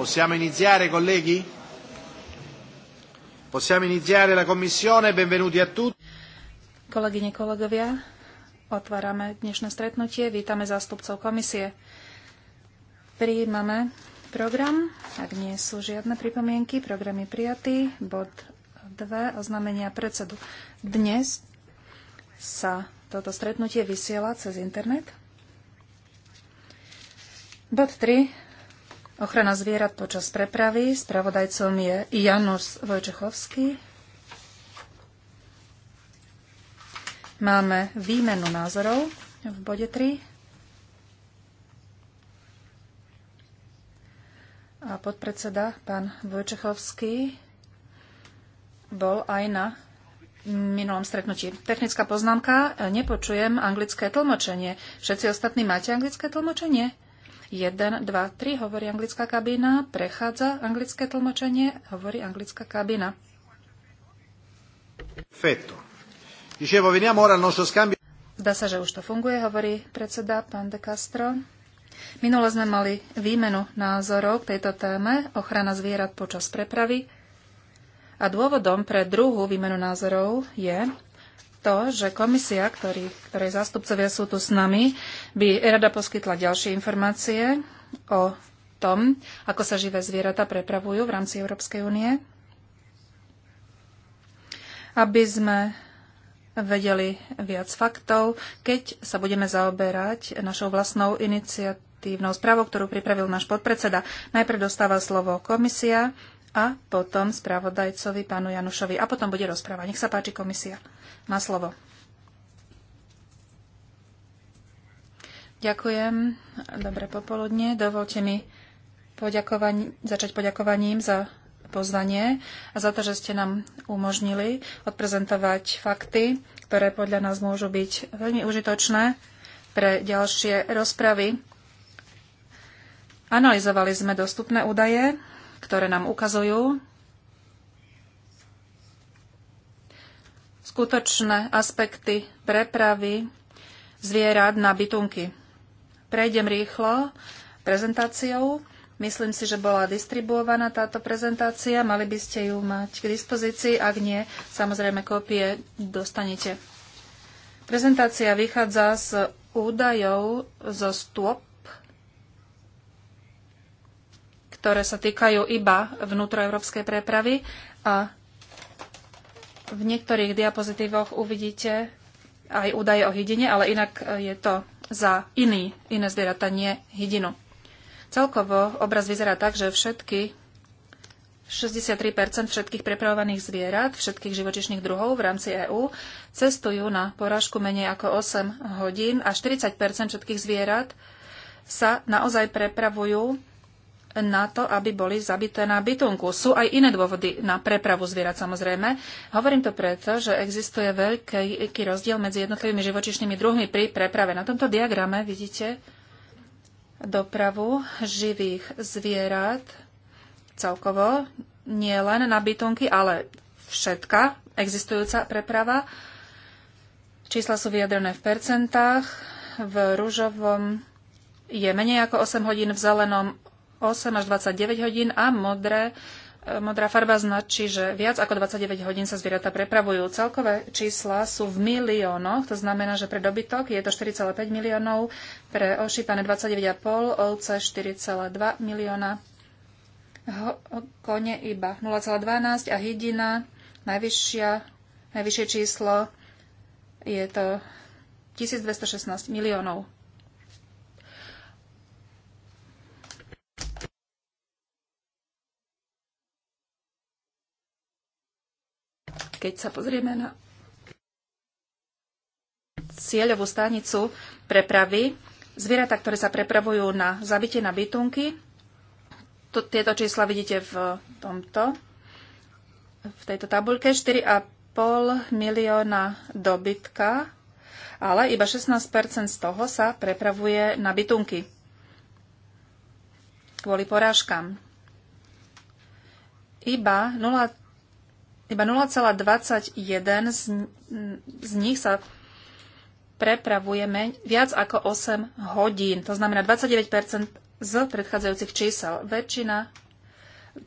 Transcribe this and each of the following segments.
Possiamo iniziare, colleghi? Possiamo iniziare la commissione. Benvenuti a tutti. Kolegyne, kolegovia, otvárame dnešné stretnutie. Vítame zástupcov komisie. Prijímame program. Ak nie sú žiadne pripomienky, program je prijatý. Bod 2. Oznamenia predsedu. Dnes sa toto stretnutie vysiela cez internet. Bod 3 Ochrana zvierat počas prepravy. Spravodajcom je Janus Vojčechovský. Máme výmenu názorov v bode 3. A podpredseda, pán Vojčechovský, bol aj na minulom stretnutí. Technická poznámka, nepočujem anglické tlmočenie. Všetci ostatní máte anglické tlmočenie? 1, 2, 3 hovorí anglická kabína, prechádza anglické tlmočenie, hovorí anglická kabína. Perfetto. Dicevo, veniamo ora al nostro scambio. Zdá sa, že už to funguje, hovorí predseda pán De Castro. Minule sme mali výmenu názorov k tejto téme ochrana zvierat počas prepravy a dôvodom pre druhú výmenu názorov je, to, že komisia, ktorý, ktorej zástupcovia sú tu s nami, by rada poskytla ďalšie informácie o tom, ako sa živé zvieratá prepravujú v rámci Európskej únie, aby sme vedeli viac faktov, keď sa budeme zaoberať našou vlastnou iniciatívnou správou, ktorú pripravil náš podpredseda. Najprv dostáva slovo komisia a potom spravodajcovi pánu Janušovi a potom bude rozpráva. Nech sa páči komisia má slovo. Ďakujem. Dobré popoludne. Dovolte mi začať poďakovaním za pozvanie a za to, že ste nám umožnili odprezentovať fakty, ktoré podľa nás môžu byť veľmi užitočné pre ďalšie rozpravy. Analizovali sme dostupné údaje, ktoré nám ukazujú, skutočné aspekty prepravy zvierat na bytunky. Prejdem rýchlo prezentáciou. Myslím si, že bola distribuovaná táto prezentácia. Mali by ste ju mať k dispozícii. Ak nie, samozrejme kópie dostanete. Prezentácia vychádza z údajov zo stôp, ktoré sa týkajú iba vnútroeurópskej prepravy a v niektorých diapozitívoch uvidíte aj údaje o hydine, ale inak e, je to za iný, iné zvieratá, nie hydinu. Celkovo obraz vyzerá tak, že všetky 63 všetkých prepravovaných zvierat, všetkých živočišných druhov v rámci EÚ cestujú na porážku menej ako 8 hodín a 40 všetkých zvierat sa naozaj prepravujú na to, aby boli zabité na bytunku. Sú aj iné dôvody na prepravu zvierat samozrejme. Hovorím to preto, že existuje veľký rozdiel medzi jednotlivými živočišnými druhmi pri preprave. Na tomto diagrame vidíte dopravu živých zvierat celkovo, nie len na bytunky, ale všetka existujúca preprava. Čísla sú vyjadrené v percentách. V rúžovom je menej ako 8 hodín, v zelenom 8 až 29 hodín a modré, e, modrá farba značí, že viac ako 29 hodín sa zvieratá prepravujú. Celkové čísla sú v miliónoch, to znamená, že pre dobytok je to 4,5 miliónov, pre ošípané 29,5, ovce 4,2 milióna, kone iba 0,12 a hydina najvyššia, najvyššie číslo je to 1216 miliónov. Keď sa pozrieme na cieľovú stanicu prepravy, zvieratá, ktoré sa prepravujú na zabitie na bytunky, to, tieto čísla vidíte v tomto, v tejto tabuľke, 4,5 milióna dobytka, ale iba 16% z toho sa prepravuje na bytunky kvôli porážkam. Iba iba 0,21 z, z nich sa prepravujeme viac ako 8 hodín. To znamená 29 z predchádzajúcich čísel. Väčšina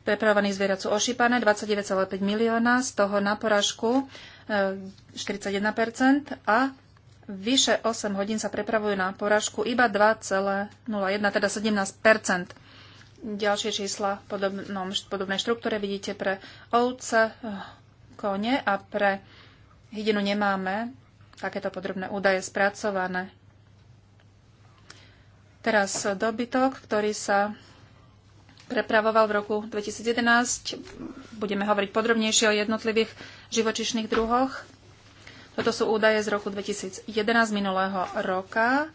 prepravovaných zvierat sú ošípané, 29,5 milióna, z toho na poražku 41% e, a vyše 8 hodín sa prepravujú na poražku iba 2,01, teda 17 Ďalšie čísla v podobnom, podobnej štruktúre vidíte pre ovce, eh, kone a pre hydinu nemáme takéto podrobné údaje spracované. Teraz dobytok, ktorý sa prepravoval v roku 2011. Budeme hovoriť podrobnejšie o jednotlivých živočišných druhoch. Toto sú údaje z roku 2011 minulého roka.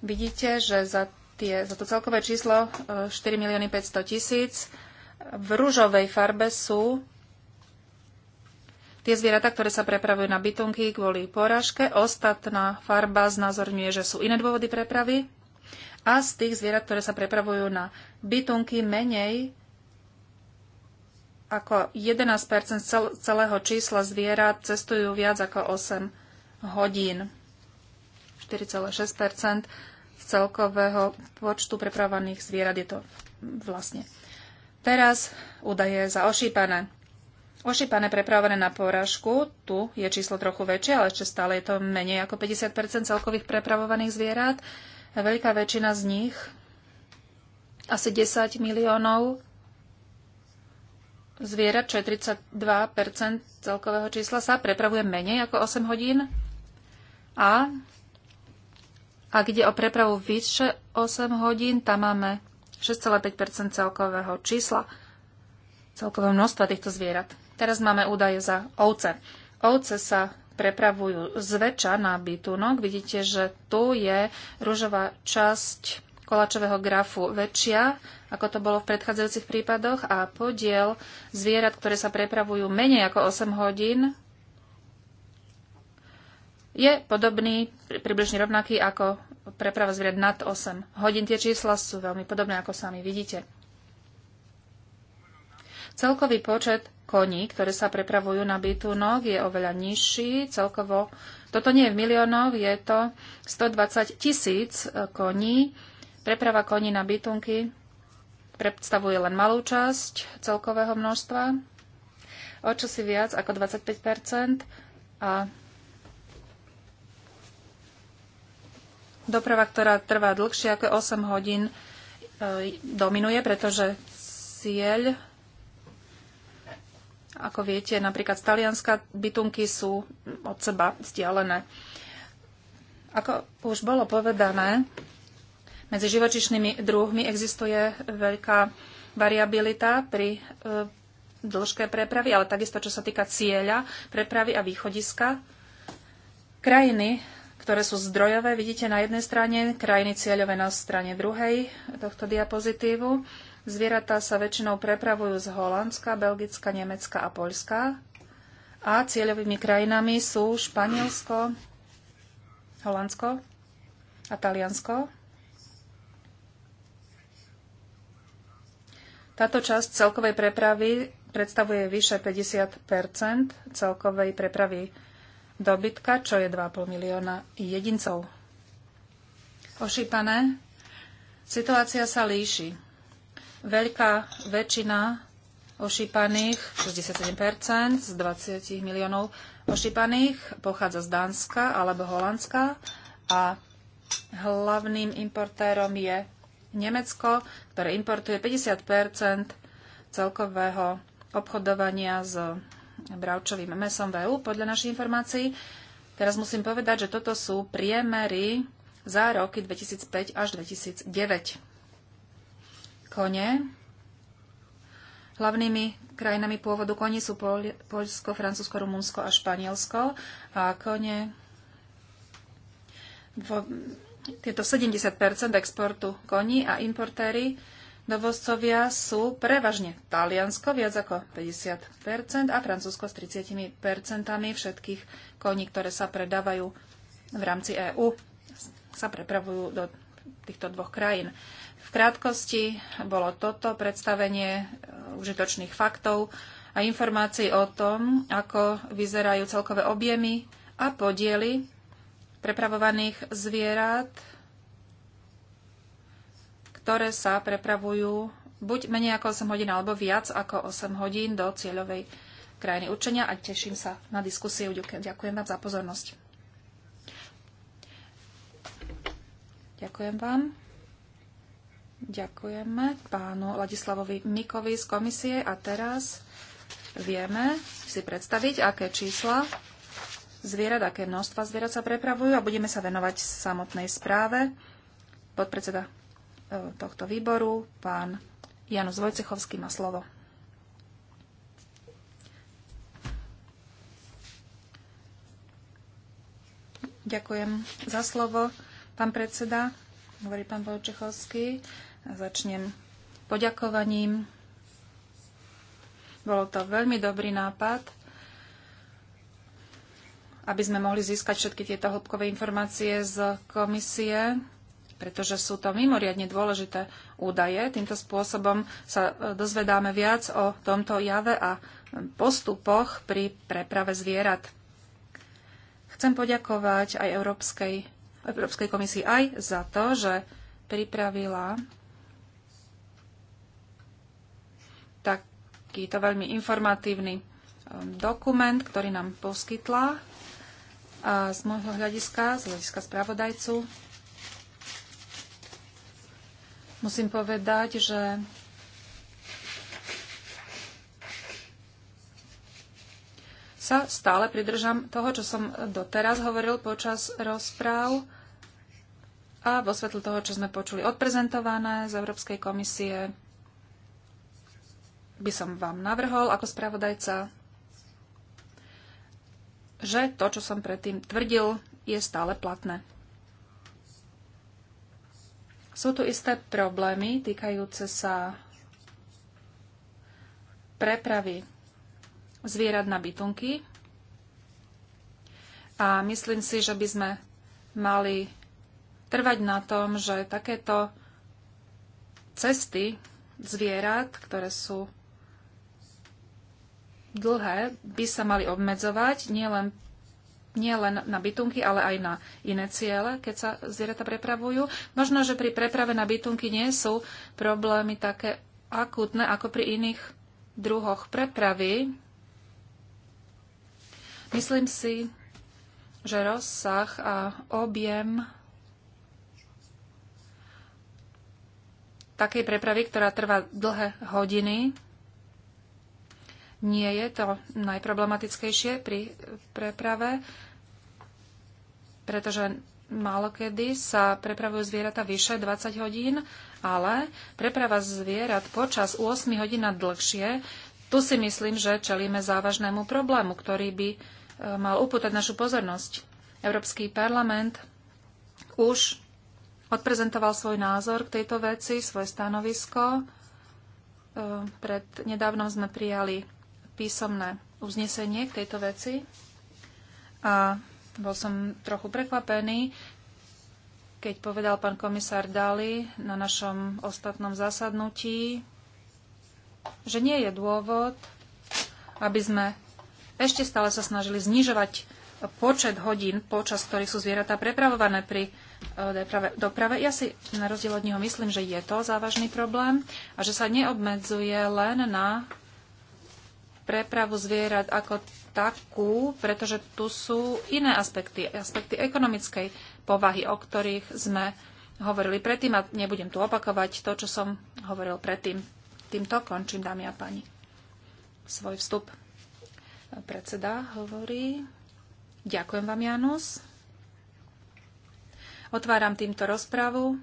Vidíte, že za tie, za to celkové číslo 4 e, milióny 500 tisíc. V rúžovej farbe sú tie zvieratá, ktoré sa prepravujú na bytunky kvôli porážke. Ostatná farba znázorňuje, že sú iné dôvody prepravy. A z tých zvierat, ktoré sa prepravujú na bytunky, menej ako 11 cel- celého čísla zvierat cestujú viac ako 8 hodín. 4,6 celkového počtu prepravovaných zvierat je to vlastne. Teraz údaje za ošípané. Ošípané prepravené na poražku, tu je číslo trochu väčšie, ale ešte stále je to menej ako 50 celkových prepravovaných zvierat. Veľká väčšina z nich, asi 10 miliónov zvierat, čo je 32 celkového čísla, sa prepravuje menej ako 8 hodín. A ak ide o prepravu vyššie 8 hodín, tam máme 6,5 celkového čísla, celkového množstva týchto zvierat. Teraz máme údaje za ovce. Ovce sa prepravujú zväčša na bytunok. Vidíte, že tu je rúžová časť kolačového grafu väčšia, ako to bolo v predchádzajúcich prípadoch a podiel zvierat, ktoré sa prepravujú menej ako 8 hodín, je podobný, približne rovnaký ako preprava zvierat nad 8 hodín. Tie čísla sú veľmi podobné, ako sami vidíte. Celkový počet koní, ktoré sa prepravujú na bytunok, je oveľa nižší. Celkovo, toto nie je v miliónov, je to 120 tisíc koní. Preprava koní na bytunky predstavuje len malú časť celkového množstva, o čo si viac ako 25 a doprava, ktorá trvá dlhšie ako 8 hodín, e, dominuje, pretože cieľ, ako viete, napríklad z Talianska bytunky sú od seba vzdialené. Ako už bolo povedané, medzi živočišnými druhmi existuje veľká variabilita pri e, dĺžke prepravy, ale takisto čo sa týka cieľa prepravy a východiska. Krajiny ktoré sú zdrojové. Vidíte na jednej strane, krajiny cieľové na strane druhej tohto diapozitívu. Zvieratá sa väčšinou prepravujú z Holandska, Belgicka, Nemecka a Poľska. A cieľovými krajinami sú Španielsko, Holandsko a Taliansko. Táto časť celkovej prepravy predstavuje vyše 50 celkovej prepravy dobytka, čo je 2,5 milióna jedincov. Ošípané. Situácia sa líši. Veľká väčšina ošípaných, 67% z 20 miliónov ošípaných, pochádza z Dánska alebo Holandska a hlavným importérom je Nemecko, ktoré importuje 50 celkového obchodovania s bravčovým mesom VU, e podľa našich informácií. Teraz musím povedať, že toto sú priemery za roky 2005 až 2009. Kone. Hlavnými krajinami pôvodu koní sú Polsko, Francúzsko, Rumunsko a Španielsko. A kone tieto 70 exportu koní a importéry Dovozcovia sú prevažne Taliansko, viac ako 50 a Francúzsko s 30 všetkých koní, ktoré sa predávajú v rámci EÚ, sa prepravujú do týchto dvoch krajín. V krátkosti bolo toto predstavenie e, užitočných faktov a informácií o tom, ako vyzerajú celkové objemy a podiely prepravovaných zvierat ktoré sa prepravujú buď menej ako 8 hodín alebo viac ako 8 hodín do cieľovej krajiny určenia a teším sa na diskusiu. Ďakujem vám za pozornosť. Ďakujem vám. Ďakujeme pánu Ladislavovi Mikovi z komisie a teraz vieme si predstaviť, aké čísla zvierat, aké množstva zvierat sa prepravujú a budeme sa venovať samotnej správe. Podpredseda E, tohto výboru, pán Janus Vojcechovský má slovo. Ďakujem za slovo, pán predseda, hovorí pán Vojcechovský. Začnem poďakovaním. Bolo to veľmi dobrý nápad, aby sme mohli získať všetky tieto hĺbkové informácie z komisie pretože sú to mimoriadne dôležité údaje. Týmto spôsobom sa e, dozvedáme viac o tomto jave a postupoch pri preprave zvierat. Chcem poďakovať aj Európskej, Európskej komisii aj za to, že pripravila takýto veľmi informatívny e, dokument, ktorý nám poskytla a z môjho hľadiska, z hľadiska spravodajcu, Musím povedať, že sa stále pridržam toho, čo som doteraz hovoril počas rozpráv a vo svetle toho, čo sme počuli odprezentované z Európskej komisie, by som vám navrhol ako spravodajca, že to, čo som predtým tvrdil, je stále platné. Sú tu isté problémy týkajúce sa prepravy zvierat na bytunky. A myslím si, že by sme mali trvať na tom, že takéto cesty zvierat, ktoré sú dlhé, by sa mali obmedzovať nielen nie len na bytunky, ale aj na iné ciele, keď sa zvieratá prepravujú. Možno, že pri preprave na bytunky nie sú problémy také akútne ako pri iných druhoch prepravy. Myslím si, že rozsah a objem takej prepravy, ktorá trvá dlhé hodiny, nie je to najproblematickejšie pri preprave pretože málokedy sa prepravujú zvieratá vyše 20 hodín, ale preprava zvierat počas 8 hodín a dlhšie, tu si myslím, že čelíme závažnému problému, ktorý by e, mal upútať našu pozornosť. Európsky parlament už odprezentoval svoj názor k tejto veci, svoje stanovisko. E, pred nedávnom sme prijali písomné uznesenie k tejto veci. A bol som trochu prekvapený, keď povedal pán komisár Dali na našom ostatnom zasadnutí, že nie je dôvod, aby sme ešte stále sa snažili znižovať počet hodín, počas ktorých sú zvieratá prepravované pri eh, doprave. Ja si na rozdiel od neho myslím, že je to závažný problém a že sa neobmedzuje len na prepravu zvierat ako takú, pretože tu sú iné aspekty, aspekty ekonomickej povahy, o ktorých sme hovorili predtým a nebudem tu opakovať to, čo som hovoril predtým. Týmto končím, dámy a páni, svoj vstup. Predseda hovorí. Ďakujem vám, Janus. Otváram týmto rozpravu.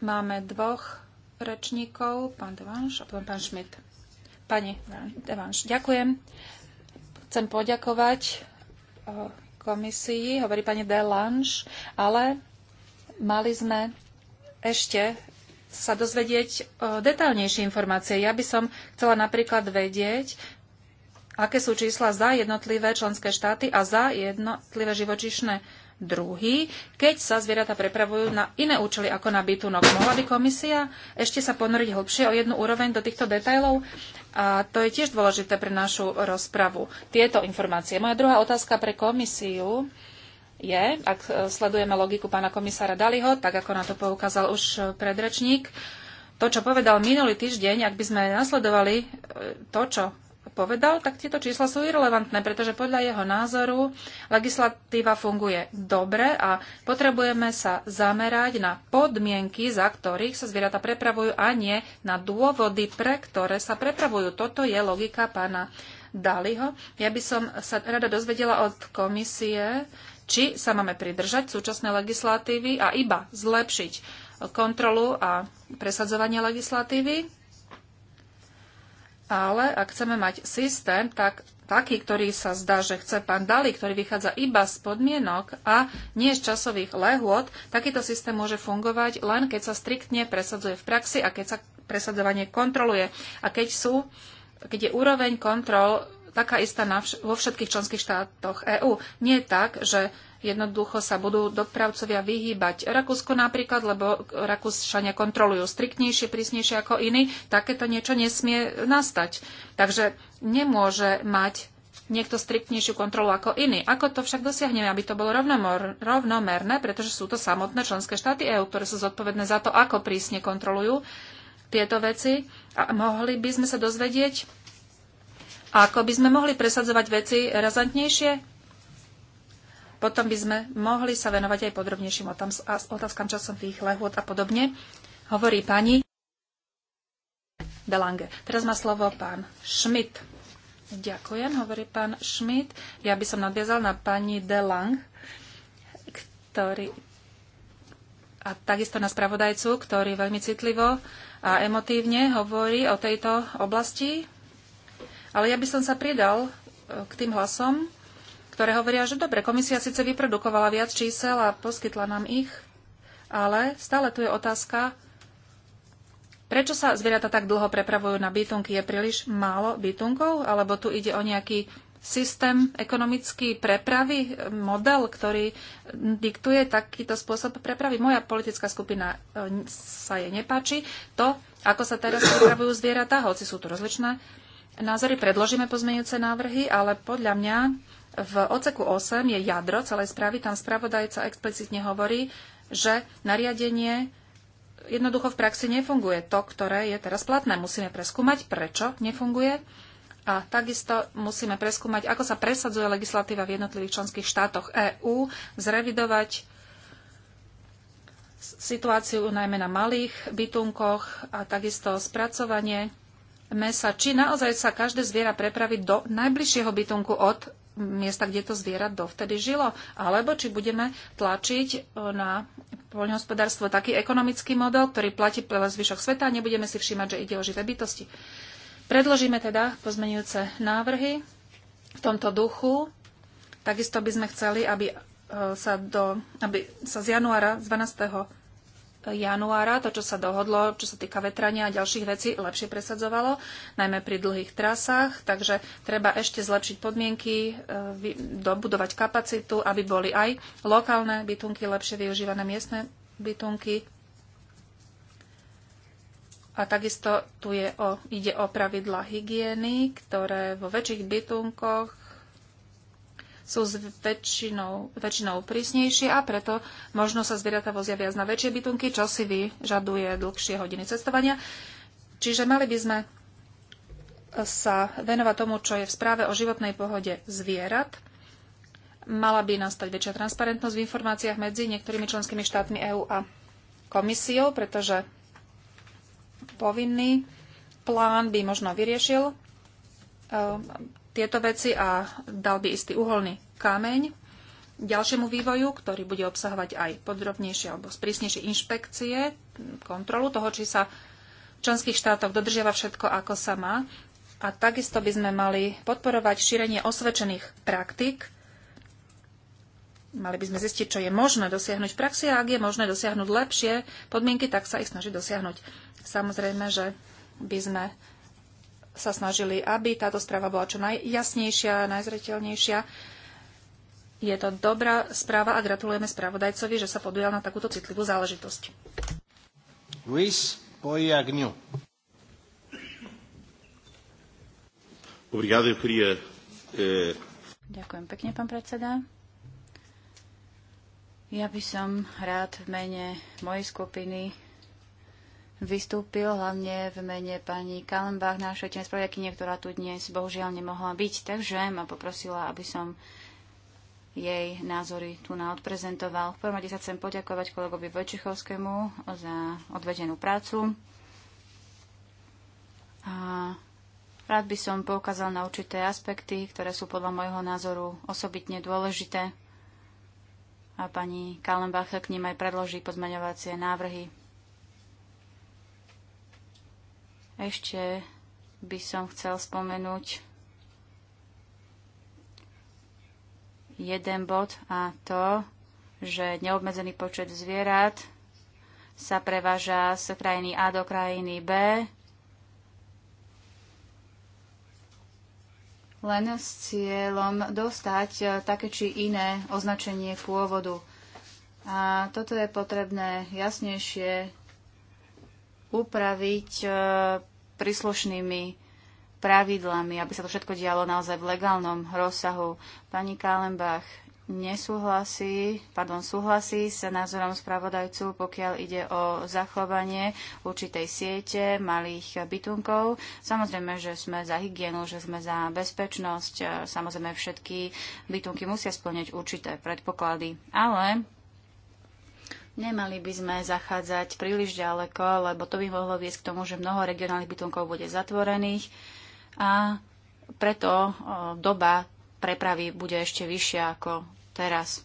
Máme dvoch rečníkov, pán Devanš a pán Šmit. Pani Devanš, ďakujem. Chcem poďakovať e, komisii, hovorí pani Delange, ale mali sme ešte sa dozvedieť e, detaľnejšie informácie. Ja by som chcela napríklad vedieť, aké sú čísla za jednotlivé členské štáty a za jednotlivé živočišné druhý, keď sa zvieratá prepravujú na iné účely ako na bytunok. Mohla by komisia ešte sa ponoriť hlbšie o jednu úroveň do týchto detajlov? A to je tiež dôležité pre našu rozpravu. Tieto informácie. Moja druhá otázka pre komisiu je, ak sledujeme logiku pána komisára Daliho, tak ako na to poukázal už predrečník, to, čo povedal minulý týždeň, ak by sme nasledovali e, to, čo povedal, tak tieto čísla sú irrelevantné, pretože podľa jeho názoru legislatíva funguje dobre a potrebujeme sa zamerať na podmienky, za ktorých sa zvieratá prepravujú a nie na dôvody, pre ktoré sa prepravujú. Toto je logika pána Daliho. Ja by som sa rada dozvedela od komisie, či sa máme pridržať súčasnej legislatívy a iba zlepšiť kontrolu a presadzovanie legislatívy ale ak chceme mať systém, tak taký, ktorý sa zdá, že chce pán Dali, ktorý vychádza iba z podmienok a nie z časových lehôd, takýto systém môže fungovať len keď sa striktne presadzuje v praxi a keď sa presadzovanie kontroluje. A keď sú keď je úroveň kontrol taká istá vo všetkých členských štátoch EÚ. Nie je tak, že jednoducho sa budú dopravcovia vyhýbať. Rakúsko napríklad, lebo Rakúšania kontrolujú striktnejšie, prísnejšie ako iní, takéto niečo nesmie nastať. Takže nemôže mať niekto striktnejšiu kontrolu ako iný. Ako to však dosiahneme, aby to bolo rovnomerné, pretože sú to samotné členské štáty EÚ, ktoré sú zodpovedné za to, ako prísne kontrolujú tieto veci. A mohli by sme sa dozvedieť, ako by sme mohli presadzovať veci razantnejšie? Potom by sme mohli sa venovať aj podrobnejším otázkam tých lehôd a podobne. Hovorí pani Belange. Teraz má slovo pán Schmidt. Ďakujem, hovorí pán Schmidt. Ja by som nadviazal na pani Delang, ktorý a takisto na spravodajcu, ktorý veľmi citlivo a emotívne hovorí o tejto oblasti ale ja by som sa pridal e, k tým hlasom, ktoré hovoria, že dobre, komisia síce vyprodukovala viac čísel a poskytla nám ich, ale stále tu je otázka, prečo sa zvieratá tak dlho prepravujú na bytunky? Je príliš málo bytunkov? Alebo tu ide o nejaký systém ekonomický prepravy, e, model, ktorý diktuje takýto spôsob prepravy. Moja politická skupina e, sa jej nepáči. To, ako sa teraz prepravujú zvieratá, hoci sú tu rozličné názory, predložíme pozmeňujúce návrhy, ale podľa mňa v oceku 8 je jadro celej správy, tam spravodajca explicitne hovorí, že nariadenie jednoducho v praxi nefunguje. To, ktoré je teraz platné, musíme preskúmať, prečo nefunguje a takisto musíme preskúmať, ako sa presadzuje legislatíva v jednotlivých členských štátoch EÚ, zrevidovať situáciu najmä na malých bytunkoch a takisto spracovanie mesa, či naozaj sa každé zviera prepraví do najbližšieho bytunku od miesta, kde to zviera dovtedy žilo, alebo či budeme tlačiť e, na poľnohospodárstvo taký ekonomický model, ktorý platí pre zvyšok sveta a nebudeme si všímať, že ide o živé bytosti. Predložíme teda pozmenujúce návrhy v tomto duchu. Takisto by sme chceli, aby e, sa, do, aby sa z januára, z 12 januára, to, čo sa dohodlo, čo sa týka vetrania a ďalších vecí, lepšie presadzovalo, najmä pri dlhých trasách, takže treba ešte zlepšiť podmienky, e, dobudovať kapacitu, aby boli aj lokálne bytunky, lepšie využívané miestne bytunky. A takisto tu je o, ide o pravidla hygieny, ktoré vo väčších bytunkoch sú s väčšinou, väčšinou prísnejšie a preto možno sa zvieratá vozia viac na väčšie bytunky, čo si vyžaduje dlhšie hodiny cestovania. Čiže mali by sme sa venovať tomu, čo je v správe o životnej pohode zvierat. Mala by nastať väčšia transparentnosť v informáciách medzi niektorými členskými štátmi EÚ a komisiou, pretože povinný plán by možno vyriešil tieto veci a dal by istý uholný kameň ďalšiemu vývoju, ktorý bude obsahovať aj podrobnejšie alebo sprísnejšie inšpekcie, kontrolu toho, či sa v členských štátoch dodržiava všetko, ako sa má. A takisto by sme mali podporovať šírenie osvedčených praktík. Mali by sme zistiť, čo je možné dosiahnuť v praxi a ak je možné dosiahnuť lepšie podmienky, tak sa ich snažiť dosiahnuť. Samozrejme, že by sme sa snažili, aby táto správa bola čo najjasnejšia, najzreteľnejšia. Je to dobrá správa a gratulujeme spravodajcovi, že sa podujal na takúto citlivú záležitosť. Luis Poiagnu. Obrigado, queria... Eh... Ďakujem pekne, pán predseda. Ja by som rád v mene mojej skupiny vystúpil hlavne v mene pani Kalembach, našej tenispravodajkyne, ktorá tu dnes bohužiaľ nemohla byť, takže ma poprosila, aby som jej názory tu na odprezentoval. V prvom rade sa chcem poďakovať kolegovi Vojčichovskému za odvedenú prácu. A rád by som poukázal na určité aspekty, ktoré sú podľa môjho názoru osobitne dôležité. A pani Kalenbach k ním aj predloží pozmeňovacie návrhy. Ešte by som chcel spomenúť jeden bod a to, že neobmedzený počet zvierat sa preváža z krajiny A do krajiny B len s cieľom dostať eh, také či iné označenie pôvodu. A toto je potrebné jasnejšie upraviť eh, príslušnými pravidlami, aby sa to všetko dialo naozaj v legálnom rozsahu. Pani Kálenbach nesúhlasí, pardon, súhlasí s názorom spravodajcu, pokiaľ ide o zachovanie určitej siete malých bytunkov. Samozrejme, že sme za hygienu, že sme za bezpečnosť. Samozrejme, všetky bytunky musia splňať určité predpoklady. Ale Nemali by sme zachádzať príliš ďaleko, lebo to by mohlo viesť k tomu, že mnoho regionálnych bytunkov bude zatvorených a preto doba prepravy bude ešte vyššia ako teraz.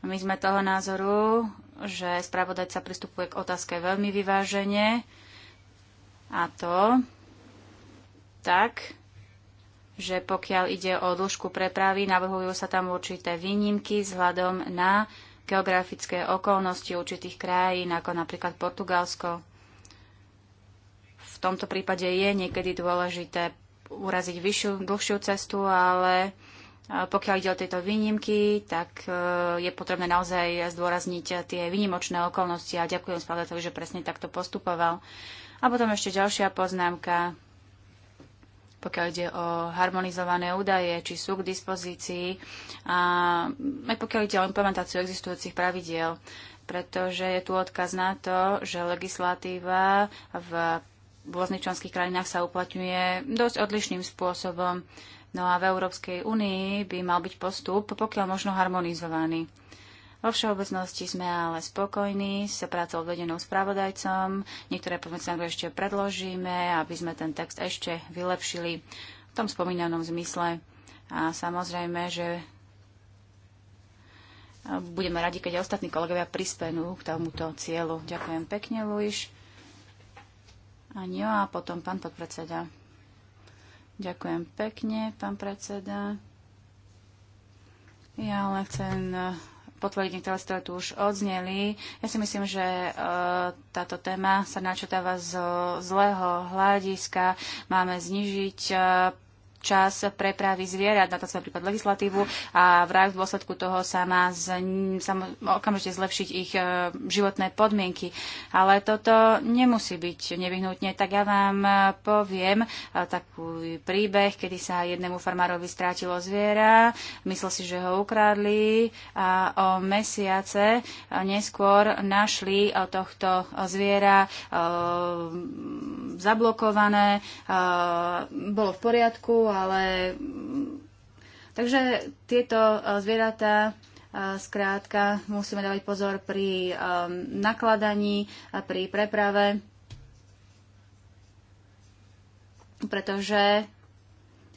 My sme toho názoru, že spravodajca pristupuje k otázke veľmi vyvážene a to tak, že pokiaľ ide o dĺžku prepravy, navrhujú sa tam určité výnimky vzhľadom na geografické okolnosti určitých krajín, ako napríklad Portugalsko. V tomto prípade je niekedy dôležité uraziť vyššiu, dlhšiu cestu, ale e, pokiaľ ide o tieto výnimky, tak e, je potrebné naozaj zdôrazniť tie výnimočné okolnosti a ďakujem spravodajcovi, že presne takto postupoval. A potom ešte ďalšia poznámka pokiaľ ide o harmonizované údaje, či sú k dispozícii, a aj pokiaľ ide o implementáciu existujúcich pravidiel, pretože je tu odkaz na to, že legislatíva v rôznych členských krajinách sa uplatňuje dosť odlišným spôsobom. No a v Európskej únii by mal byť postup pokiaľ možno harmonizovaný. Vo všeobecnosti sme ale spokojní s prácou odvedenou spravodajcom. Niektoré pomocné ešte predložíme, aby sme ten text ešte vylepšili v tom spomínanom zmysle. A samozrejme, že budeme radi, keď ostatní kolegovia prispenú k tomuto cieľu. Ďakujem pekne, Luiš. A jo, a potom pán podpredseda. Ďakujem pekne, pán predseda. Ja len chcem potvrdiť niektoré, ktoré tu už odzneli. Ja si myslím, že e, táto téma sa načotáva z zlého hľadiska. Máme znižiť e, čas prepravy zvierat, na to sme prípad legislatívu a vraj v dôsledku toho sa má z, sam, okamžite zlepšiť ich e, životné podmienky. Ale toto nemusí byť nevyhnutne. Tak ja vám e, poviem e, taký príbeh, kedy sa jednému farmárovi strátilo zviera, myslel si, že ho ukradli a o mesiace e, neskôr našli tohto zviera zablokované, bolo v poriadku ale... Mm, takže tieto e, zvieratá zkrátka e, musíme dávať pozor pri e, nakladaní a pri preprave, pretože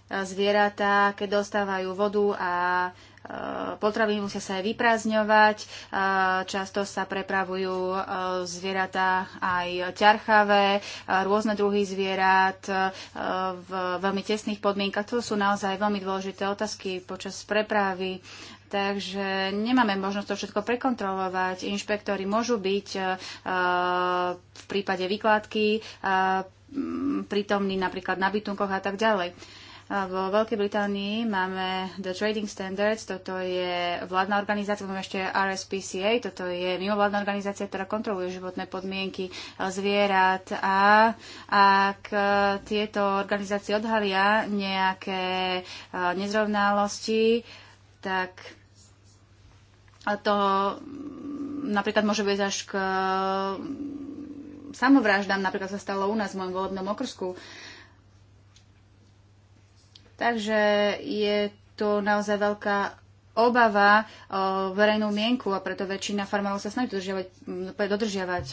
zvieratá, keď dostávajú vodu a E, potraviny musia sa aj vyprázdňovať, e, často sa prepravujú e, zvieratá aj ťarchavé, rôzne druhy zvierat v veľmi tesných podmienkach. To sú naozaj veľmi dôležité otázky počas prepravy. Takže nemáme možnosť to všetko prekontrolovať. Inšpektori môžu byť v prípade výkladky prítomní napríklad na bytunkoch a tak ďalej. Vo Veľkej Británii máme The Trading Standards, toto je vládna organizácia, máme ešte RSPCA, toto je mimovládna organizácia, ktorá kontroluje životné podmienky zvierat a ak e, tieto organizácie odhalia nejaké e, nezrovnalosti, tak to mm, napríklad môže byť až k e, samovraždám, napríklad sa stalo u nás v mojom volebnom okrsku. Uh, Takže je to naozaj veľká obava o verejnú mienku a preto väčšina farmárov sa snaží dodržiavať, mm, dodržiavať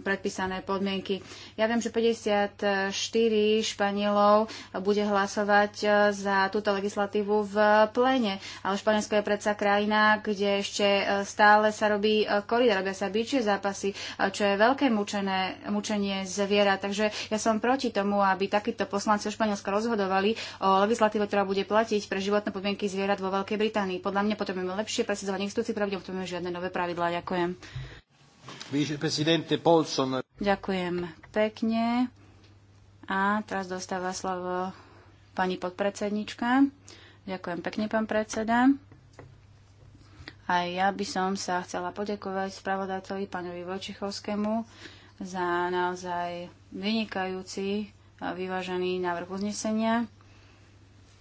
predpísané podmienky. Ja viem, že 54 Španielov bude hlasovať za túto legislatívu v plene, ale Španielsko je predsa krajina, kde ešte e, stále sa robí e, korida, robia sa bičie zápasy, e, čo je veľké mučené, mučenie zviera. Takže ja som proti tomu, aby takíto poslanci Španielska rozhodovali o legislatíve, ktorá bude platiť pre životné podmienky zvierat vo Veľkej Británii podľa mňa potrebujeme lepšie presadzovanie institúcií, pravdepodobne potrebujeme žiadne nové pravidlá. Ďakujem. Ďakujem pekne. A teraz dostáva slovo pani podpredsednička. Ďakujem pekne, pán predseda. Aj ja by som sa chcela poďakovať spravodajcovi pánovi Vojčichovskému za naozaj vynikajúci a vyvážený návrh uznesenia.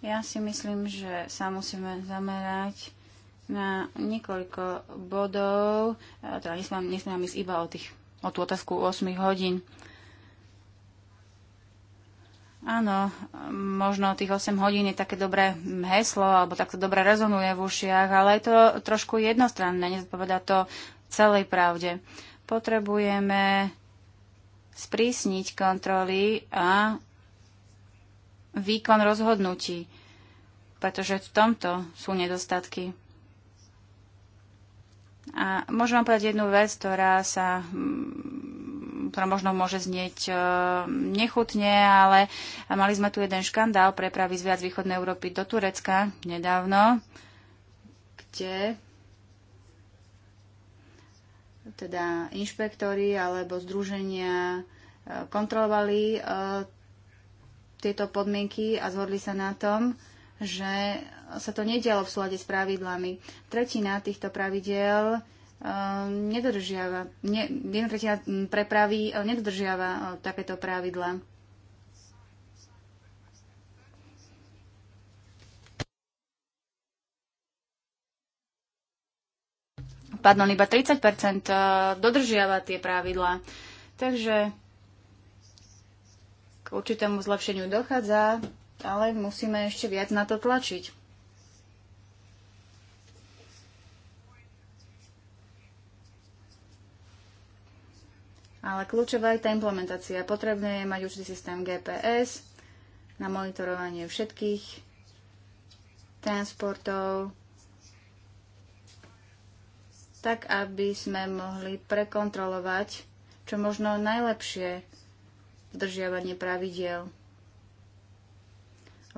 Ja si myslím, že sa musíme zamerať na niekoľko bodov, teda nesmám ísť iba o, tých, o tú otázku 8 hodín. Áno, možno tých 8 hodín je také dobré heslo, alebo takto dobre rezonuje v ušiach, ale je to trošku jednostranné, nezodpovedá to celej pravde. Potrebujeme sprísniť kontroly a výkon rozhodnutí, pretože v tomto sú nedostatky. A môžem vám povedať jednu vec, ktorá sa mm, ktorá možno môže znieť e, nechutne, ale mali sme tu jeden škandál prepravy z viac východnej Európy do Turecka nedávno, kde teda inšpektori alebo združenia e, kontrolovali e, tieto podmienky a zhodli sa na tom, že sa to nedialo v súlade s pravidlami. Tretina týchto pravidiel eh, nedodržiava, ne, jedna tretina prepravy eh, nedodržiava eh, takéto pravidla. Pardon, iba 30 dodržiava tie pravidlá. Takže určitému zlepšeniu dochádza, ale musíme ešte viac na to tlačiť. Ale kľúčová je tá implementácia. Potrebné je mať určitý systém GPS na monitorovanie všetkých transportov, tak aby sme mohli prekontrolovať čo možno najlepšie dodržiavanie pravidiel.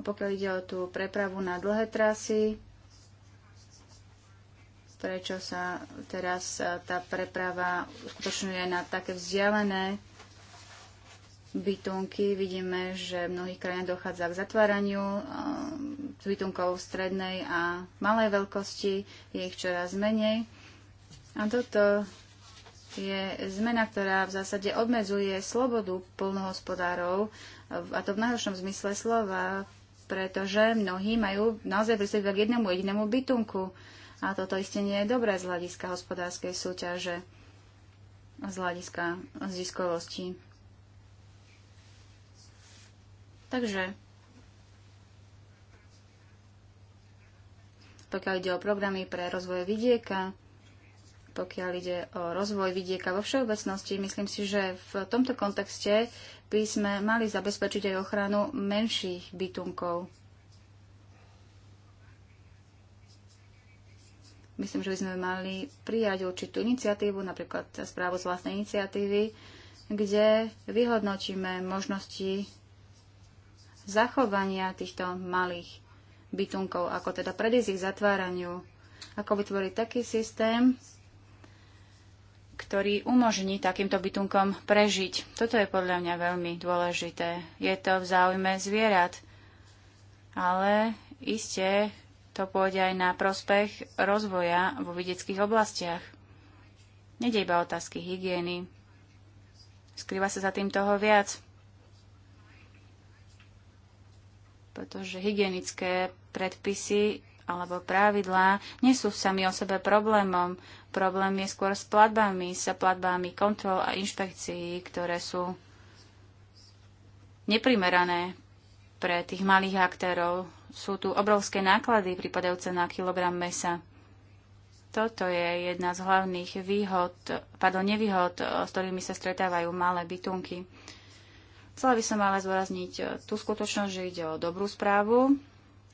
A pokiaľ ide o tú prepravu na dlhé trasy, prečo sa teraz e, tá preprava uskutočňuje na také vzdialené bytunky. Vidíme, že v mnohých krajinách dochádza k zatváraniu e, bytunkov strednej a malej veľkosti, je ich čoraz menej. A toto je zmena, ktorá v zásade obmedzuje slobodu plnohospodárov, a to v najhoršom zmysle slova, pretože mnohí majú naozaj prístup k jednému jedinému bytunku. A toto isté nie je dobré z hľadiska hospodárskej súťaže, z hľadiska ziskovosti. Takže, pokiaľ ide o programy pre rozvoj vidieka, pokiaľ ide o rozvoj vidieka vo všeobecnosti. Myslím si, že v tomto kontexte by sme mali zabezpečiť aj ochranu menších bytunkov. Myslím, že by sme mali prijať určitú iniciatívu, napríklad správu z vlastnej iniciatívy, kde vyhodnotíme možnosti zachovania týchto malých bytunkov, ako teda predísť ich zatváraniu, ako vytvoriť taký systém, ktorý umožní takýmto bytunkom prežiť. Toto je podľa mňa veľmi dôležité. Je to v záujme zvierat, ale iste to pôjde aj na prospech rozvoja vo vidieckých oblastiach. Nede iba otázky hygieny. Skrýva sa za tým toho viac. Pretože hygienické predpisy alebo pravidlá nie sú sami o sebe problémom. Problém je skôr s platbami, sa platbami kontrol a inšpekcií, ktoré sú neprimerané pre tých malých aktérov. Sú tu obrovské náklady pripadajúce na kilogram mesa. Toto je jedna z hlavných výhod, pardon, nevýhod, s ktorými sa stretávajú malé bytunky. Chcela by som ale zvorazniť tú skutočnosť, že ide o dobrú správu,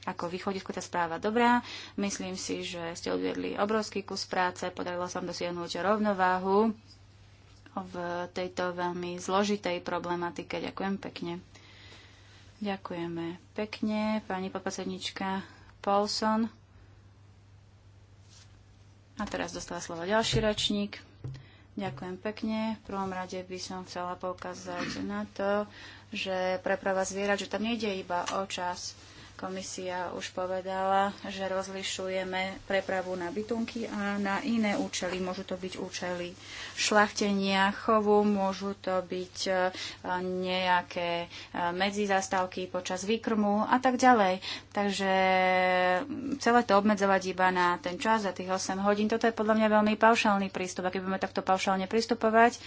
ako východisko tá správa dobrá. Myslím si, že ste odviedli obrovský kus práce, podarilo sa vám dosiahnuť rovnováhu v tejto veľmi zložitej problematike. Ďakujem pekne. Ďakujeme pekne. Pani podpasednička Paulson. A teraz dostáva slovo ďalší ročník. Ďakujem pekne. V prvom rade by som chcela poukázať na to, že preprava zvierat, že tam nejde iba o čas, Komisia už povedala, že rozlišujeme prepravu na bytunky a na iné účely. Môžu to byť účely šlachtenia, chovu, môžu to byť e, nejaké e, medzizastávky počas výkrmu a tak ďalej. Takže mm, celé to obmedzovať iba na ten čas, za tých 8 hodín, toto je podľa mňa veľmi paušálny prístup. A keď budeme takto paušálne pristupovať,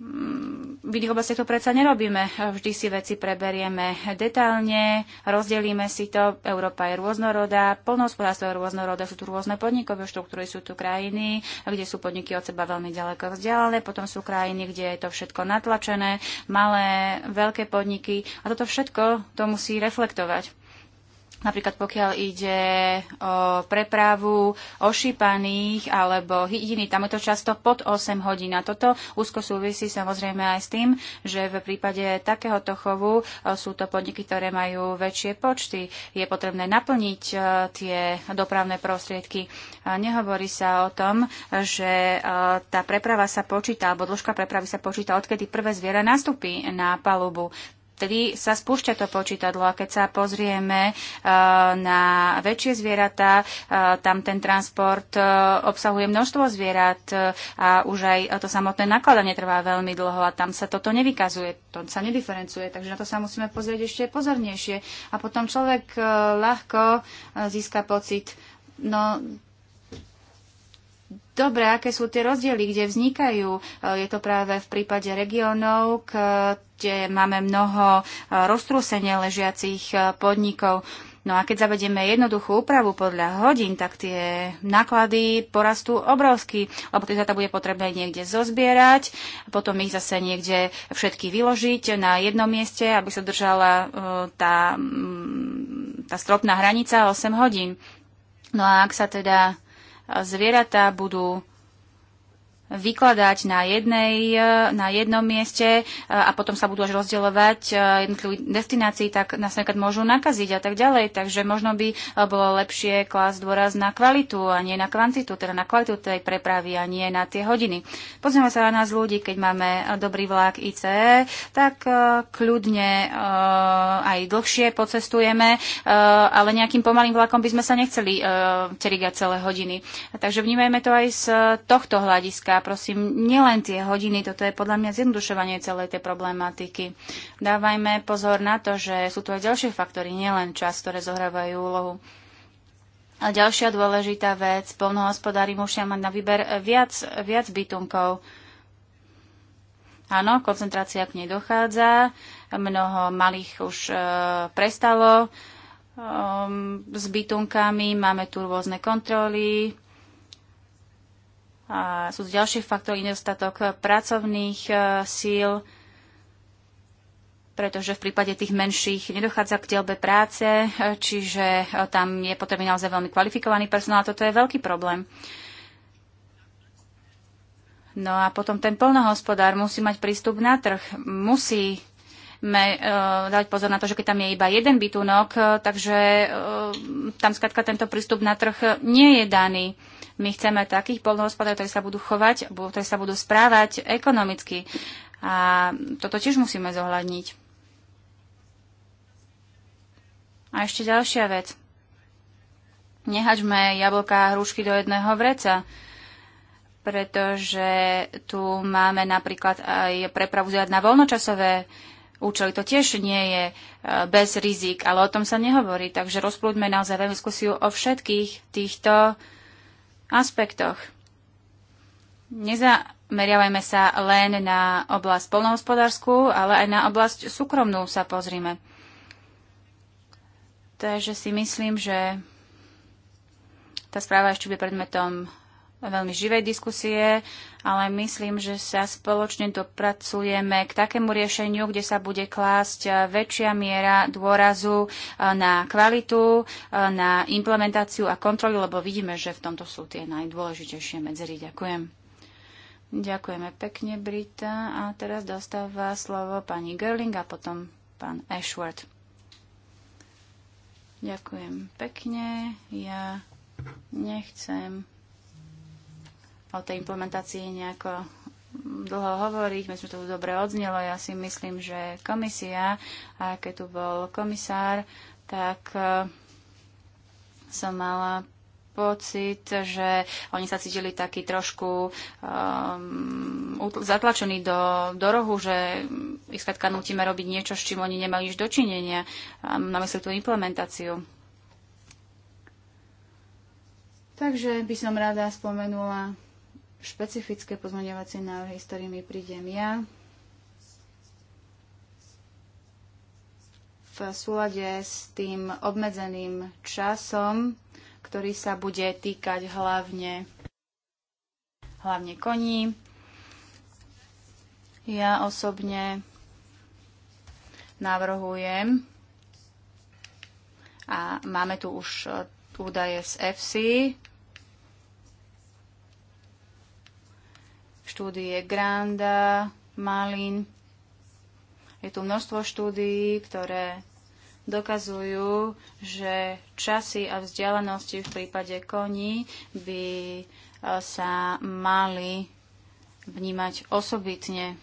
v iných to predsa nerobíme. Vždy si veci preberieme detálne, rozdelíme si to. Európa je rôznorodá, polnohospodárstvo je rôznorodé, sú tu rôzne podnikové štruktúry, sú tu krajiny, kde sú podniky od seba veľmi ďaleko vzdialené, potom sú krajiny, kde je to všetko natlačené, malé, veľké podniky a toto všetko to musí reflektovať. Napríklad pokiaľ ide o prepravu ošípaných alebo hydiny, tam je to často pod 8 hodín. A toto úzko súvisí samozrejme aj s tým, že v prípade takéhoto chovu e, sú to podniky, ktoré majú väčšie počty. Je potrebné naplniť e, tie dopravné prostriedky. Nehovorí sa o tom, že e, tá preprava sa počíta, alebo dĺžka prepravy sa počíta, odkedy prvé zviera nastúpi na palubu vtedy sa spúšťa to počítadlo a keď sa pozrieme e, na väčšie zvieratá, e, tam ten transport e, obsahuje množstvo zvierat a už aj to samotné nakladanie trvá veľmi dlho a tam sa toto nevykazuje, to sa nediferencuje, takže na to sa musíme pozrieť ešte pozornejšie a potom človek ľahko získa pocit, no dobre, aké sú tie rozdiely, kde vznikajú. E, je to práve v prípade regiónov, kde máme mnoho e, roztrúsenie ležiacich e, podnikov. No a keď zavedieme jednoduchú úpravu podľa hodín, tak tie náklady porastú obrovsky, lebo tie data bude potrebné niekde zozbierať, potom ich zase niekde všetky vyložiť na jednom mieste, aby sa držala tá, tá stropná hranica 8 hodín. No a ak sa teda zvieratá budú vykladať na, jednej, e, na jednom mieste e, a potom sa budú až rozdielovať e, jednotlivé destinácií, tak nás napríklad môžu nakaziť a tak ďalej. Takže možno by bolo lepšie klásť dôraz na kvalitu a nie na kvantitu, teda na kvalitu tej prepravy a nie na tie hodiny. Pozrieme sa na nás ľudí, keď máme dobrý vlak ICE, tak kľudne aj dlhšie pocestujeme, ale nejakým pomalým vlakom by sme sa nechceli terigať celé hodiny. Takže vnímajme to aj z tohto hľadiska prosím, nielen tie hodiny, toto je podľa mňa zjednodušovanie celej tej problematiky. Dávajme pozor na to, že sú tu aj ďalšie faktory, nielen čas, ktoré zohrávajú úlohu. A ďalšia dôležitá vec, polnohospodári musia mať na výber viac, viac bytunkov. Áno, koncentrácia k nej dochádza, mnoho malých už e, prestalo e, s bytunkami, máme tu rôzne kontroly, a sú ďalšie faktory, nedostatok pracovných e, síl, pretože v prípade tých menších nedochádza k dielbe práce, e, čiže e, tam je potrebný naozaj veľmi kvalifikovaný personál a toto je veľký problém. No a potom ten plnohospodár musí mať prístup na trh, musí me, uh, dať pozor na to, že keď tam je iba jeden bytunok, uh, takže uh, tam skladka tento prístup na trh nie je daný. My chceme takých polnohospodárov, ktorí sa budú chovať, ktorí sa budú správať ekonomicky. A toto tiež musíme zohľadniť. A ešte ďalšia vec. Nehačme jablka a hrušky do jedného vreca pretože tu máme napríklad aj prepravu zjad na voľnočasové účely. To tiež nie je e, bez rizik, ale o tom sa nehovorí. Takže rozplúďme naozaj veľmi diskusiu o všetkých týchto aspektoch. Nezameriavajme sa len na oblasť polnohospodárskú, ale aj na oblasť súkromnú sa pozrime. Takže si myslím, že tá správa ešte bude predmetom veľmi živej diskusie, ale myslím, že sa spoločne dopracujeme k takému riešeniu, kde sa bude klásť eh, väčšia miera dôrazu eh, na kvalitu, eh, na implementáciu a kontrolu, lebo vidíme, že v tomto sú tie najdôležitejšie medzery. Ďakujem. Ďakujeme pekne, Brita. A teraz dostáva slovo pani Gerling a potom pán Ashworth. Ďakujem pekne. Ja nechcem o tej implementácii nejako dlho hovoriť, myslím, že to dobre odznelo. Ja si myslím, že komisia, a keď tu bol komisár, tak e, som mala pocit, že oni sa cítili taký trošku um, zatlačení do, do rohu, že ich skladka nutíme robiť niečo, s čím oni nemali nič dočinenia. a na mysli tú implementáciu. Takže by som rada spomenula špecifické pozmeňovacie návrhy, s ktorými prídem ja. V súlade s tým obmedzeným časom, ktorý sa bude týkať hlavne, hlavne koní. Ja osobne navrhujem, a máme tu už údaje z FC, štúdie Granda, Malin. Je tu množstvo štúdií, ktoré dokazujú, že časy a vzdialenosti v prípade koní by e, sa mali vnímať osobitne.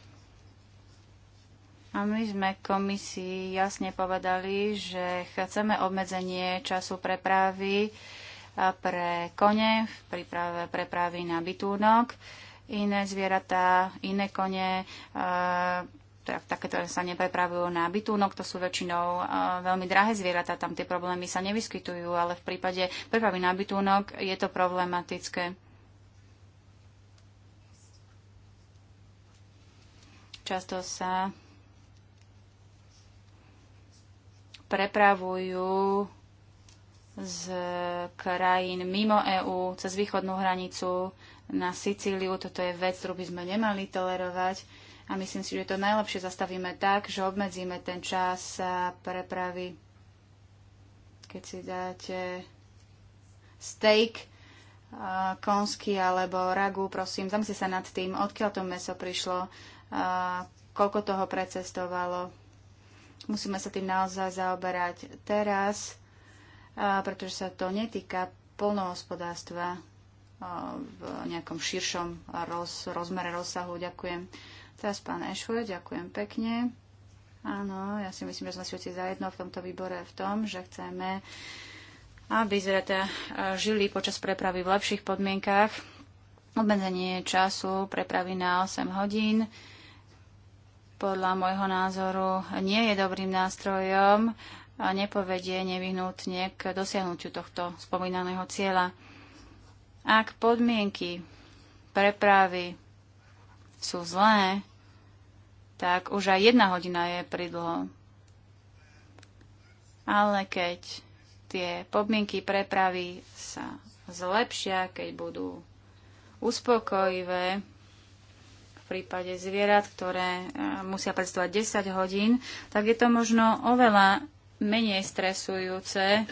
A my sme komisii jasne povedali, že chceme obmedzenie času prepravy e, pre kone v príprave prepravy na bytúnok iné zvieratá, iné kone, e, teda také, ktoré sa neprepravujú na bytúnok, to sú väčšinou e, veľmi drahé zvieratá, tam tie problémy sa nevyskytujú, ale v prípade prepravy na bytúnok je to problematické. Často sa prepravujú z krajín mimo EÚ cez východnú hranicu na Sicíliu. Toto je vec, ktorú by sme nemali tolerovať. A myslím si, že to najlepšie zastavíme tak, že obmedzíme ten čas a prepravy. Keď si dáte steak, konsky alebo ragu, prosím, zamyslite sa nad tým, odkiaľ to meso prišlo, koľko toho precestovalo. Musíme sa tým naozaj zaoberať teraz, pretože sa to netýka polnohospodárstva v nejakom širšom roz, rozmere rozsahu. Ďakujem. Teraz pán Ešvoj, ďakujem pekne. Áno, ja si myslím, že sme si všetci zajedno v tomto výbore v tom, že chceme, aby zreta žili počas prepravy v lepších podmienkách. Obmedzenie času prepravy na 8 hodín podľa môjho názoru nie je dobrým nástrojom a nepovedie nevyhnutne k dosiahnutiu tohto spomínaného cieľa. Ak podmienky prepravy sú zlé, tak už aj jedna hodina je pridlho. Ale keď tie podmienky prepravy sa zlepšia, keď budú uspokojivé, v prípade zvierat, ktoré e, musia predstavovať 10 hodín, tak je to možno oveľa menej stresujúce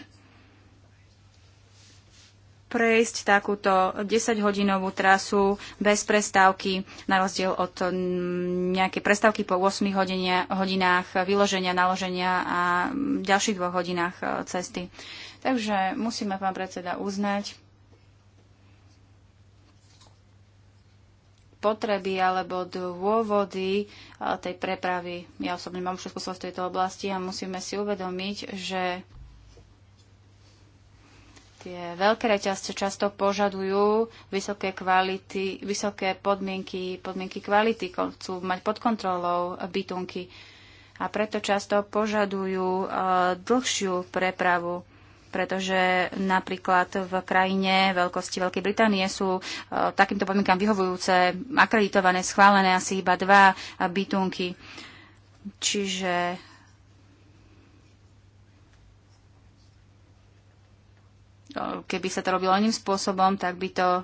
prejsť takúto 10-hodinovú trasu bez prestávky, na rozdiel od nejakej prestávky po 8 hodine, hodinách vyloženia, naloženia a ďalších dvoch hodinách e, cesty. Takže musíme, pán predseda, uznať potreby alebo dôvody e, tej prepravy. Ja osobne mám všetko v tejto oblasti a musíme si uvedomiť, že Tie veľké reťazce často požadujú vysoké kvality, vysoké podmienky, podmienky kvality, chcú mať pod kontrolou bytunky a preto často požadujú e, dlhšiu prepravu pretože napríklad v krajine veľkosti Veľkej Británie sú e, takýmto podmienkám vyhovujúce, akreditované, schválené asi iba dva bytunky. Čiže keby sa to robilo iným spôsobom, tak by to eh,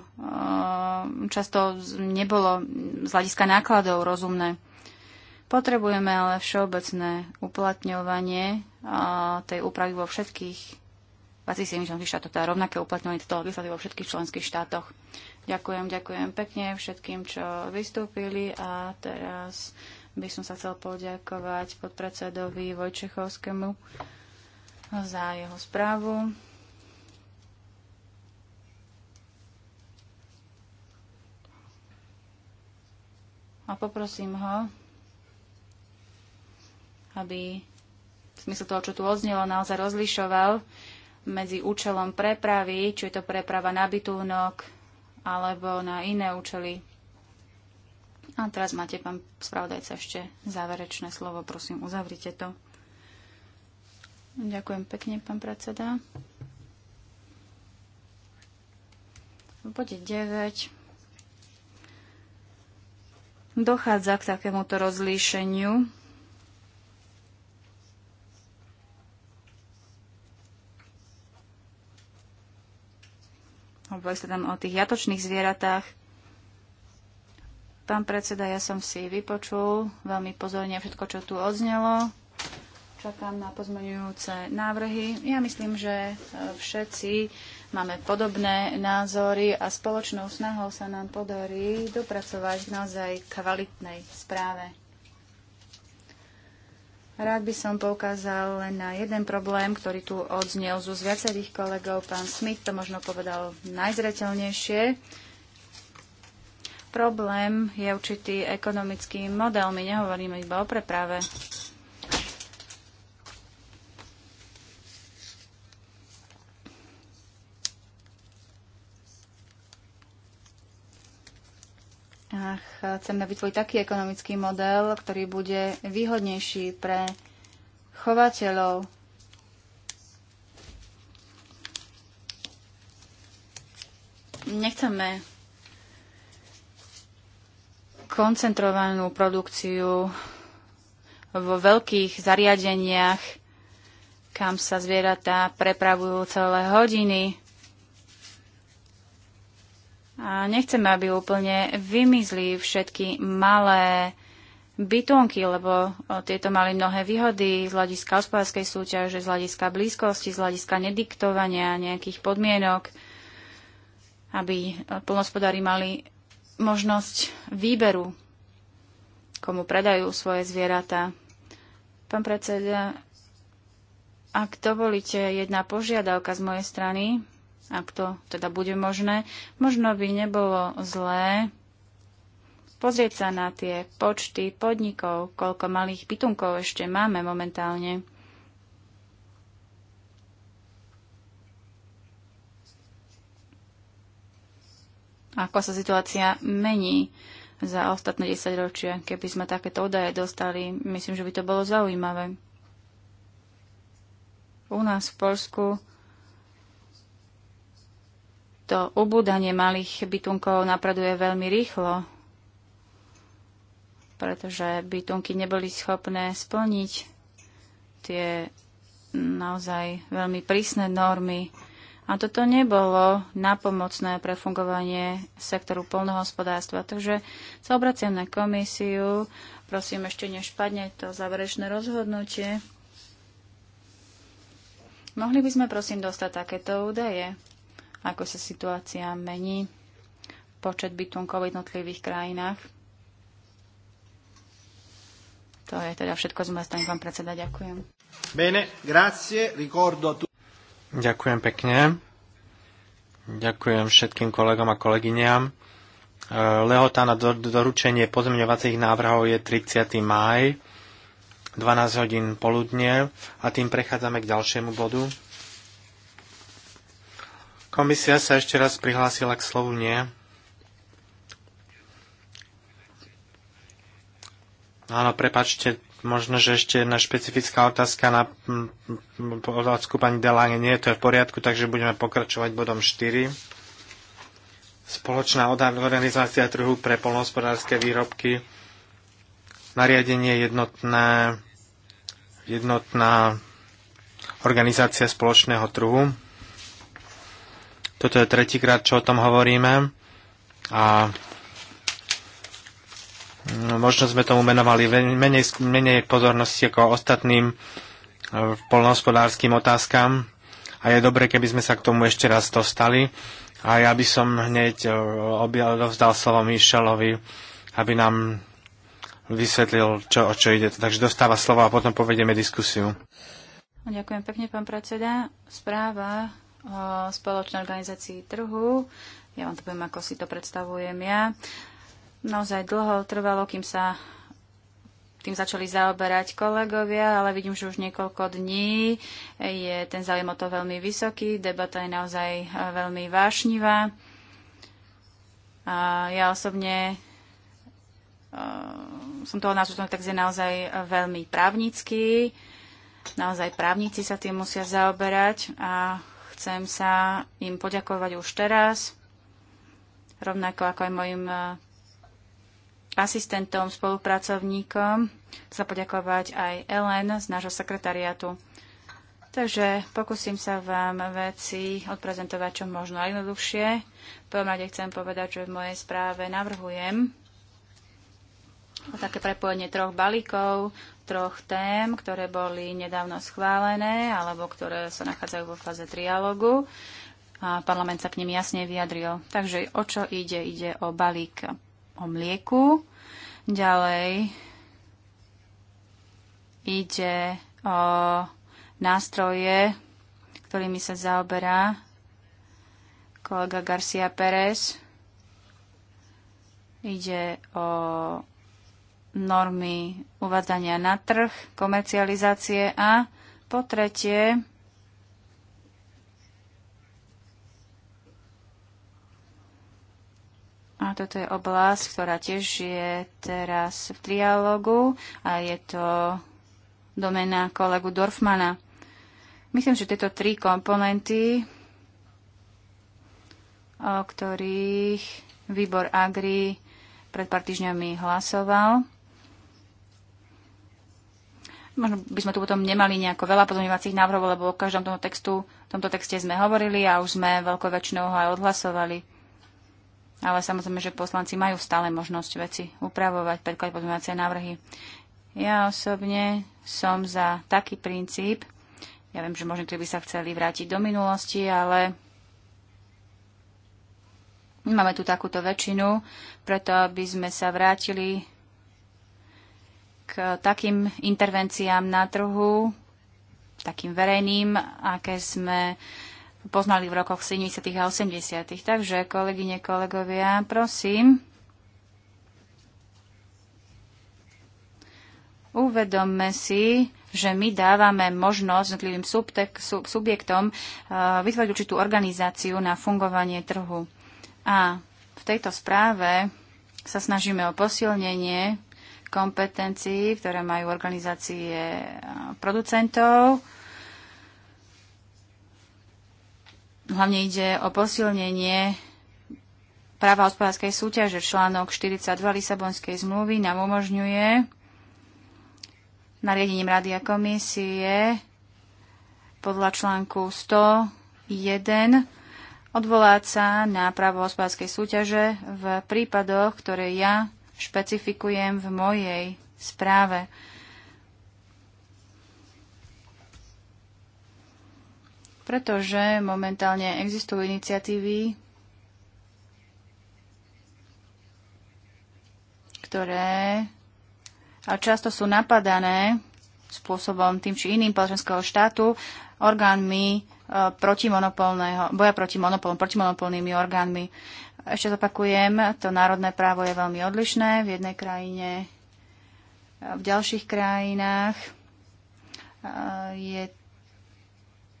často nebolo z hľadiska nákladov rozumné. Potrebujeme ale všeobecné uplatňovanie tej úpravy vo všetkých 27 členských štátoch, teda rovnaké uplatňovanie tejto legislatívy vo všetkých členských štátoch. Ďakujem, ďakujem pekne všetkým, čo vystúpili a teraz by som sa chcel poďakovať podpredsedovi Vojčechovskému za jeho správu. a poprosím ho, aby v smysle toho, čo tu oznelo, naozaj rozlišoval medzi účelom prepravy, či je to preprava na bytúnok alebo na iné účely. A teraz máte, pán spravodajca, ešte záverečné slovo. Prosím, uzavrite to. Ďakujem pekne, pán predseda. V bode 9 dochádza k takémuto rozlíšeniu. Hovorí sa tam o tých jatočných zvieratách. Pán predseda, ja som si vypočul veľmi pozorne všetko, čo tu odznelo. Čakám na pozmeňujúce návrhy. Ja myslím, že všetci máme podobné názory a spoločnou snahou sa nám podarí dopracovať naozaj kvalitnej správe. Rád by som poukázal len na jeden problém, ktorý tu odznel zo z viacerých kolegov. Pán Smith to možno povedal najzreteľnejšie. Problém je určitý ekonomický model. My nehovoríme iba o preprave. A chceme vytvoriť taký ekonomický model, ktorý bude výhodnejší pre chovateľov. Nechceme koncentrovanú produkciu vo veľkých zariadeniach, kam sa zvieratá prepravujú celé hodiny. A nechceme, aby úplne vymizli všetky malé bytonky, lebo tieto mali mnohé výhody z hľadiska hospodárskej súťaže, z hľadiska blízkosti, z hľadiska nediktovania nejakých podmienok, aby plnospodári mali možnosť výberu, komu predajú svoje zvieratá. Pán predseda, ak dovolíte, jedna požiadavka z mojej strany ak to teda bude možné, možno by nebolo zlé pozrieť sa na tie počty podnikov, koľko malých bytunkov ešte máme momentálne. Ako sa situácia mení za ostatné 10 ročia, keby sme takéto údaje dostali, myslím, že by to bolo zaujímavé. U nás v Polsku to ubúdanie malých bytunkov napreduje veľmi rýchlo, pretože bytunky neboli schopné splniť tie naozaj veľmi prísne normy. A toto nebolo napomocné pre fungovanie sektoru polnohospodárstva. Takže sa obraciam na komisiu. Prosím, ešte než padne to záverečné rozhodnutie. Mohli by sme prosím dostať takéto údaje? ako sa situácia mení, počet bytunkov v jednotlivých krajinách. To je teda všetko z mojej strany, pán predseda. Ďakujem. Bene, grazie, ricordo tu... Ďakujem pekne. Ďakujem všetkým kolegom a kolegyňam. Eh, lehota na doručenie pozmeňovacích návrhov je 30. máj, 12 hodín poludne a tým prechádzame k ďalšiemu bodu. Komisia sa ešte raz prihlásila k slovu nie. Áno, prepačte, možno, že ešte jedna špecifická otázka na otázku pani Deláne. Nie, to je v poriadku, takže budeme pokračovať bodom 4. Spoločná organizácia trhu pre polnohospodárske výrobky. Nariadenie jednotné, jednotná organizácia spoločného trhu. Toto je tretíkrát, čo o tom hovoríme a no, možno sme tomu menovali menej, menej pozornosti ako ostatným e, polnohospodárským otázkam a je dobre, keby sme sa k tomu ešte raz dostali. A ja by som hneď e, dovzdal slovo Míšelovi, aby nám vysvetlil, čo, o čo ide. Takže dostáva slovo a potom povedieme diskusiu. Ďakujem pekne, pán predseda. Správa spoločnej organizácii trhu. Ja vám to poviem, ako si to predstavujem ja. Naozaj dlho trvalo, kým sa tým začali zaoberať kolegovia, ale vidím, že už niekoľko dní je ten záujem o to veľmi vysoký, debata je naozaj e, veľmi vášnivá. A ja osobne uh, som toho názoru, tak je naozaj e, veľmi právnický. Naozaj právnici sa tým musia zaoberať a Chcem sa im poďakovať už teraz, rovnako ako aj mojim eh, asistentom, spolupracovníkom. Chcem poďakovať aj Ellen z nášho sekretariátu. Takže pokúsim sa vám veci odprezentovať čo možno jednoduchšie. V prvom rade chcem povedať, že v mojej správe navrhujem také prepojenie troch balíkov, troch tém, ktoré boli nedávno schválené alebo ktoré sa nachádzajú vo fáze trialógu. A parlament sa k nim jasne vyjadril. Takže o čo ide? Ide o balík o mlieku. Ďalej ide o nástroje, ktorými sa zaoberá kolega Garcia Pérez. Ide o normy uvádzania na trh, komercializácie a po tretie A toto je oblasť, ktorá tiež je teraz v trialógu a je to domena kolegu Dorfmana. Myslím, že tieto tri komponenty, o ktorých výbor Agri pred pár týždňami hlasoval, Možno by sme tu potom nemali nejako veľa pozmeňovacích návrhov, lebo o každom tomu textu, tomto texte sme hovorili a už sme veľkou väčšinou ho aj odhlasovali. Ale samozrejme, že poslanci majú stále možnosť veci upravovať, predklad pozmeňovacie návrhy. Ja osobne som za taký princíp. Ja viem, že možno by sa chceli vrátiť do minulosti, ale máme tu takúto väčšinu, preto aby sme sa vrátili k takým intervenciám na trhu, takým verejným, aké sme poznali v rokoch 70. a 80. Takže, kolegyne, kolegovia, prosím, uvedomme si, že my dávame možnosť jednotlivým sub, subjektom uh, vytvoriť určitú organizáciu na fungovanie trhu. A v tejto správe sa snažíme o posilnenie kompetencií, ktoré majú organizácie producentov. Hlavne ide o posilnenie práva hospodárskej súťaže. Článok 42 Lisabonskej zmluvy nám umožňuje nariadením Rady a komisie podľa článku 101 odvoláť sa na právo hospodárskej súťaže v prípadoch, ktoré ja špecifikujem v mojej správe. Pretože momentálne existujú iniciatívy, ktoré často sú napadané spôsobom tým či iným palestinského štátu orgánmi eh, protimonopolného, boja proti monopolom, protimonopolnými orgánmi. Ešte zopakujem, to národné právo je veľmi odlišné v jednej krajine, v ďalších krajinách. Je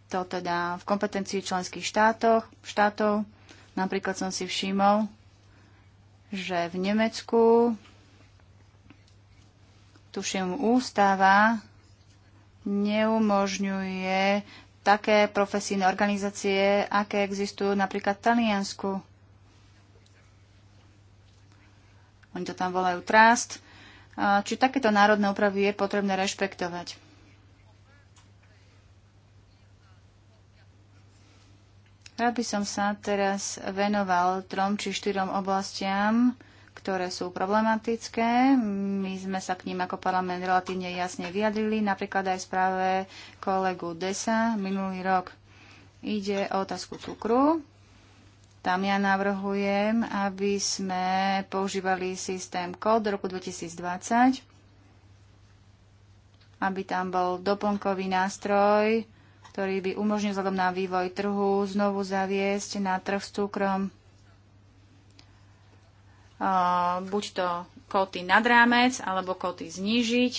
to teda v kompetencii členských štátov, štátov. Napríklad som si všimol, že v Nemecku tuším ústava neumožňuje také profesijné organizácie, aké existujú napríklad v Taliansku. Oni to tam volajú trust. Či takéto národné úpravy je potrebné rešpektovať? Rád by som sa teraz venoval trom či štyrom oblastiam, ktoré sú problematické. My sme sa k ním ako parlament relatívne jasne vyjadrili, napríklad aj správe kolegu Desa minulý rok. Ide o otázku cukru, tam ja navrhujem, aby sme používali systém kód do roku 2020, aby tam bol doplnkový nástroj, ktorý by umožnil vzhľadom na vývoj trhu znovu zaviesť na trh s cukrom uh, buď to koty nad rámec, alebo koty znížiť.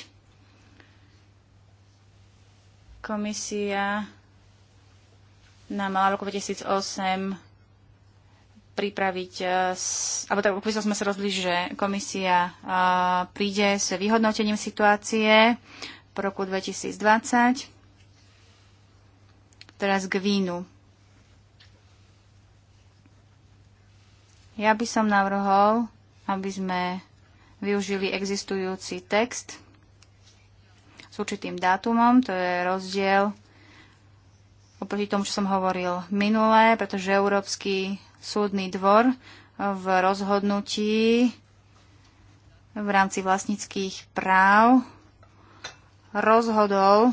Komisia nám mala roku 2008 pripraviť, e, alebo tak pokiaľ sme sa rozhodli, že komisia e, príde s vyhodnotením situácie po roku 2020. Teraz k vínu. Ja by som navrhol, aby sme využili existujúci text s určitým dátumom, to je rozdiel oproti tomu, čo som hovoril minulé, pretože Európsky súdny dvor v rozhodnutí v rámci vlastnických práv rozhodol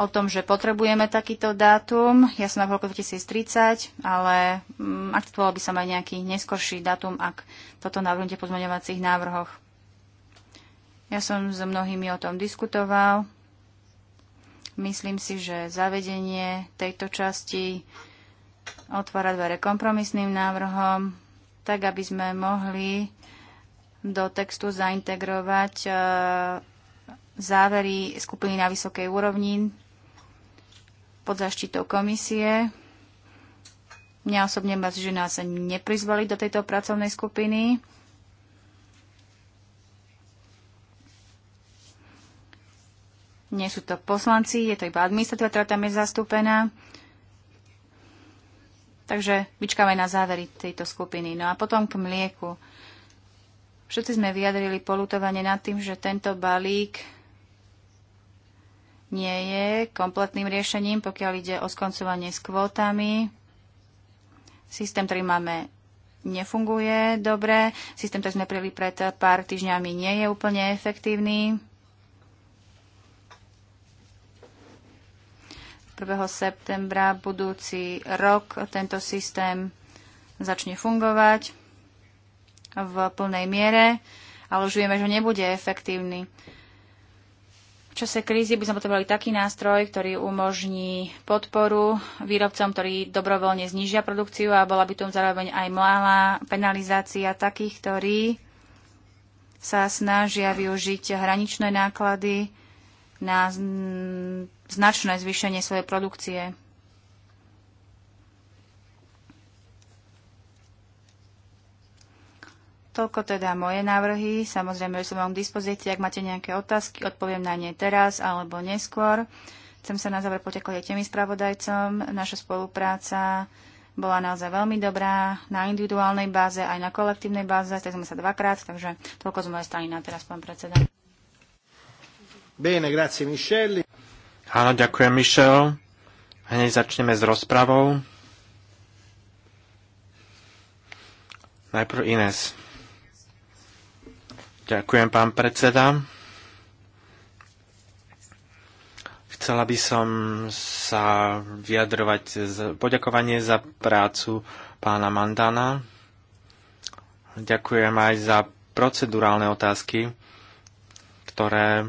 o tom, že potrebujeme takýto dátum. Ja som na roku 2030, ale mm, aktuál by sa aj nejaký neskorší dátum, ak toto navrhnete v pozmeňovacích návrhoch. Ja som s mnohými o tom diskutoval. Myslím si, že zavedenie tejto časti otvára dvere kompromisným návrhom, tak aby sme mohli do textu zaintegrovať e, závery skupiny na vysokej úrovni pod zaštitou komisie. Mňa osobne ma že nás neprizvali do tejto pracovnej skupiny. Nie sú to poslanci, je to iba administratíva, ktorá tam je zastúpená. Takže vyčkáme na závery tejto skupiny. No a potom k mlieku. Všetci sme vyjadrili polutovanie nad tým, že tento balík nie je kompletným riešením, pokiaľ ide o skoncovanie s kvótami. Systém, ktorý máme, nefunguje dobre. Systém, ktorý sme prili pred pár týždňami, nie je úplne efektívny. 1. septembra budúci rok tento systém začne fungovať v plnej miere, ale už vieme, že nebude efektívny. V čase krízy by sme potrebovali taký nástroj, ktorý umožní podporu výrobcom, ktorí dobrovoľne znižia produkciu a bola by tom zároveň aj malá penalizácia takých, ktorí sa snažia využiť hraničné náklady na značné zvýšenie svojej produkcie. Toľko teda moje návrhy. Samozrejme, že som vám k dispozícii. Ak máte nejaké otázky, odpoviem na ne teraz alebo neskôr. Chcem sa na záver poďakovať tým spravodajcom. Naša spolupráca bola naozaj veľmi dobrá na individuálnej báze, aj na kolektívnej báze. Stali sme sa dvakrát, takže toľko z mojej strany na teraz, pán predseda. Bene, grazie Michel. Áno, ďakujem Michel. Hneď začneme s rozpravou. Najprv Ines. Ďakujem, pán predseda. Chcela by som sa vyjadrovať z, poďakovanie za prácu pána Mandana. Ďakujem aj za procedurálne otázky, ktoré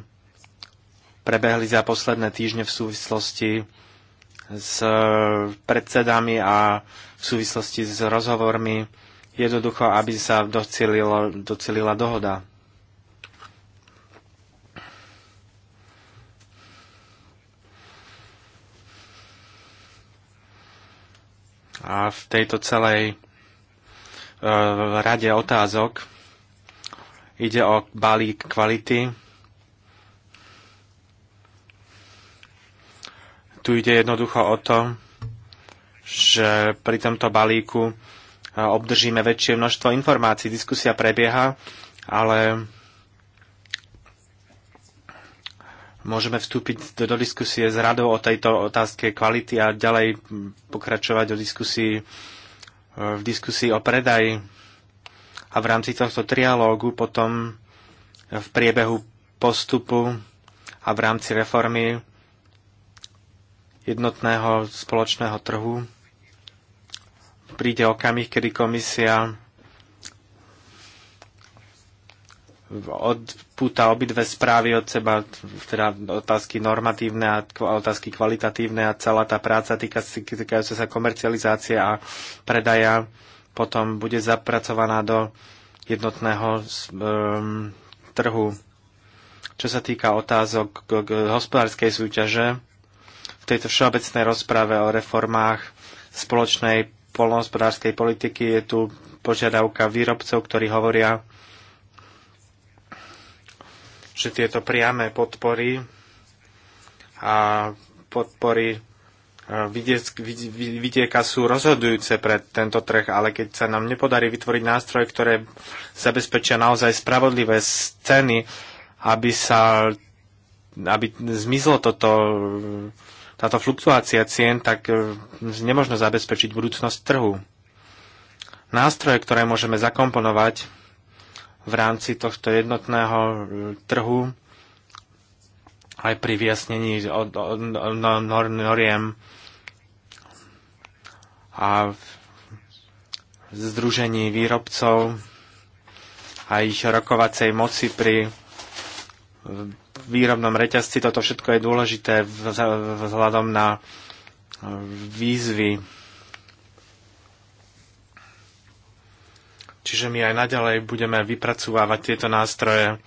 prebehli za posledné týždne v súvislosti s e, predsedami a v súvislosti s rozhovormi jednoducho, aby sa docelila, docelila dohoda. A v tejto celej e, rade otázok ide o balík kvality, Tu ide jednoducho o to, že pri tomto balíku e, obdržíme väčšie množstvo informácií. Diskusia prebieha, ale môžeme vstúpiť do, do diskusie s radou o tejto otázke kvality a ďalej pokračovať o diskusii, e, v diskusii o predaji a v rámci tohto trialógu potom v priebehu postupu a v rámci reformy jednotného spoločného trhu príde okamih, kedy komisia odpúta obidve správy od seba, teda otázky normatívne a otázky kvalitatívne a celá tá práca týka, týkajúca sa komercializácie a predaja potom bude zapracovaná do jednotného um, trhu. Čo sa týka otázok k, k hospodárskej súťaže, tejto všeobecnej rozprave o reformách spoločnej polnohospodárskej politiky je tu požiadavka výrobcov, ktorí hovoria, že tieto priame podpory a podpory e, vidieka sú rozhodujúce pre tento trh, ale keď sa nám nepodarí vytvoriť nástroje, ktoré zabezpečia naozaj spravodlivé ceny, aby sa aby zmizlo toto táto fluktuácia cien, tak e, nemožno zabezpečiť budúcnosť trhu. Nástroje, ktoré môžeme zakomponovať v rámci tohto jednotného e, trhu, aj pri vyjasnení od, od, od, no, noriem a združení výrobcov a ich rokovacej moci pri výrobnom reťazci toto všetko je dôležité vzhľadom na e, výzvy. Čiže my aj naďalej budeme vypracovávať tieto nástroje.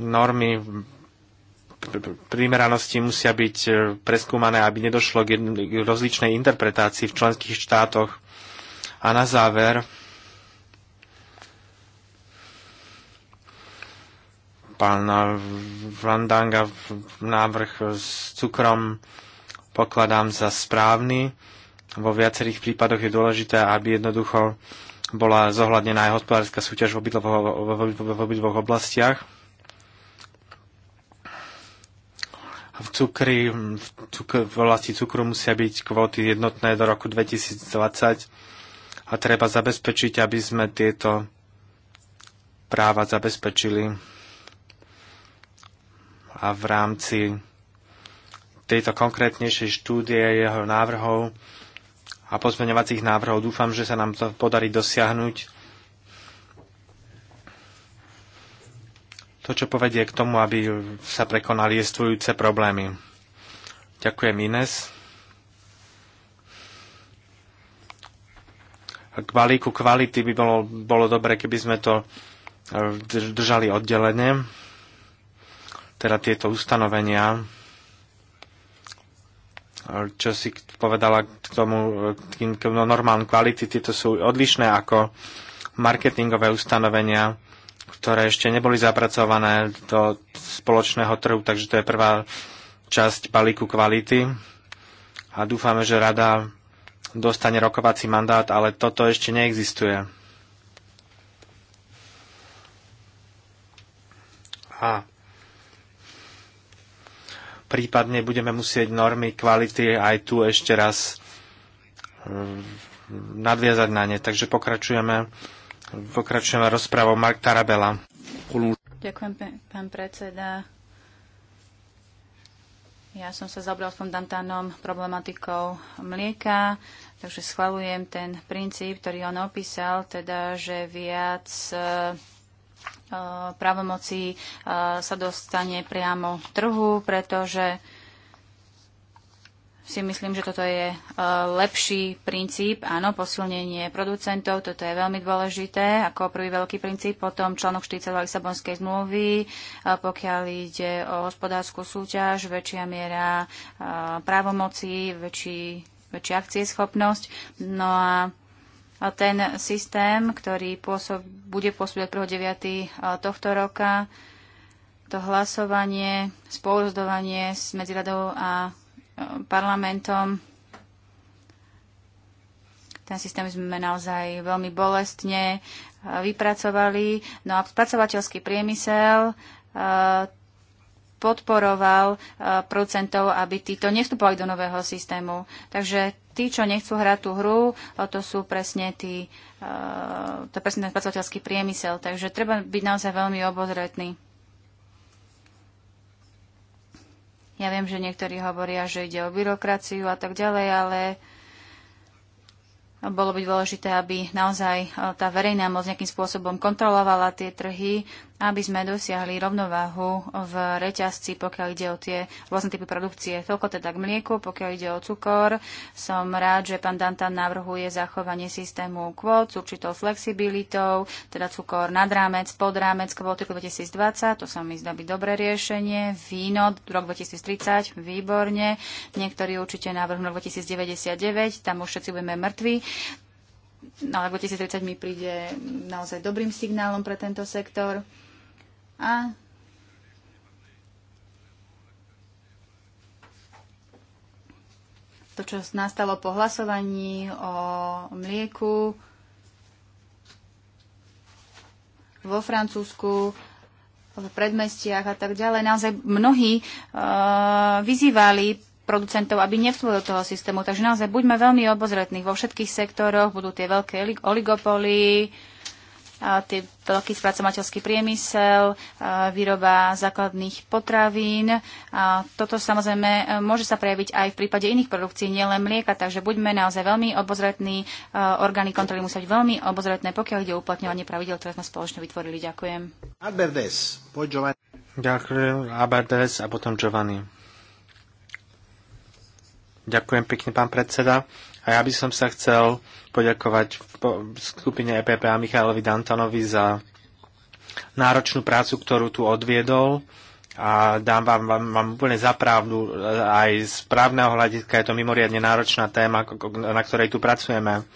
Normy primeranosti musia byť e, preskúmané, aby nedošlo k rozličnej interpretácii v členských štátoch. A na záver, pána Vandanga návrh s cukrom pokladám za správny. Vo viacerých prípadoch je dôležité, aby jednoducho bola zohľadnená aj hospodárska súťaž v obidvoch oblastiach. v, cukri, v, cukr, v oblasti cukru musia byť kvóty jednotné do roku 2020 a treba zabezpečiť, aby sme tieto práva zabezpečili a v rámci tejto konkrétnejšej štúdie jeho návrhov a pozmeňovacích návrhov dúfam, že sa nám to podarí dosiahnuť. To, čo povedie k tomu, aby sa prekonali existujúce problémy. Ďakujem Ines. K balíku kvality by bolo, bolo dobre, keby sme to e, držali oddelenie teda tieto ustanovenia, čo si povedala k tomu, k normálnu kvality, tieto sú odlišné ako marketingové ustanovenia, ktoré ešte neboli zapracované do spoločného trhu, takže to je prvá časť balíku kvality. A dúfame, že rada dostane rokovací mandát, ale toto ešte neexistuje. A prípadne budeme musieť normy kvality aj tu ešte raz eh, nadviazať na ne. Takže pokračujeme, pokračujeme rozprávou Mark Tarabela. Ďakujem, pán predseda. Ja som sa zaoberal s fundantánom problematikou mlieka, takže schvalujem ten princíp, ktorý on opísal, teda, že viac eh, E, právomoci e, sa dostane priamo trhu, pretože si myslím, že toto je e, lepší princíp. Áno, posilnenie producentov, toto je veľmi dôležité ako prvý veľký princíp. Potom článok 42 Lisabonskej zmluvy, pokiaľ ide o hospodárskú súťaž, väčšia miera právomoci, väčší, väčšia akcieschopnosť. No a ten systém, ktorý pôsob, bude pôsobiť od 1.9. E, tohto roka, to hlasovanie, spolurozdovanie s medziradou a e, parlamentom. Ten systém sme naozaj veľmi bolestne e, vypracovali. No a spracovateľský priemysel podporoval producentov, aby títo nestupovali do nového systému. Takže tí, čo nechcú hrať tú hru, eh, to sú presne tí, eh, to je presne ten spracovateľský priemysel. Takže treba byť naozaj veľmi obozretný. Ja viem, že niektorí hovoria, že ide o byrokraciu a tak ďalej, ale bolo by dôležité, aby naozaj eh, tá verejná moc nejakým spôsobom kontrolovala tie trhy, aby sme dosiahli rovnováhu v reťazci, pokiaľ ide o tie rôzne typy produkcie. Toľko teda k mlieku, pokiaľ ide o cukor. Som rád, že pán Dantan navrhuje zachovanie systému kvót s určitou flexibilitou, teda cukor nad rámec, pod rámec kvóty 2020, to sa mi zdá byť dobré riešenie. Víno rok 2030, výborne. Niektorí určite navrhnú rok 2099, tam už všetci budeme mŕtvi no, ale 2030 mi príde naozaj dobrým signálom pre tento sektor. A to, čo nastalo po hlasovaní o mlieku vo Francúzsku, v predmestiach a tak ďalej. Naozaj mnohí e, vyzývali producentov, aby nevstúpili do toho systému. Takže naozaj buďme veľmi obozretní. Vo všetkých sektoroch budú tie veľké oligopoly, tie veľký spracovateľský priemysel, výroba základných potravín. A toto samozrejme e, môže sa prejaviť aj v prípade iných produkcií, nielen mlieka, takže buďme naozaj veľmi obozretní. E, orgány kontroly musia byť veľmi obozretné, pokiaľ ide o uplatňovanie pravidel, ktoré sme spoločne vytvorili. Ďakujem. Giovanni. Ďakujem, Albert a potom Giovanni. Ďakujem pekne, pán predseda. A ja by som sa chcel poďakovať skupine EPP a Michalovi Dantanovi za náročnú prácu, ktorú tu odviedol a dám vám, vám, vám úplne zapravdu aj z právneho hľadiska je to mimoriadne náročná téma, na ktorej tu pracujeme.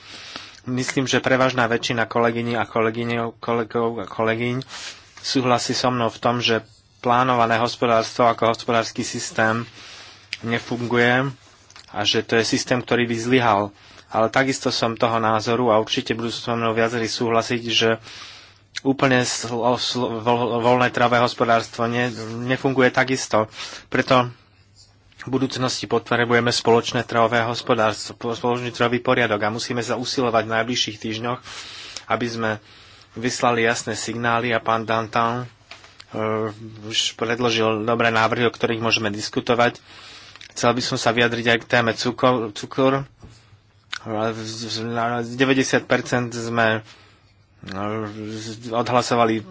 Myslím, že prevažná väčšina kolegyní a kolegyň, kolegov a kolegyň súhlasí so mnou v tom, že plánované hospodárstvo ako hospodársky systém nefunguje a že to je systém, ktorý by zlyhal. Ale takisto som toho názoru a určite budú so mnou viacerí súhlasiť, že úplne slo, slo, voľné travé hospodárstvo ne, nefunguje takisto. Preto v budúcnosti potrebujeme spoločné trhové hospodárstvo, spoločný trhový poriadok a musíme sa usilovať v najbližších týždňoch, aby sme vyslali jasné signály a pán Dantan uh, eh, už predložil dobré návrhy, o ktorých môžeme diskutovať Chcel by som sa vyjadriť aj k téme cukor. cukor. 90% sme no, odhlasovali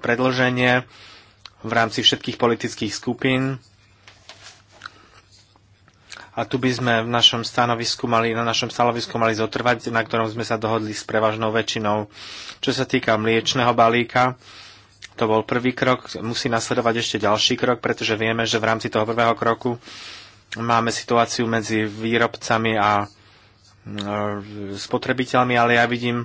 predloženie v rámci všetkých politických skupín. A tu by sme v našom stanovisku mali, na našom stanovisku mali zotrvať, na ktorom sme sa dohodli s prevažnou väčšinou. Čo sa týka mliečného balíka, to bol prvý krok, musí nasledovať ešte ďalší krok, pretože vieme, že v rámci toho prvého kroku máme situáciu medzi výrobcami a e, spotrebiteľmi, ale ja vidím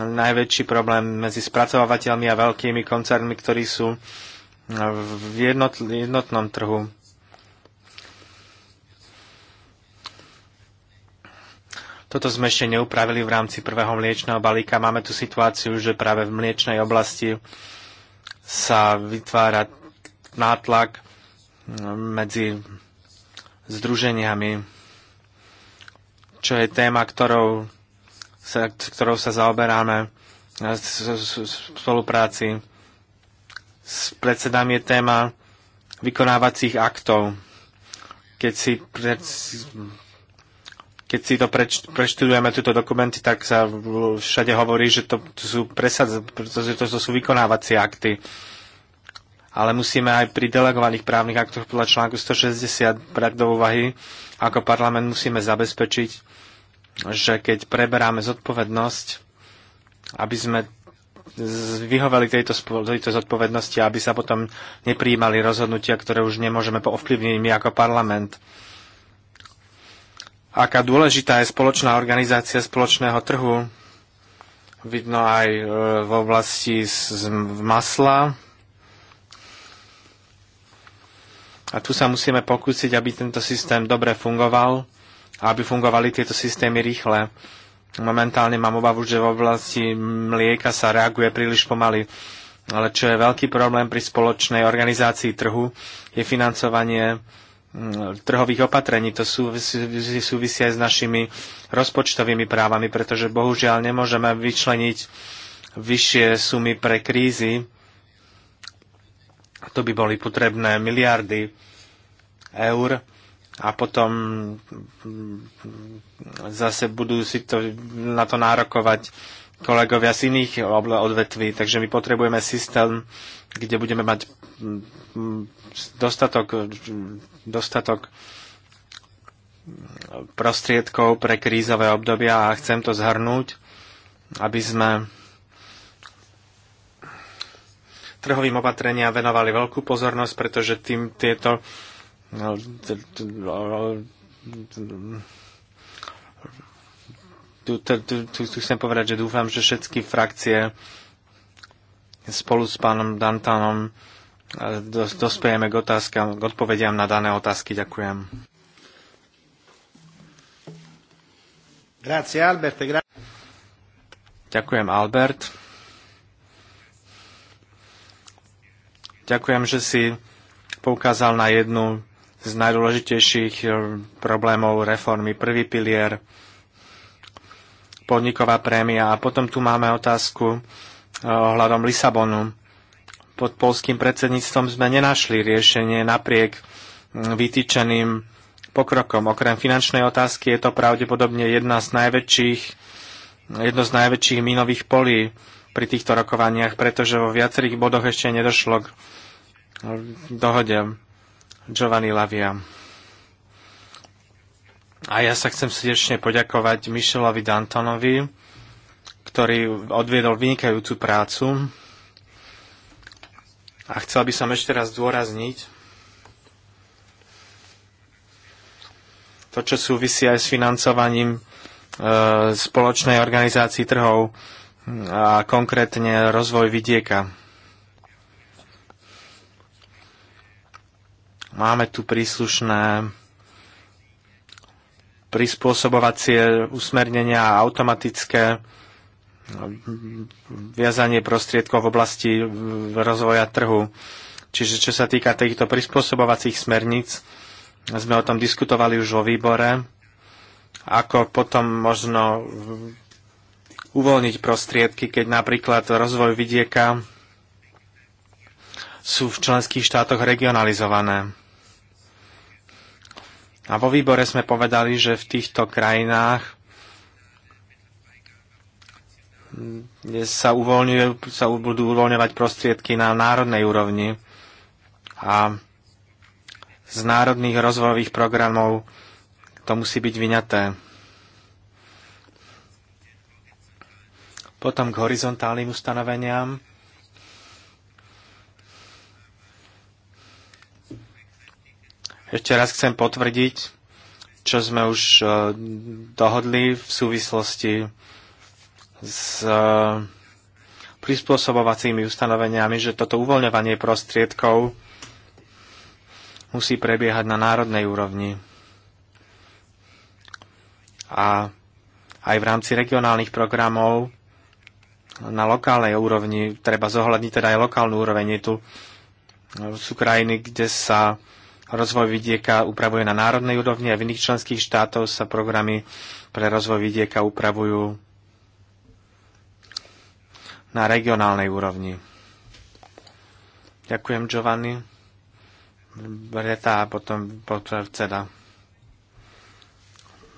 najväčší problém medzi spracovateľmi a veľkými koncernmi, ktorí sú e, v jednot, jednotnom trhu. Toto sme ešte neupravili v rámci prvého mliečného balíka. Máme tu situáciu, že práve v mliečnej oblasti sa vytvára nátlak medzi združeniami, čo je téma, ktorou sa, ktorou sa zaoberáme v spolupráci s predsedami je téma vykonávacích aktov. Keď si keď si to preč, preštudujeme, tieto dokumenty, tak sa všade hovorí, že to, to sú presad, pretože to, to sú vykonávacie akty. Ale musíme aj pri delegovaných právnych aktoch podľa článku 160 brať do úvahy, ako parlament musíme zabezpečiť, že keď preberáme zodpovednosť, aby sme vyhovali tejto, tejto zodpovednosti, aby sa potom neprijímali rozhodnutia, ktoré už nemôžeme poovplyvniť my ako parlament aká dôležitá je spoločná organizácia spoločného trhu. Vidno aj e, v oblasti z masla. A tu sa musíme pokúsiť, aby tento systém dobre fungoval a aby fungovali tieto systémy rýchle. Momentálne mám obavu, že v oblasti mlieka sa reaguje príliš pomaly. Ale čo je veľký problém pri spoločnej organizácii trhu, je financovanie Mm, trhových opatrení. To súvisí, súvisí aj s našimi rozpočtovými právami, pretože bohužiaľ nemôžeme vyčleniť vyššie sumy pre krízy. To by boli potrebné miliardy eur a potom mm, zase budú si to, na to nárokovať kolegovia z iných odvetví. Takže my potrebujeme systém, kde budeme mať mm, dostatok, dostatok prostriedkov pre krízové obdobia a chcem to zhrnúť, aby sme trhovým opatrenia venovali veľkú pozornosť, pretože tým tieto no, no, tu, tu, tu, tu chcem povedať, že dúfam, že všetky frakcie spolu s pánom Dantanom dospejeme k otázkam, k odpovediam na dané otázky. Ďakujem. Grazie, Albert. Gra- Ďakujem, Albert. Ďakujem, že si poukázal na jednu z najdôležitejších eh, problémov reformy. Prvý pilier, podniková prémia. A potom tu máme otázku eh, ohľadom Lisabonu pod polským predsedníctvom sme nenašli riešenie napriek mm, vytýčeným pokrokom. Okrem finančnej otázky je to pravdepodobne jedna z najväčších, jedno z najväčších mínových polí pri týchto rokovaniach, pretože vo viacerých bodoch ešte nedošlo k dohode Giovanni Lavia. A ja sa chcem srdečne poďakovať Michelovi Dantonovi, ktorý odviedol vynikajúcu prácu a chcel by som ešte raz zdôrazniť to, čo súvisí aj s financovaním e, spoločnej organizácii trhov e, a konkrétne rozvoj vidieka. Máme tu príslušné prispôsobovacie usmernenia a automatické viazanie prostriedkov v oblasti rozvoja trhu. Čiže čo sa týka týchto prispôsobovacích smerníc, sme o tom diskutovali už vo výbore, ako potom možno uvoľniť prostriedky, keď napríklad rozvoj vidieka sú v členských štátoch regionalizované. A vo výbore sme povedali, že v týchto krajinách kde sa, uvoľňujú, sa budú uvoľňovať prostriedky na národnej úrovni a z národných rozvojových programov to musí byť vyňaté. Potom k horizontálnym ustanoveniam. Ešte raz chcem potvrdiť, čo sme už e, dohodli v súvislosti s eh, prispôsobovacími ustanoveniami, že toto uvoľňovanie prostriedkov musí prebiehať na národnej úrovni. A aj v rámci regionálnych programov na lokálnej úrovni treba zohľadniť teda aj lokálnu úroveň. Je tu eh, sú krajiny, kde sa rozvoj vidieka upravuje na národnej úrovni a v iných členských štátoch sa programy pre rozvoj vidieka upravujú na regionálnej úrovni. Ďakujem, Giovanni. Breta a potom podpredseda.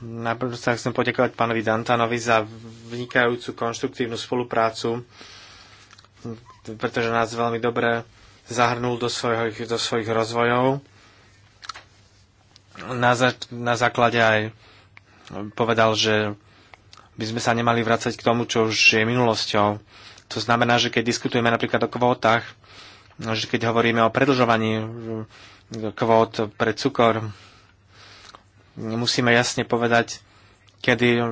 Najprv sa chcem poďakovať pánovi Dantanovi za vynikajúcu konštruktívnu spoluprácu, pretože nás veľmi dobre zahrnul do svojich, do svojich rozvojov. Na, za, na základe aj povedal, že by sme sa nemali vrácať k tomu, čo už je minulosťou to znamená, že keď diskutujeme napríklad o kvótach, no, že keď hovoríme o predlžovaní mm, kvót pre cukor, musíme jasne povedať, kedy mm,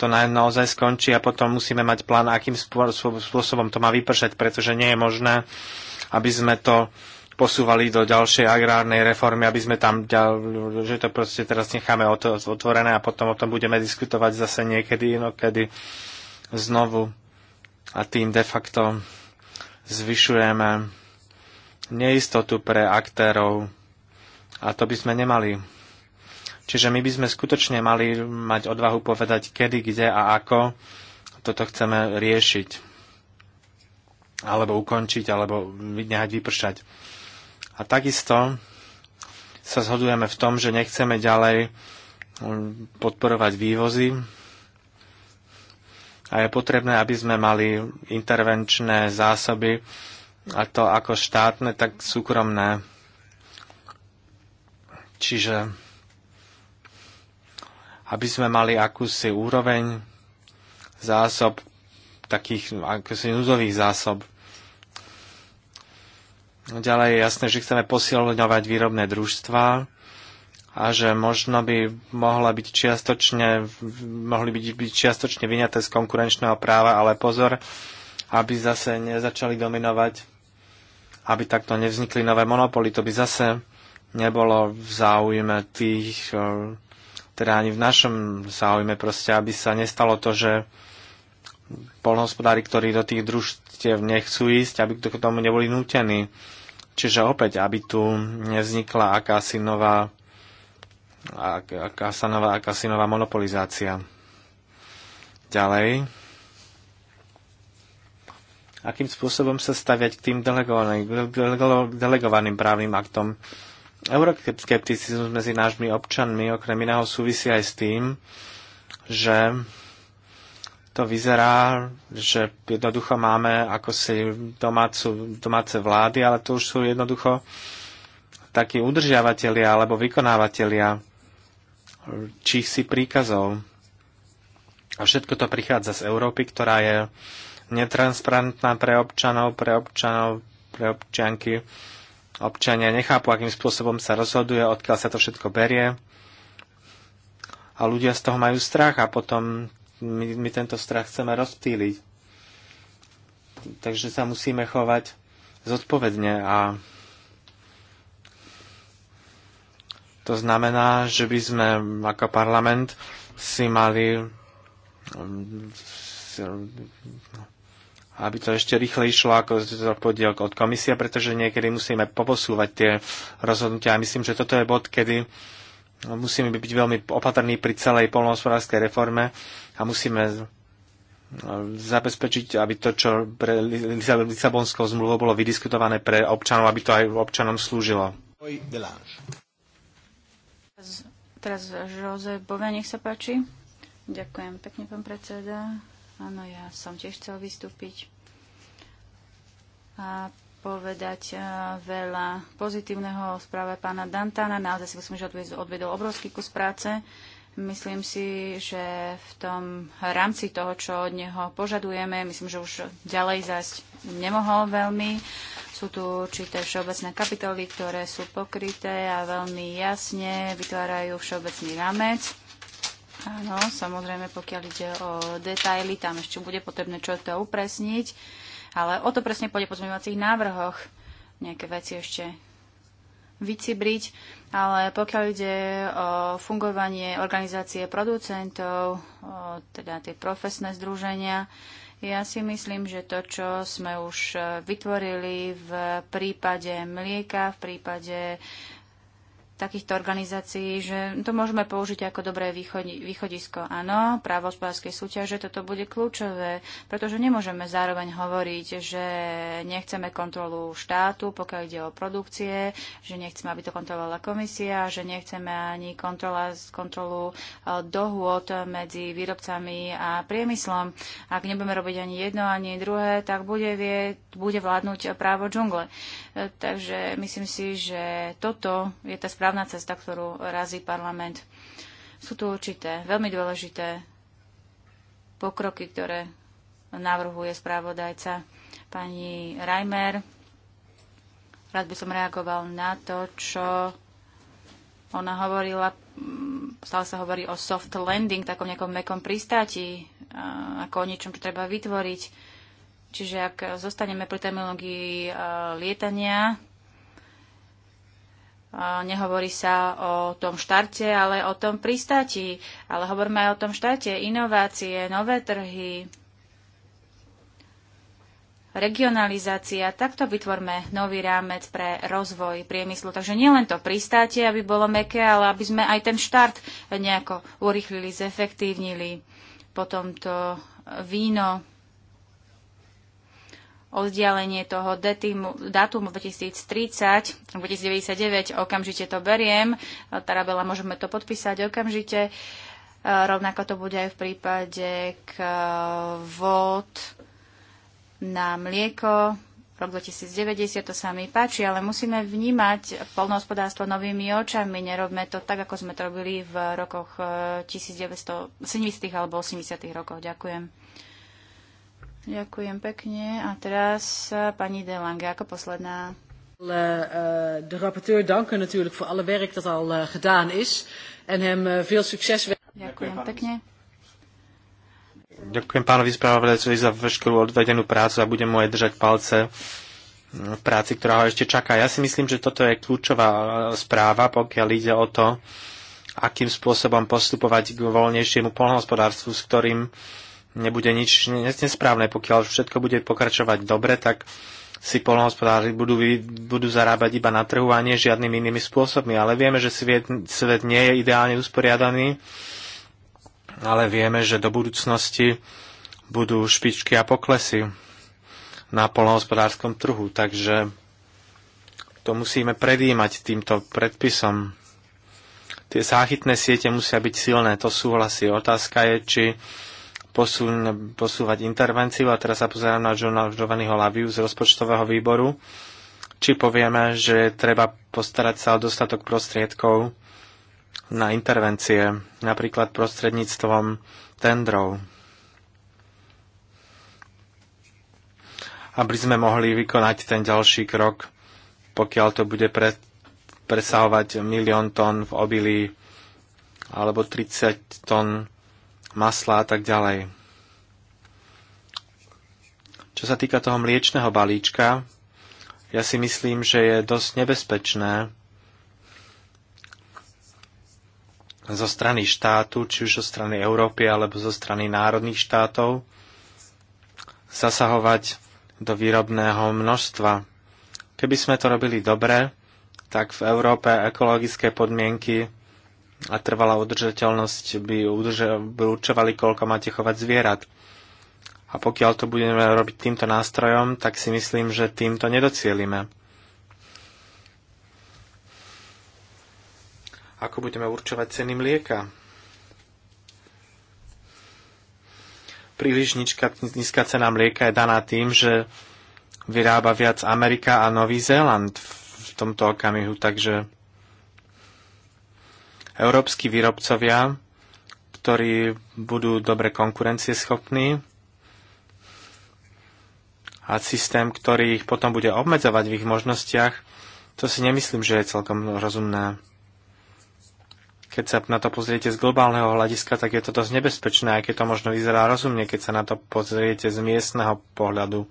to naozaj skončí a potom musíme mať plán, akým spôsobom to má vypršať, pretože nie je možné, aby sme to posúvali do ďalšej agrárnej reformy, aby sme tam, že to proste teraz necháme otvorené a potom o tom budeme diskutovať zase niekedy inokedy znovu a tým de facto zvyšujeme neistotu pre aktérov a to by sme nemali. Čiže my by sme skutočne mali mať odvahu povedať, kedy, kde a ako toto chceme riešiť. Alebo ukončiť, alebo nehať vypršať. A takisto sa zhodujeme v tom, že nechceme ďalej podporovať vývozy, a je potrebné, aby sme mali intervenčné zásoby, a to ako štátne, tak súkromné. Čiže aby sme mali akúsi úroveň zásob, takých akúsi núzových zásob. Ďalej je jasné, že chceme posilňovať výrobné družstva, a že možno by mohla byť čiastočne, mohli byť, byť čiastočne vyňaté z konkurenčného práva, ale pozor, aby zase nezačali dominovať, aby takto nevznikli nové monopoly. To by zase nebolo v záujme tých, e, teda ani v našom záujme proste, aby sa nestalo to, že polnohospodári, ktorí do tých družstiev nechcú ísť, aby k tomu neboli nútení. Čiže opäť, aby tu nevznikla akási nová Kasanová a kasinová monopolizácia. Ďalej. Akým spôsobom sa staviať k tým delegovaným, delegovaným právnym aktom? Euroskepticizmus medzi nášmi občanmi okrem iného súvisí aj s tým, že to vyzerá, že jednoducho máme ako si domácu, domáce vlády, ale to už sú jednoducho takí udržiavatelia alebo vykonávateľia či si príkazov. A všetko to prichádza z Európy, ktorá je netransparentná pre občanov, pre občanov, pre občianky. Občania nechápu, akým spôsobom sa rozhoduje, odkiaľ sa to všetko berie. A ľudia z toho majú strach a potom my, my tento strach chceme rozptýliť. Takže sa musíme chovať zodpovedne a To znamená, že by sme ako parlament si mali mm, no, aby to ešte rýchle išlo ako podiel od komisie, pretože niekedy musíme poposúvať tie rozhodnutia. A myslím, že toto je bod, kedy musíme byť veľmi opatrní pri celej polnohospodárskej reforme a musíme mm, zabezpečiť, aby to, čo pre Lisabonskou zmluvou bolo vydiskutované pre občanov, aby to aj občanom slúžilo. Teraz Jose Bovia, nech sa páči. Ďakujem pekne, pán predseda. Áno, ja som tiež chcel vystúpiť a povedať eh, veľa pozitívneho o správe pána Dantana. Naozaj si myslím, že odvedol obrovský kus práce. Myslím si, že v tom rámci toho, čo od neho požadujeme, myslím, že už ďalej zásť nemohol veľmi. Sú tu určité všeobecné kapitoly, ktoré sú pokryté a veľmi jasne vytvárajú všeobecný rámec. Áno, samozrejme, pokiaľ ide o detaily, tam ešte bude potrebné čo to upresniť, ale o to presne pôjde po pozmeňovacích návrhoch. Nejaké veci ešte vycibriť, ale pokiaľ ide o fungovanie organizácie producentov, teda tie profesné združenia, ja si myslím, že to, čo sme už e, vytvorili v prípade mlieka, v prípade takýchto organizácií, že to môžeme použiť ako dobré východisko. Áno, právo hospodárskej súťaže, toto bude kľúčové, pretože nemôžeme zároveň hovoriť, že nechceme kontrolu štátu, pokiaľ ide o produkcie, že nechceme, aby to kontrolovala komisia, že nechceme ani kontrola, kontrolu eh, dohôd medzi výrobcami a priemyslom. Ak nebudeme robiť ani jedno, ani druhé, tak bude, vie, bude vládnuť právo džungle. Eh, takže myslím si, že toto je tá správna cesta, ktorú razí parlament. Sú tu určité veľmi dôležité pokroky, ktoré navrhuje správodajca pani Reimer. Rád by som reagoval na to, čo ona hovorila. Stále sa hovorí o soft landing, takom nejakom mekom pristáti, ako o niečom, čo treba vytvoriť. Čiže ak zostaneme pri terminológii lietania, Nehovorí sa o tom štarte, ale o tom pristáti. Ale hovoríme aj o tom štarte. Inovácie, nové trhy, regionalizácia. Takto vytvorme nový rámec pre rozvoj priemyslu. Takže nielen to pristátie, aby bolo meké, ale aby sme aj ten štart nejako urychlili, zefektívnili. Potom to víno, oddialenie toho datumu 2030, 2099, okamžite to beriem. Tarabela môžeme to podpísať okamžite. E, rovnako to bude aj v prípade e, vod na mlieko, rok 2090, to sa mi páči, ale musíme vnímať polnohospodárstvo novými očami. Nerobme to tak, ako sme to robili v rokoch 1970 e, alebo 80 rokov. Ďakujem. Ďakujem pekne. A teraz e, pani De Lange ako posledná. E, de rapporteur danken natuurlijk voor alle werk dat al e, gedaan is en hem veel succes. Ďakujem pekne. Ďakujem pánovi spravodajcovi za veškerú odvedenú prácu a budem mu aj držať palce v práci, ktorá ho ešte čaká. Ja si myslím, že toto je kľúčová správa, pokiaľ ide o to, akým spôsobom postupovať k voľnejšiemu polnohospodárstvu, s ktorým uh, nebude nič nesprávne. Pokiaľ všetko bude pokračovať dobre, tak si polnohospodári budú, budú zarábať iba na trhu a nie žiadnymi inými spôsobmi. Ale vieme, že svet, svet nie je ideálne usporiadaný, ale vieme, že do budúcnosti budú špičky a poklesy na polnohospodárskom trhu. Takže to musíme predjímať týmto predpisom. Tie záchytné siete musia byť silné, to súhlasí. Otázka je, či posun, posúvať intervenciu a teraz sa pozerám na Johna Giovanniho Laviu z rozpočtového výboru, či povieme, že treba postarať sa o dostatok prostriedkov na intervencie, napríklad prostredníctvom tendrov. Aby sme mohli vykonať ten ďalší krok, pokiaľ to bude pre, presahovať milión tón v obilí alebo 30 tón masla a tak ďalej. Čo sa týka toho mliečného balíčka, ja si myslím, že je dosť nebezpečné zo strany štátu, či už zo strany Európy alebo zo strany národných štátov, zasahovať do výrobného množstva. Keby sme to robili dobre, tak v Európe ekologické podmienky a trvalá udržateľnosť by, udrža- by určovali, koľko máte chovať zvierat. A pokiaľ to budeme robiť týmto nástrojom, tak si myslím, že týmto nedocielime. Ako budeme určovať ceny mlieka? Príliš nízka, nízka cena mlieka je daná tým, že vyrába viac Amerika a Nový Zéland v tomto okamihu, takže európsky výrobcovia, ktorí budú dobre konkurencieschopní a systém, ktorý ich potom bude obmedzovať v ich možnostiach, to si nemyslím, že je celkom rozumné. Keď sa na to pozriete z globálneho hľadiska, tak je to dosť nebezpečné, aj keď to možno vyzerá rozumne, keď sa na to pozriete z miestneho pohľadu.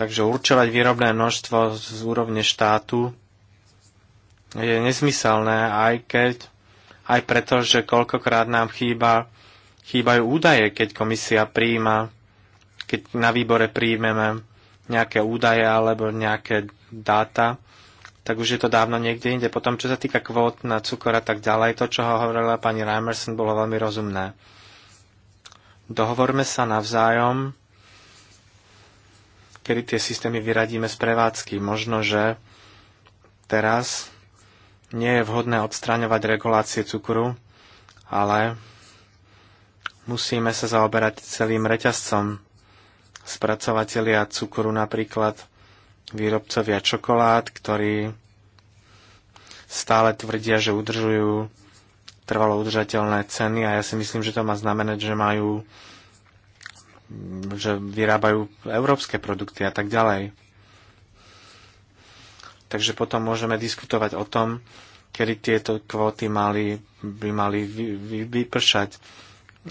Takže určovať výrobné množstvo z úrovne štátu je nezmyselné aj keď, aj preto, že koľkokrát nám chýba, chýbajú údaje, keď komisia príjma, keď na výbore príjmeme nejaké údaje alebo nejaké dáta, tak už je to dávno niekde inde. Potom, čo sa týka kvót na cukor a tak ďalej, to, čo hovorila pani Reimerson, bolo veľmi rozumné. Dohovorme sa navzájom, kedy tie systémy vyradíme z prevádzky. Možno, že teraz nie je vhodné odstraňovať regulácie cukru, ale musíme sa zaoberať celým reťazcom. Spracovatelia cukru napríklad, výrobcovia čokolád, ktorí stále tvrdia, že udržujú trvalo udržateľné ceny a ja si myslím, že to má znamenať, že majú že vyrábajú európske produkty a tak ďalej. Takže potom môžeme diskutovať o tom, kedy tieto kvóty mali, by mali vy, vy, vypršať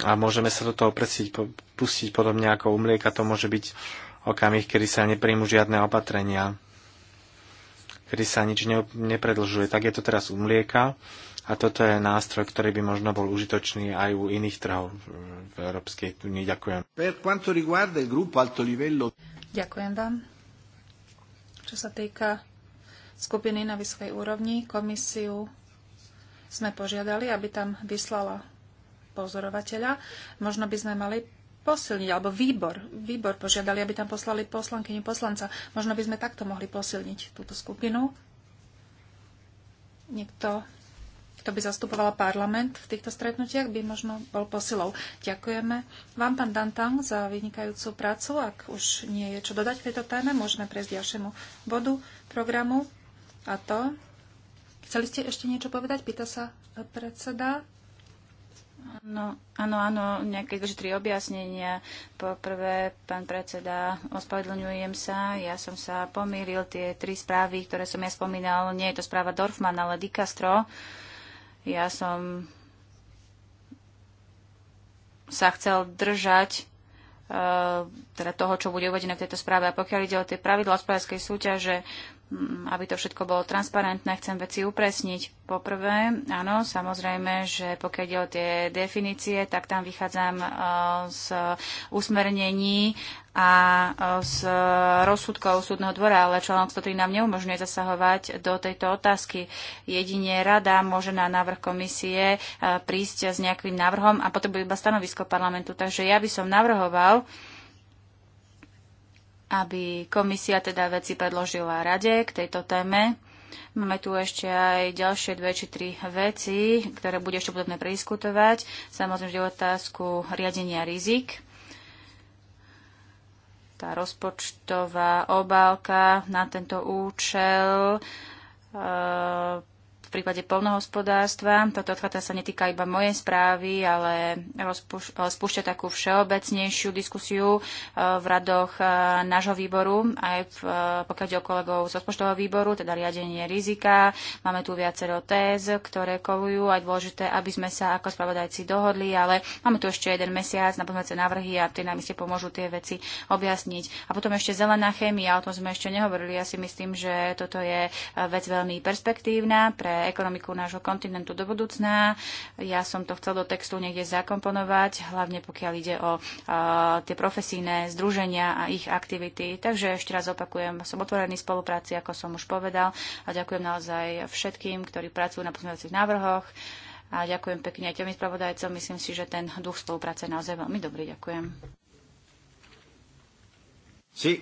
a môžeme sa do toho presiť, pustiť podobne ako u mlieka. To môže byť okamih, kedy sa nepríjmu žiadne opatrenia, kedy sa nič ne, nepredlžuje. Tak je to teraz u mlieka a toto je nástroj, ktorý by možno bol užitočný aj u iných trhov v Európskej únii. Ďakujem. Ďakujem vám. Čo sa týka skupiny na vysokej úrovni, komisiu sme požiadali, aby tam vyslala pozorovateľa. Možno by sme mali posilniť, alebo výbor, výbor požiadali, aby tam poslali poslankyňu poslanca. Možno by sme takto mohli posilniť túto skupinu. Niekto kto by zastupovala parlament v týchto stretnutiach, by možno bol posilou. Ďakujeme vám, pán Dantang, za vynikajúcu prácu. Ak už nie je čo dodať k tejto téme, môžeme prejsť ďalšiemu bodu programu. A to... Chceli ste ešte niečo povedať? Pýta sa predseda. No, áno, áno, nejaké dve, tri objasnenia. Poprvé, pán predseda, ospravedlňujem sa, ja som sa pomýlil, tie tri správy, ktoré som ja spomínal, nie je to správa Dorfman, ale Dicastro. Castro ja som sa chcel držať eh, teda toho, čo bude uvedené v tejto správe. A pokiaľ ide o tie pravidla hospodárskej súťaže, Mm, aby to všetko bolo transparentné, chcem veci upresniť. Poprvé, áno, samozrejme, že pokiaľ ide o tie definície, tak tam vychádzam e, z usmernení a e, z rozsudkov súdneho dvora, ale článok 103 nám neumožňuje zasahovať do tejto otázky. Jedine rada môže na návrh komisie e, prísť s nejakým návrhom a potrebuje iba stanovisko parlamentu. Takže ja by som navrhoval, aby komisia teda veci predložila rade k tejto téme. Máme tu ešte aj ďalšie dve či tri veci, ktoré bude ešte podobné prediskutovať. Samozrejme, že otázku riadenia rizik. Tá rozpočtová obálka na tento účel e v prípade polnohospodárstva. Toto odchata sa netýka iba mojej správy, ale spúšťa takú všeobecnejšiu diskusiu e, v radoch e, nášho výboru, aj v, e, pokiaľ ide o kolegov z rozpočtového výboru, teda riadenie rizika. Máme tu viacero téz, ktoré kolujú, aj dôležité, aby sme sa ako spravodajci dohodli, ale máme tu ešte jeden mesiac na pozmeňujúce návrhy a tie nám ste pomôžu tie veci objasniť. A potom ešte zelená chémia, o tom sme ešte nehovorili. Ja si myslím, že toto je vec veľmi perspektívna pre ekonomiku nášho kontinentu do budúcna. Ja som to chcel do textu niekde zakomponovať, hlavne pokiaľ ide o uh, tie profesíne združenia a ich aktivity. Takže ešte raz opakujem, som otvorený spolupráci, ako som už povedal a ďakujem naozaj všetkým, ktorí pracujú na pozmeňovacích návrhoch a ďakujem pekne aj tým spravodajcom. Myslím si, že ten duch spolupráce je naozaj veľmi dobrý. Ďakujem. Sí.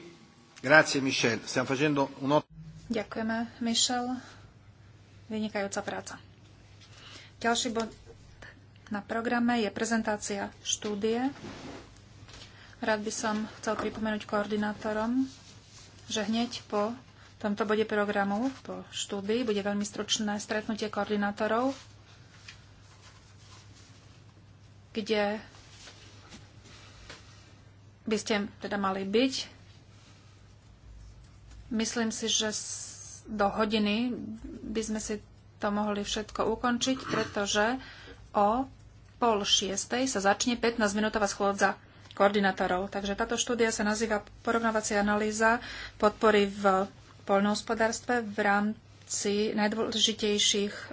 Grazie, Michel. Stiamo facendo un Ďakujeme, Michel. Vynikajúca práca. Ďalší bod na programe je prezentácia štúdie. Rád by som chcel pripomenúť koordinátorom, že hneď po tomto bode programu, po štúdii, bude veľmi stručné stretnutie koordinátorov, kde by ste teda mali byť. Myslím si, že do hodiny by sme si to mohli všetko ukončiť, pretože o pol šiestej sa začne 15-minútová schôdza koordinátorov. Takže táto štúdia sa nazýva Porovnávacia analýza podpory v poľnohospodárstve v rámci najdôležitejších e,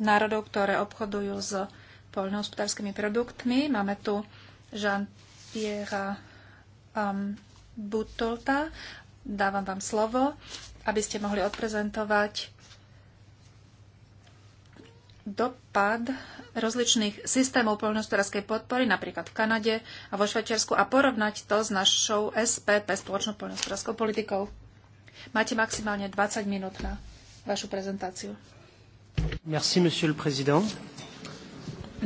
národov, ktoré obchodujú s poľnohospodárskymi produktmi. Máme tu Jean-Pierre um, Butolta. Dávam vám slovo aby ste mohli odprezentovať dopad rozličných systémov poľnohospodárskej podpory, napríklad v Kanade a vo Švajčiarsku, a porovnať to s našou SPP, spoločnou poľnohospodárskou politikou. Máte maximálne 20 minút na vašu prezentáciu. Merci, monsieur le président.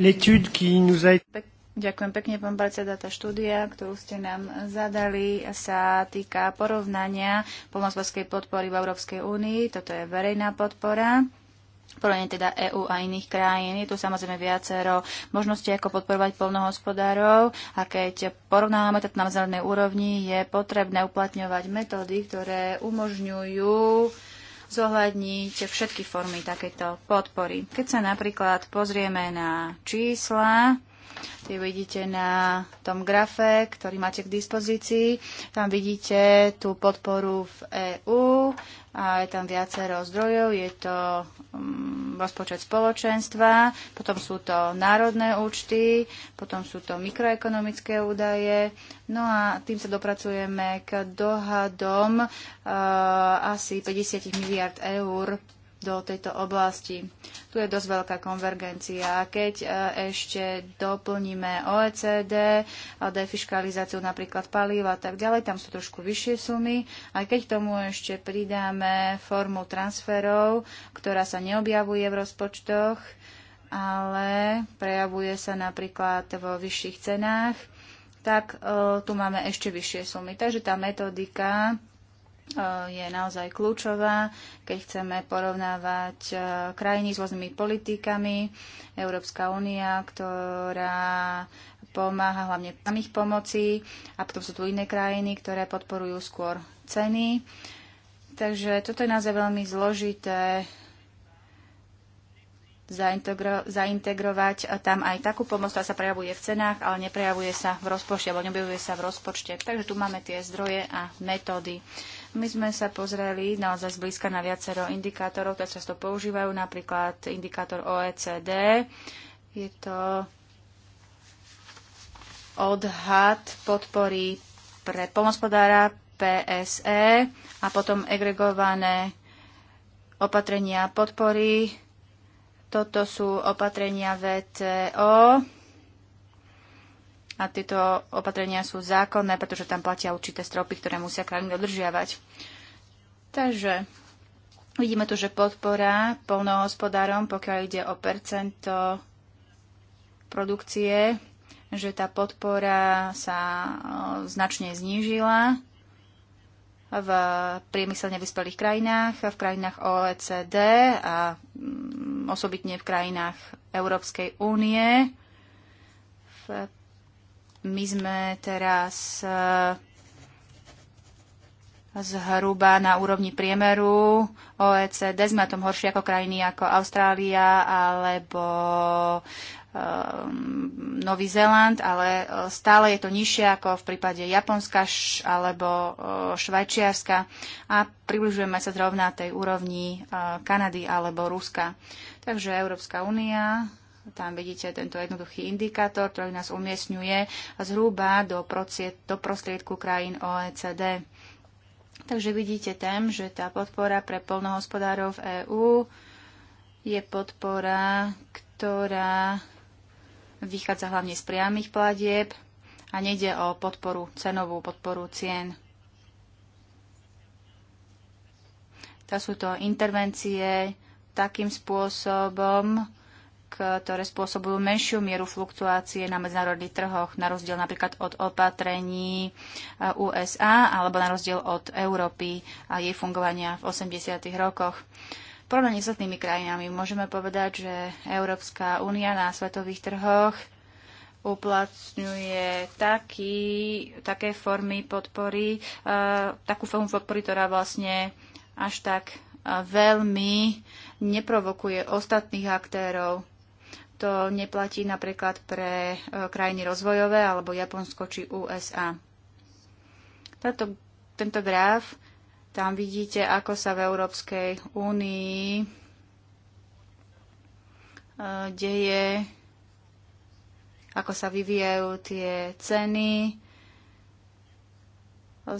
L'étude qui nous a été... Ďakujem pekne, pán predseda. Tá štúdia, ktorú ste nám zadali, sa týka porovnania pomospodskej podpory v Európskej únii. Toto je verejná podpora porovnanie teda EÚ a iných krajín. Je tu samozrejme viacero možností, ako podporovať polnohospodárov a keď porovnávame to na zelenej úrovni, je potrebné uplatňovať metódy, ktoré umožňujú zohľadniť všetky formy takéto podpory. Keď sa napríklad pozrieme na čísla, Ty vidíte na tom grafe, ktorý máte k dispozícii. Tam vidíte tú podporu v EÚ a je tam viacero zdrojov. Je to um, rozpočet spoločenstva, potom sú to národné účty, potom sú to mikroekonomické údaje. No a tým sa dopracujeme k dohadom uh, asi 50 miliard eur do tejto oblasti. Tu je dosť veľká konvergencia. A Keď e, ešte doplníme OECD, defiskalizáciu napríklad palív a tak ďalej, tam sú trošku vyššie sumy. A keď tomu ešte pridáme formu transferov, ktorá sa neobjavuje v rozpočtoch, ale prejavuje sa napríklad vo vyšších cenách, tak e, tu máme ešte vyššie sumy. Takže tá metodika E, je naozaj kľúčová, keď chceme porovnávať e, krajiny s rôznymi politikami. Európska únia, ktorá pomáha hlavne samých pomoci a potom sú tu iné krajiny, ktoré podporujú skôr ceny. Takže toto je naozaj veľmi zložité zaintegro- zaintegrovať tam aj takú pomoc, ktorá sa prejavuje v cenách, ale neprejavuje sa v rozpočte, alebo neobjavuje sa v rozpočte. Takže tu máme tie zdroje a metódy. Uh, my sme sa pozreli naozaj zblízka na viacero indikátorov, ktoré často používajú, napríklad indikátor OECD. Je to odhad podpory pre pomospodára PSE a potom agregované opatrenia podpory. Toto sú opatrenia VTO a tieto opatrenia sú zákonné, pretože tam platia určité stropy, ktoré musia krajiny dodržiavať. Takže vidíme tu, že podpora polnohospodárom, pokiaľ ide o percento produkcie, že tá podpora sa značne znížila v priemyselne vyspelých krajinách, v krajinách OECD a mm, osobitne v krajinách Európskej únie. V my sme teraz e, zhruba na úrovni priemeru OECD. Sme na tom horšie ako krajiny ako Austrália alebo um, Nový Zéland, ale e, stále je to nižšie ako v prípade Japonska alebo uh, Švajčiarska a približujeme sa zrovna tej úrovni uh, Kanady alebo Ruska. Takže Európska únia tam vidíte tento jednoduchý indikátor, ktorý nás umiestňuje zhruba do, prociet, do prostriedku krajín OECD. Takže vidíte tam, že tá podpora pre polnohospodárov EÚ je podpora, ktorá vychádza hlavne z priamých platieb a nejde o podporu, cenovú podporu cien. To sú to intervencie takým spôsobom, ktoré spôsobujú menšiu mieru fluktuácie na medzinárodných trhoch, na rozdiel napríklad od opatrení e, USA alebo na rozdiel od Európy a jej fungovania v 80. rokoch. V porovnaní s ostatnými krajinami môžeme povedať, že Európska únia na svetových trhoch uplatňuje taký, také formy podpory, uh, takú formu podpory, ktorá vlastne až tak uh, veľmi neprovokuje ostatných aktérov to neplatí napríklad pre e, krajiny rozvojové alebo Japonsko či USA. Tato, tento graf, tam vidíte, ako sa v Európskej únii e, deje, ako sa vyvíjajú tie ceny.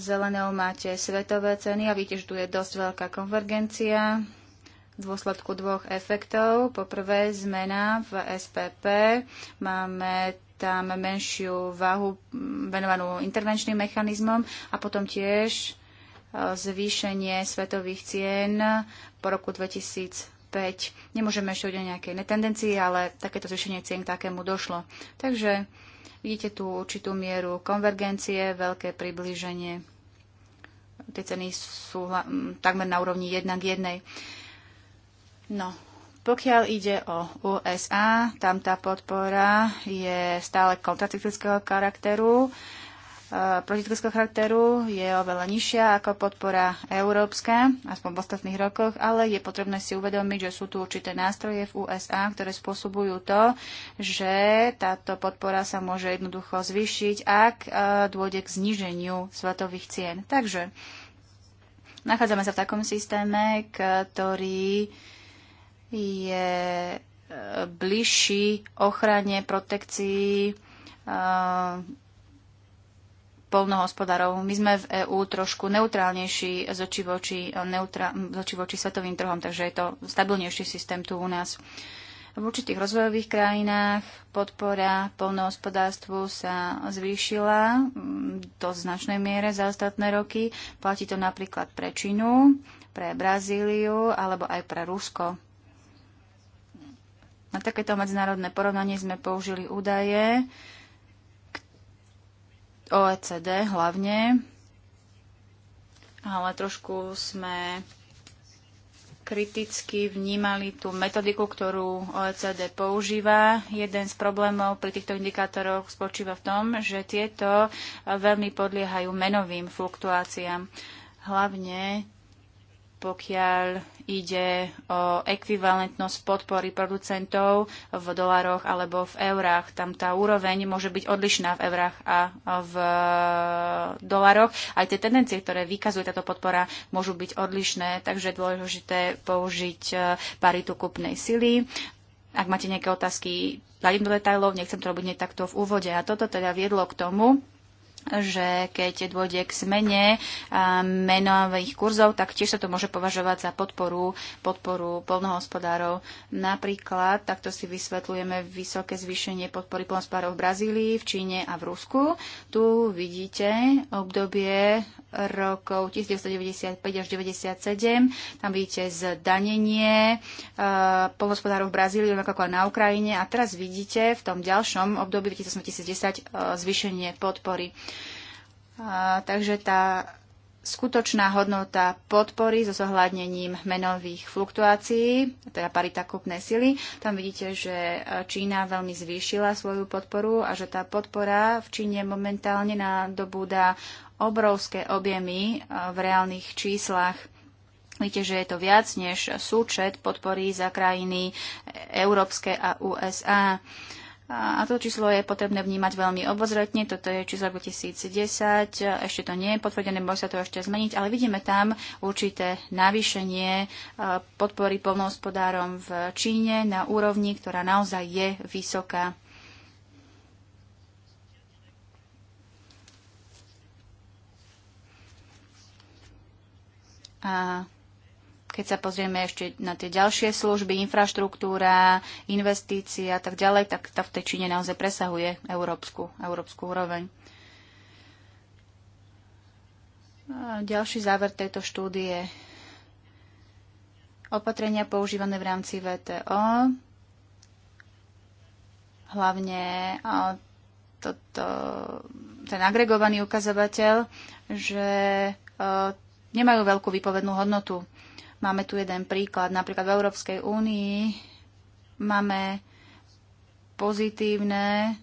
Zelenou máte svetové ceny a vidíte, že tu je dosť veľká konvergencia v dôsledku dvoch efektov. Poprvé zmena v SPP. Máme tam menšiu váhu venovanú intervenčným mechanizmom a potom tiež e, zvýšenie svetových cien po roku 2000 5. Nemôžeme ešte o nejakej netendencii, ale takéto zvýšenie cien k takému došlo. Takže vidíte tu určitú mieru konvergencie, veľké približenie. Tie ceny sú takmer na úrovni 1 k 1. No, pokiaľ ide o USA, tam tá podpora je stále kontracyklického charakteru. E, charakteru je oveľa nižšia ako podpora európska, aspoň v ostatných rokoch, ale je potrebné si uvedomiť, že sú tu určité nástroje v USA, ktoré spôsobujú to, že táto podpora sa môže jednoducho zvýšiť, ak e, dôjde k zníženiu svetových cien. Takže nachádzame sa v takom systéme, ktorý je e, bližší ochrane, protekcii e, polnohospodárov. My sme v EÚ trošku neutrálnejší zoči voči, e, neutra, zoči voči svetovým trhom, takže je to stabilnejší systém tu u nás. V určitých rozvojových krajinách podpora polnohospodárstvu sa zvýšila mm, do značnej miere za ostatné roky. Platí to napríklad pre Čínu, pre Brazíliu alebo aj pre Rusko. Na takéto medzinárodné porovnanie sme použili údaje OECD hlavne, ale trošku sme kriticky vnímali tú metodiku, ktorú OECD používa. Jeden z problémov pri týchto indikátoroch spočíva v tom, že tieto veľmi podliehajú menovým fluktuáciám. Hlavne pokiaľ ide o ekvivalentnosť podpory producentov v dolároch alebo v eurách. Tam tá úroveň môže byť odlišná v eurách a v e, dolároch. Aj tie tendencie, ktoré vykazuje táto podpora, môžu byť odlišné, takže je dôležité použiť e, paritu kupnej sily. Ak máte nejaké otázky, dajím do detajlov, nechcem to robiť nie takto v úvode. A toto teda viedlo k tomu, že keď dôjde k zmene menových kurzov, tak tiež sa to môže považovať za podporu, podporu polnohospodárov. Napríklad, takto si vysvetľujeme vysoké zvýšenie podpory polnohospodárov v Brazílii, v Číne a v Rusku. Tu vidíte obdobie rokov 1995 až 1997. Tam vidíte zdanenie eh, polnospodárov v Brazílii, rovnako ako na Ukrajine. A teraz vidíte v tom ďalšom období 2010 eh, zvýšenie podpory. Eh, takže tá skutočná hodnota podpory so zohľadnením menových fluktuácií, teda parita kúpnej sily. Tam vidíte, že Čína veľmi zvýšila svoju podporu a že tá podpora v Číne momentálne na dá obrovské objemy e, v reálnych číslach. Víte, že je to viac než súčet podpory za krajiny Európske a USA. A to číslo je potrebné vnímať veľmi obozretne. Toto je číslo 2010. Ešte to nie je potvrdené, môže sa to ešte zmeniť, ale vidíme tam určité navýšenie e, podpory polnohospodárom v Číne na úrovni, ktorá naozaj je vysoká. A keď sa pozrieme ešte na tie ďalšie služby, infraštruktúra, investície a tak ďalej, tak tá v tej Číne naozaj presahuje európsku, európsku úroveň. A ďalší záver tejto štúdie. Opatrenia používané v rámci VTO, hlavne toto, ten agregovaný ukazovateľ, že e, nemajú veľkú výpovednú hodnotu. Máme tu jeden príklad. Napríklad v Európskej únii máme pozitívne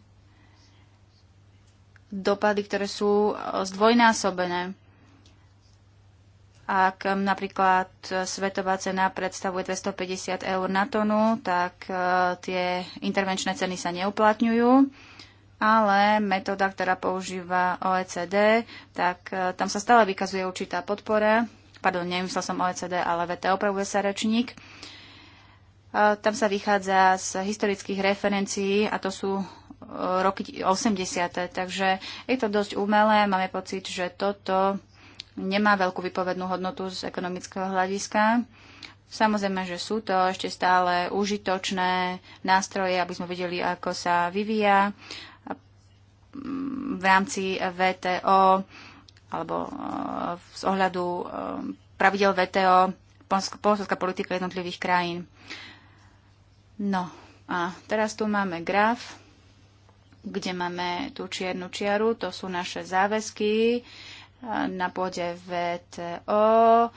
dopady, ktoré sú e, zdvojnásobené. Ak e, napríklad e, svetová cena predstavuje 250 eur na tonu, tak tie intervenčné ceny sa neuplatňujú ale metóda, ktorá používa OECD, tak e, tam sa stále vykazuje určitá podpora. Pardon, nemyslel som OECD, ale VT opravuje sa rečník. E, tam sa vychádza z historických referencií a to sú e, roky 80. Takže je to dosť umelé. Máme pocit, že toto nemá veľkú vypovednú hodnotu z ekonomického hľadiska. Samozrejme, že sú to ešte stále užitočné nástroje, aby sme videli, ako sa vyvíja v rámci eh, VTO alebo eh, z ohľadu eh, pravidel VTO polská politika jednotlivých krajín. No a teraz tu máme graf, kde máme tú čiernu čiaru, to sú naše záväzky na pôde VTO,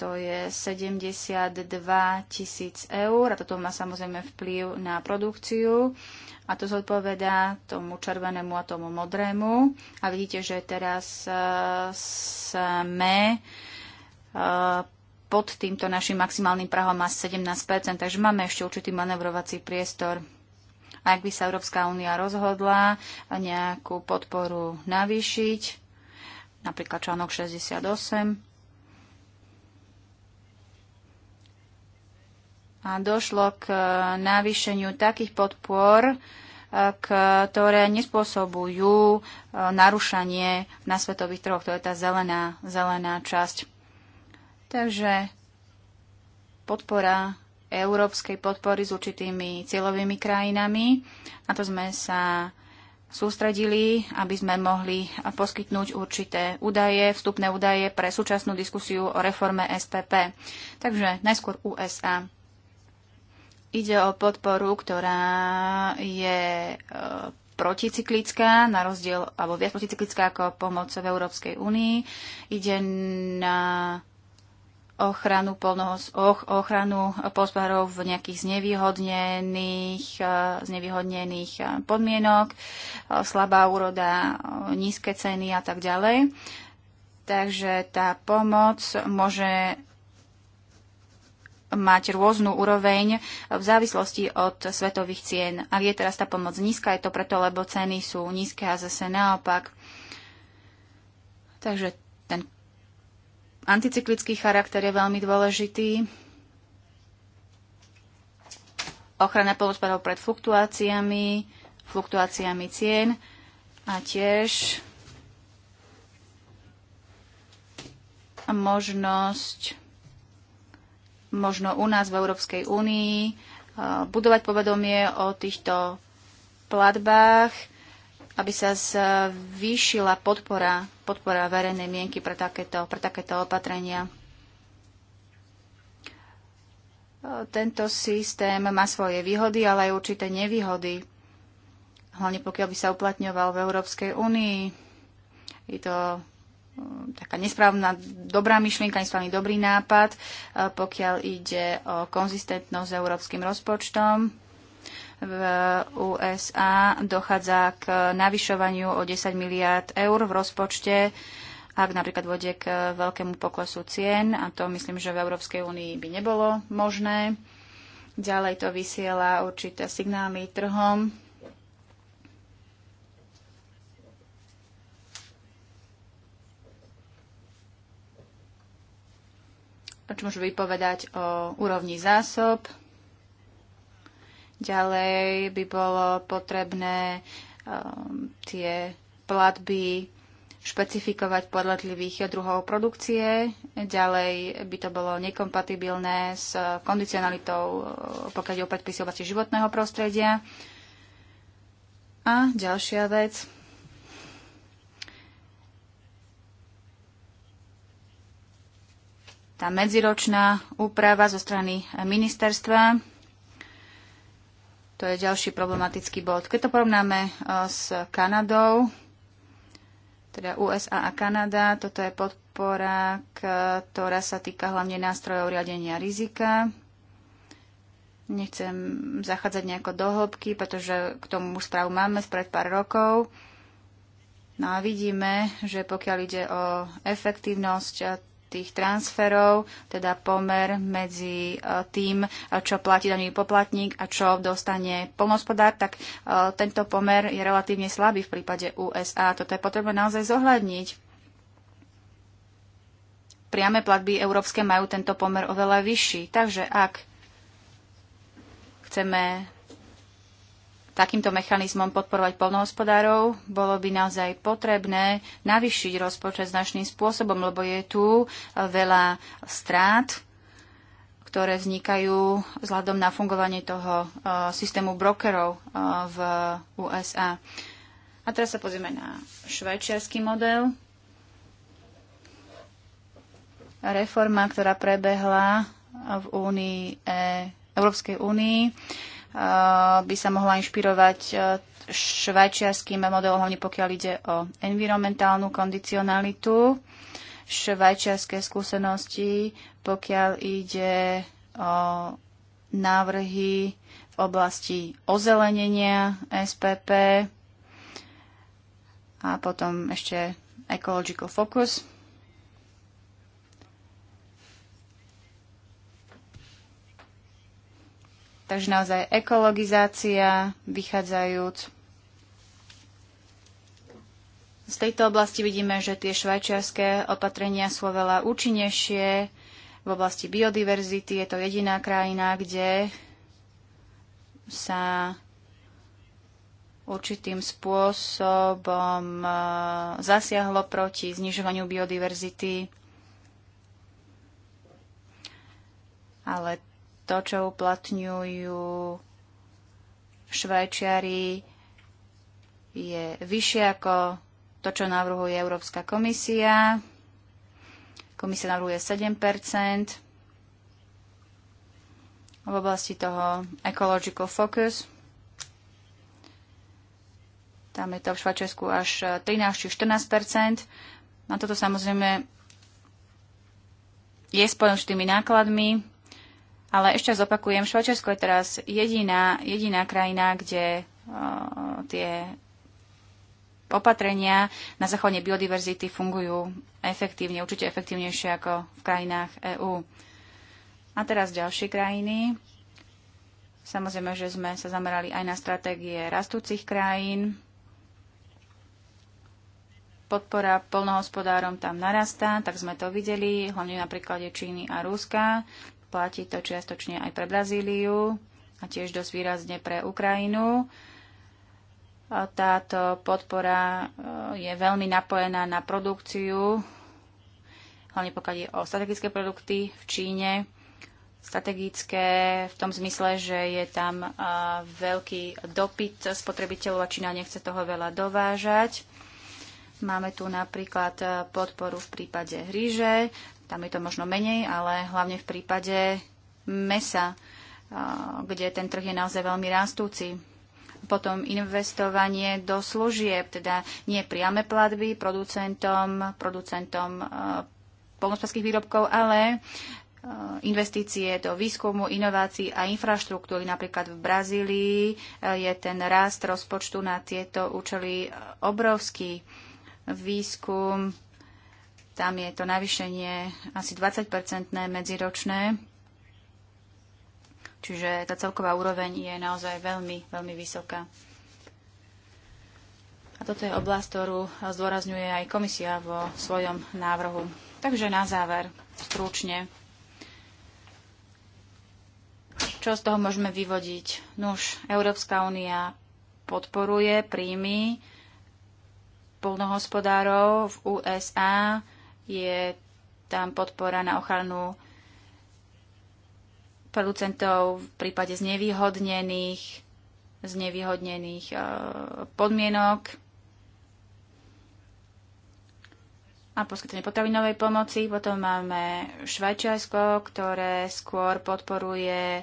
to je 72 tisíc eur a toto má samozrejme vplyv na produkciu a to zodpovedá tomu červenému a tomu modrému. A vidíte, že teraz e, sme e, pod týmto našim maximálnym prahom má 17%, takže máme ešte určitý manevrovací priestor. A ak by sa Európska únia rozhodla nejakú podporu navýšiť, napríklad článok 68, a došlo k e, navýšeniu takých podpor, e, ktoré nespôsobujú e, narušanie na svetových trhoch. To je tá zelená, zelená časť. Takže podpora európskej podpory s určitými cieľovými krajinami. Na to sme sa sústredili, aby sme mohli poskytnúť určité údaje, vstupné údaje pre súčasnú diskusiu o reforme SPP. Takže najskôr USA. Ide o podporu, ktorá je e, proticyklická, na rozdiel, alebo viac proticyklická ako pomoc v Európskej únii. Ide na ochranu, polnohos, ochranu pospárov v nejakých znevýhodnených, e, znevýhodnených e, podmienok, slabá úroda, nízke ceny a tak ďalej. Takže tá pomoc môže mať rôznu úroveň v závislosti od svetových cien. Ak je teraz tá pomoc nízka, je to preto, lebo ceny sú nízke a zase naopak. Takže ten anticyklický charakter je veľmi dôležitý. Ochrana polospadov pred fluktuáciami, fluktuáciami cien a tiež možnosť možno u nás v Európskej únii eh, budovať povedomie o týchto platbách, aby sa zvýšila podpora, podpora verejnej mienky pre takéto, pre takéto opatrenia. Eh, tento systém má svoje výhody, ale aj určité nevýhody. Hlavne pokiaľ by sa uplatňoval v Európskej únii. Je to Ehm, taká nesprávna dobrá myšlienka, nesprávny dobrý nápad, eh, pokiaľ ide o konzistentnosť s európskym rozpočtom. V USA dochádza k navyšovaniu o 10 miliard eur v rozpočte, ak napríklad vôjde k veľkému poklesu cien, a to myslím, že v Európskej únii by nebolo možné. Ďalej to vysiela určité signály trhom, čo môžu vypovedať o úrovni zásob. Ďalej by bolo potrebné um, tie platby špecifikovať podľa tlivých druhov produkcie. Ďalej by to bolo nekompatibilné s kondicionalitou, uh, pokiaľ je o predpisy oblasti životného prostredia. A ďalšia vec, tá medziročná úprava zo strany ministerstva. To je ďalší problematický bod. Keď to porovnáme e, s Kanadou, teda USA a Kanada, toto je podpora, ktorá sa týka hlavne nástrojov riadenia rizika. Nechcem zachádzať nejako do hĺbky, pretože k tomu už správu máme spred pár rokov. No a vidíme, že pokiaľ ide o efektívnosť tých transferov, teda pomer medzi e, tým, e, čo platí daný poplatník a čo dostane polnospodár, tak e, tento pomer je relatívne slabý v prípade USA. Toto je potrebné naozaj zohľadniť. Priame platby európske majú tento pomer oveľa vyšší. Takže ak chceme takýmto mechanizmom podporovať polnohospodárov, bolo by naozaj potrebné navyšiť rozpočet značným spôsobom, lebo je tu e, veľa strát, ktoré vznikajú vzhľadom na fungovanie toho e, systému brokerov e, v USA. A teraz sa pozrieme na švajčiarsky model. Reforma, ktorá prebehla v Únii, Európskej únii, Eh, by sa mohla inšpirovať eh, švajčiarským modelom, hlavne pokiaľ ide o environmentálnu kondicionalitu, švajčiarske skúsenosti, pokiaľ ide o návrhy v oblasti ozelenenia SPP a potom ešte Ecological Focus. Takže naozaj ekologizácia vychádzajúc z tejto oblasti vidíme, že tie švajčiarske opatrenia sú oveľa účinnejšie. V oblasti biodiverzity je to jediná krajina, kde sa určitým spôsobom e, zasiahlo proti znižovaniu biodiverzity. Ale to, čo uplatňujú Švajčiari, je vyššie ako to, čo navrhuje Európska komisia. Komisia navrhuje 7 v oblasti toho Ecological Focus. Tam je to v Švačesku až 13 či 14 Na toto samozrejme je spojené s tými nákladmi, ale ešte zopakujem, Švajčiarsko je teraz jediná, jediná krajina, kde uh, tie opatrenia na zachovanie biodiverzity fungujú efektívne, určite efektívnejšie ako v krajinách EÚ. A teraz ďalšie krajiny. Samozrejme, že sme sa zamerali aj na stratégie rastúcich krajín. Podpora polnohospodárom tam narastá, tak sme to videli, hlavne na príklade Číny a Ruska. Platí to čiastočne aj pre Brazíliu a tiež dosť výrazne pre Ukrajinu. Táto podpora e, je veľmi napojená na produkciu, hlavne pokiaľ je o strategické produkty v Číne strategické v tom zmysle, že je tam e, veľký dopyt spotrebiteľov a Čína nechce toho veľa dovážať. Máme tu napríklad e, podporu v prípade hríže, tam je to možno menej, ale hlavne v prípade mesa, kde ten trh je naozaj veľmi rastúci. Potom investovanie do služieb, teda nie priame platby producentom, producentom polnospodárských výrobkov, ale investície do výskumu, inovácií a infraštruktúry. Napríklad v Brazílii je ten rast rozpočtu na tieto účely obrovský. Výskum tam je to navýšenie asi 20-percentné medziročné, čiže tá celková úroveň je naozaj veľmi, veľmi vysoká. A toto je oblasť, ktorú zdôrazňuje aj komisia vo svojom návrhu. Takže na záver, stručne, čo z toho môžeme vyvodiť? Nuž, Európska únia podporuje príjmy polnohospodárov v USA je tam podpora na ochranu producentov v prípade znevýhodnených, znevýhodnených e, podmienok a poskytovanie potravinovej pomoci. Potom máme Švajčiarsko, ktoré skôr podporuje,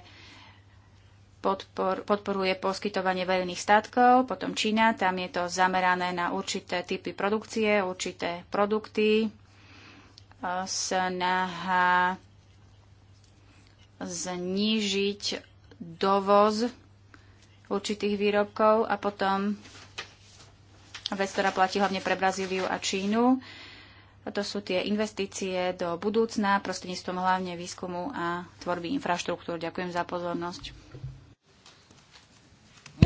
podpor, podporuje poskytovanie verejných statkov. Potom Čína, tam je to zamerané na určité typy produkcie, určité produkty snaha znížiť dovoz určitých výrobkov a potom vec, ktorá platí hlavne pre Brazíliu a Čínu. A to sú tie investície do budúcna prostredníctvom hlavne výskumu a tvorby infraštruktúr. Ďakujem za pozornosť.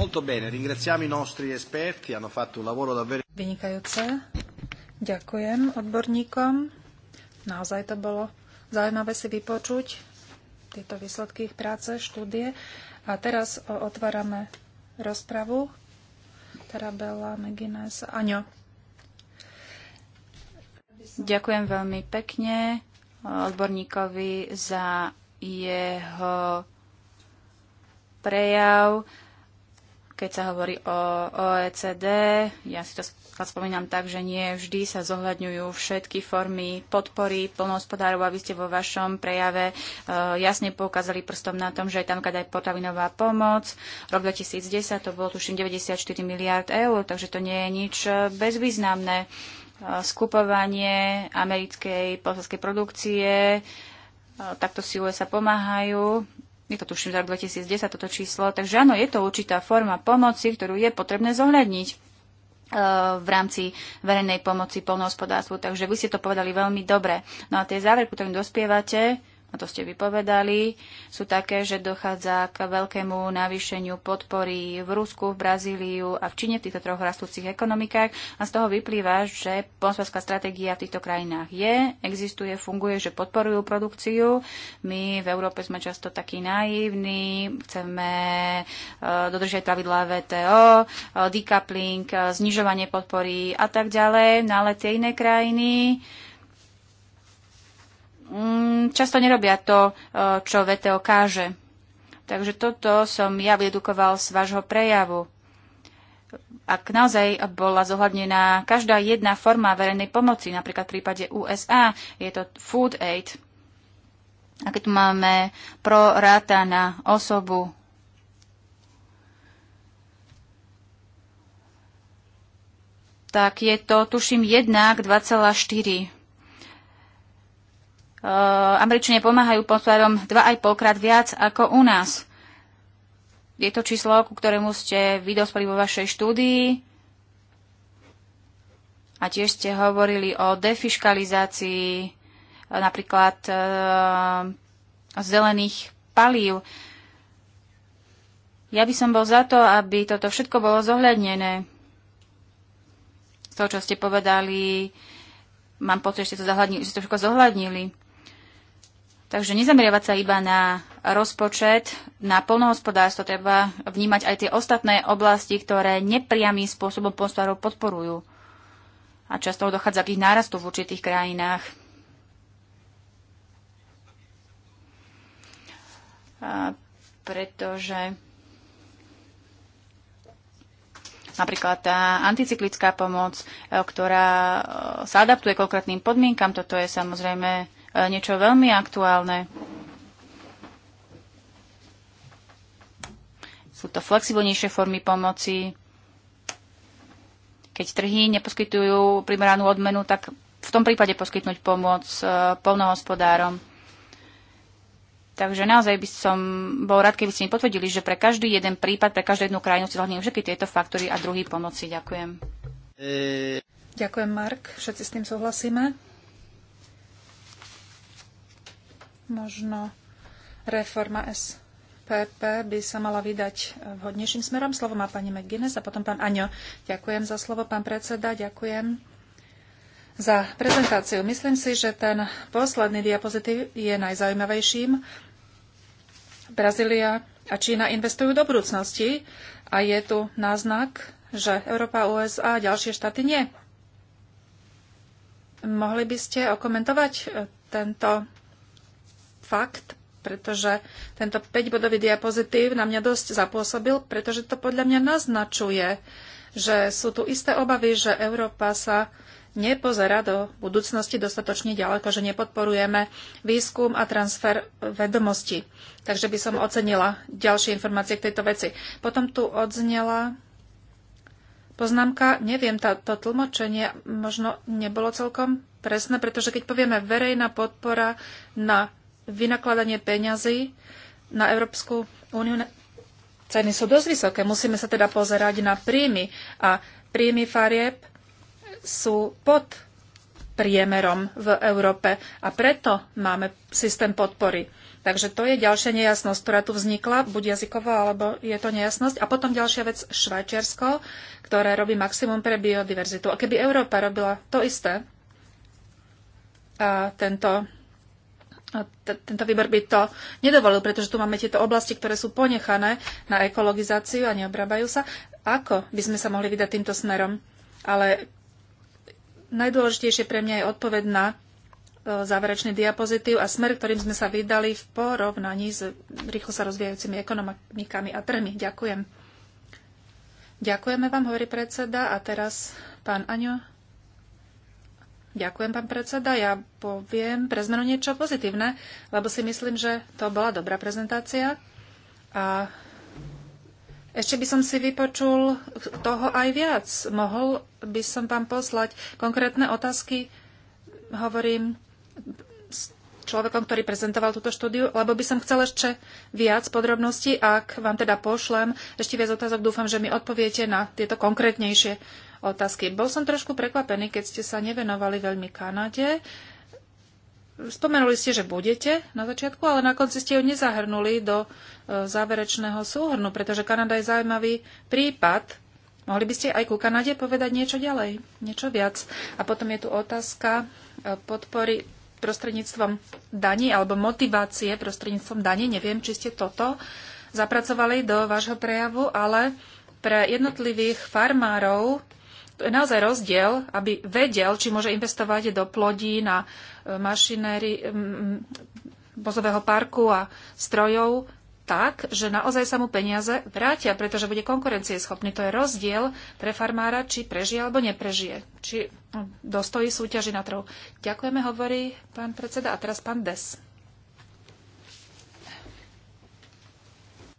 Molto bene, ringraziamo i nostri esperti, hanno fatto un lavoro davvero... Vynikajúce. Ďakujem odborníkom. Naozaj to bolo zaujímavé si vypočuť tieto výsledky ich práce, štúdie. A teraz otvárame rozpravu. Tarabela, Megines, Aňo. Ďakujem veľmi pekne odborníkovi za jeho prejav, keď sa hovorí o OECD. Ja si to napríklad spomínam tak, že nie vždy sa zohľadňujú všetky formy podpory plnohospodárov, aby ste vo vašom prejave e, jasne poukázali prstom na tom, že je tam aj potravinová pomoc. Rok 2010 to bolo tuším 94 miliard eur, takže to nie je nič bezvýznamné. E, skupovanie americkej polskej produkcie, e, takto si USA pomáhajú je to tuším za rok 2010 toto číslo, takže áno, je to určitá forma pomoci, ktorú je potrebné zohľadniť v rámci verejnej pomoci poľnohospodárstvu. Takže vy ste to povedali veľmi dobre. No a tie záverky, ktorým dospievate, a to ste vypovedali, sú také, že dochádza k veľkému navýšeniu podpory v Rusku, v Brazíliu a v Číne, v týchto troch rastúcich ekonomikách. A z toho vyplýva, že polnospodárska stratégia v týchto krajinách je, existuje, funguje, že podporujú produkciu. My v Európe sme často takí naivní, chceme e, dodržať pravidlá VTO, e, decoupling, e, znižovanie podpory a tak ďalej. No ale tie iné krajiny, Mm, často nerobia to, e, čo VTO káže. Takže toto som ja vyedukoval z vášho prejavu. Ak naozaj bola zohľadnená každá jedna forma verejnej pomoci, napríklad v prípade USA, je to food aid. A keď tu máme pro ráta na osobu tak je to, tuším, 1 k 2,4 Eh, Američania pomáhajú potvarom 2,5 krát viac ako u nás. Je to číslo, ku ktorému ste dospeli vo vašej štúdii a tiež ste hovorili o defiškalizácii eh, napríklad e, zelených palív. Ja by som bol za to, aby toto všetko bolo zohľadnené. Z toho, čo ste povedali, mám pocit, že ste to, zohľadnili, že ste to všetko zohľadnili. Takže nezameriavať sa iba na rozpočet, na polnohospodárstvo, treba vnímať aj tie ostatné oblasti, ktoré nepriamým spôsobom polnohospodárov podporujú. A často dochádza k ich nárastu v určitých krajinách. A pretože napríklad tá anticyklická pomoc, e, ktorá e, sa adaptuje konkrétnym podmienkam, toto je samozrejme E, niečo veľmi aktuálne. Sú to flexibilnejšie formy pomoci. Keď trhy neposkytujú primeranú odmenu, tak v tom prípade poskytnúť pomoc e, polnohospodárom. Takže naozaj by som bol rád, keby ste mi potvrdili, že pre každý jeden prípad, pre každú jednu krajinu si zohľadním všetky tieto faktory a druhý pomoci. Ďakujem. E- Ďakujem, Mark. Všetci s tým súhlasíme. Možno reforma SPP by sa mala vydať vhodnejším smerom. Slovo má pani McGuinness a potom pán Aňo. Ďakujem za slovo, pán predseda. Ďakujem za prezentáciu. Myslím si, že ten posledný diapozitív je najzaujímavejším. Brazília a Čína investujú do budúcnosti a je tu náznak, že Európa, USA a ďalšie štáty nie. Mohli by ste okomentovať tento fakt, pretože tento 5-bodový diapozitív na mňa dosť zapôsobil, pretože to podľa mňa naznačuje, že sú tu isté obavy, že Európa sa nepozerá do budúcnosti dostatočne ďaleko, že nepodporujeme výskum a transfer vedomostí. Takže by som ocenila ďalšie informácie k tejto veci. Potom tu odznela poznámka, neviem, tá, to tlmočenie možno nebolo celkom presné, pretože keď povieme verejná podpora na vynakladanie peňazí na Európsku úniu. Ceny sú dosť vysoké. Musíme sa teda pozerať na príjmy. A príjmy farieb sú pod priemerom v Európe. A preto máme systém podpory. Takže to je ďalšia nejasnosť, ktorá tu vznikla, buď jazyková, alebo je to nejasnosť. A potom ďalšia vec, Švajčiarsko, ktoré robí maximum pre biodiverzitu. A keby Európa robila to isté, a tento tento výbor by to nedovolil, pretože tu máme tieto oblasti, ktoré sú ponechané na ekologizáciu a neobrábajú sa. Ako by sme sa mohli vydať týmto smerom? Ale najdôležitejšie pre mňa je odpoved na e, záverečný diapozitív a smer, ktorým sme sa vydali v porovnaní s rýchlo sa rozvíjajúcimi ekonomikami a trhmi. Ďakujem. Ďakujeme vám, hovorí predseda. A teraz pán Aňo Ďakujem, pán predseda. Ja poviem pre zmenu niečo pozitívne, lebo si myslím, že to bola dobrá prezentácia. A ešte by som si vypočul toho aj viac. Mohol by som vám poslať konkrétne otázky, hovorím s človekom, ktorý prezentoval túto štúdiu, lebo by som chcel ešte viac podrobností. Ak vám teda pošlem ešte viac otázok, dúfam, že mi odpoviete na tieto konkrétnejšie otázky. Bol som trošku prekvapený, keď ste sa nevenovali veľmi Kanade. Spomenuli ste, že budete na začiatku, ale na konci ste ju nezahrnuli do e, záverečného súhrnu, pretože Kanada je zaujímavý prípad. Mohli by ste aj ku Kanade povedať niečo ďalej, niečo viac. A potom je tu otázka e, podpory prostredníctvom daní alebo motivácie prostredníctvom daní. Neviem, či ste toto zapracovali do vášho prejavu, ale pre jednotlivých farmárov naozaj rozdiel, aby vedel, či môže investovať do plodí na e, mašinéry vozového parku a strojov tak, že naozaj sa mu peniaze vrátia, pretože bude konkurencieschopný. To je rozdiel pre farmára, či prežije alebo neprežije. Či no, dostojí súťaži na trhu. Ďakujeme, hovorí pán predseda. A teraz pán Des.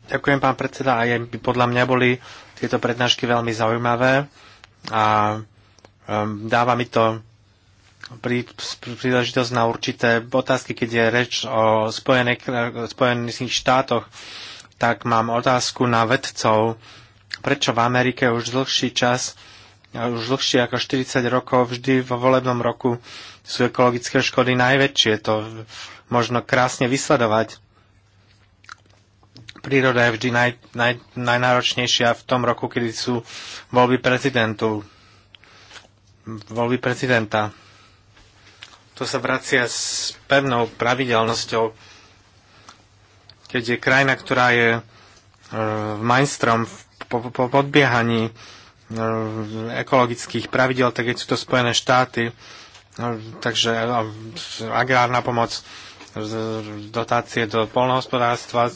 Ďakujem, pán predseda. Aj podľa mňa boli tieto prednášky veľmi zaujímavé a um, dáva mi to príležitosť na určité otázky, keď je reč o Spojených, Spojených štátoch, tak mám otázku na vedcov, prečo v Amerike už dlhší čas, už dlhšie ako 40 rokov, vždy vo volebnom roku sú ekologické škody najväčšie. To možno krásne vysledovať príroda je vždy naj, naj, najnáročnejšia v tom roku, kedy sú voľby prezidentu. Voľby prezidenta. To sa vracia s pevnou pravidelnosťou, keď je krajina, ktorá je e, majstrom v po, po podbiehaní e, ekologických pravidel, tak keď sú to Spojené štáty, e, takže e, e agrárna pomoc, e, dotácie do polnohospodárstva,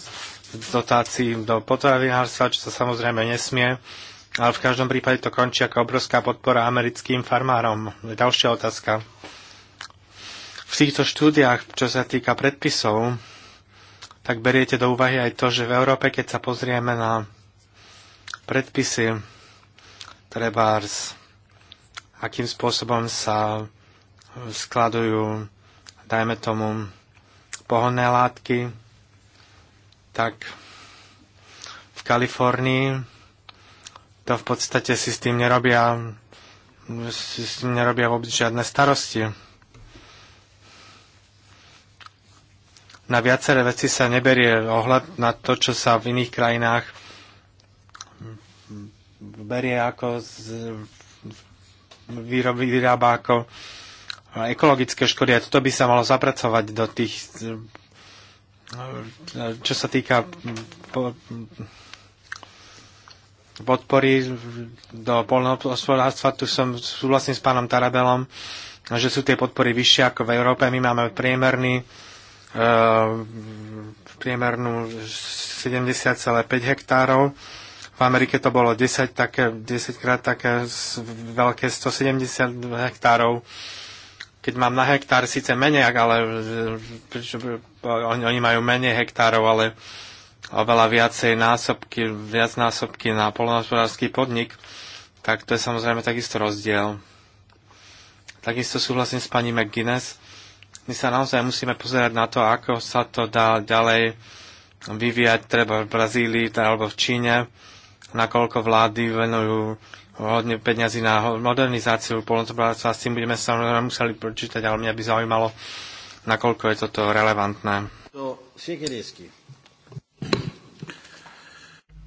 dotácií do potravinárstva, čo sa samozrejme nesmie. Ale v každom prípade to končí ako obrovská podpora americkým farmárom. Ďalšia otázka. V týchto štúdiách, čo sa týka predpisov, tak beriete do úvahy aj to, že v Európe, keď sa pozrieme na predpisy, trebárs, akým spôsobom sa skladujú, dajme tomu, pohonné látky, tak v Kalifornii to v podstate si s tým nerobia, si s tým nerobia vôbec žiadne starosti. Na viaceré veci sa neberie ohľad na to, čo sa v iných krajinách berie ako z, výrobí, vyrába ako ekologické škody a toto by sa malo zapracovať do tých čo sa týka podpory do polnohospodárstva, tu som súhlasím s pánom Tarabelom, že sú tie podpory vyššie ako v Európe. My máme priemerný e, priemernú 70,5 hektárov. V Amerike to bolo 10, také, 10 krát také veľké 170 hektárov. Keď mám na hektár síce menej, ale e, oni, oni majú menej hektárov, ale oveľa viacej násobky, viac násobky na polnohospodársky podnik, tak to je samozrejme takisto rozdiel. Takisto súhlasím s pani McGuinness. My sa naozaj musíme pozerať na to, ako sa to dá ďalej vyvíjať, treba v Brazílii alebo v Číne, nakoľko vlády venujú hodne peňazí na modernizáciu polnohospodárstva. S tým budeme samozrejme museli počítať, ale mňa by zaujímalo, nakoľko je toto relevantné.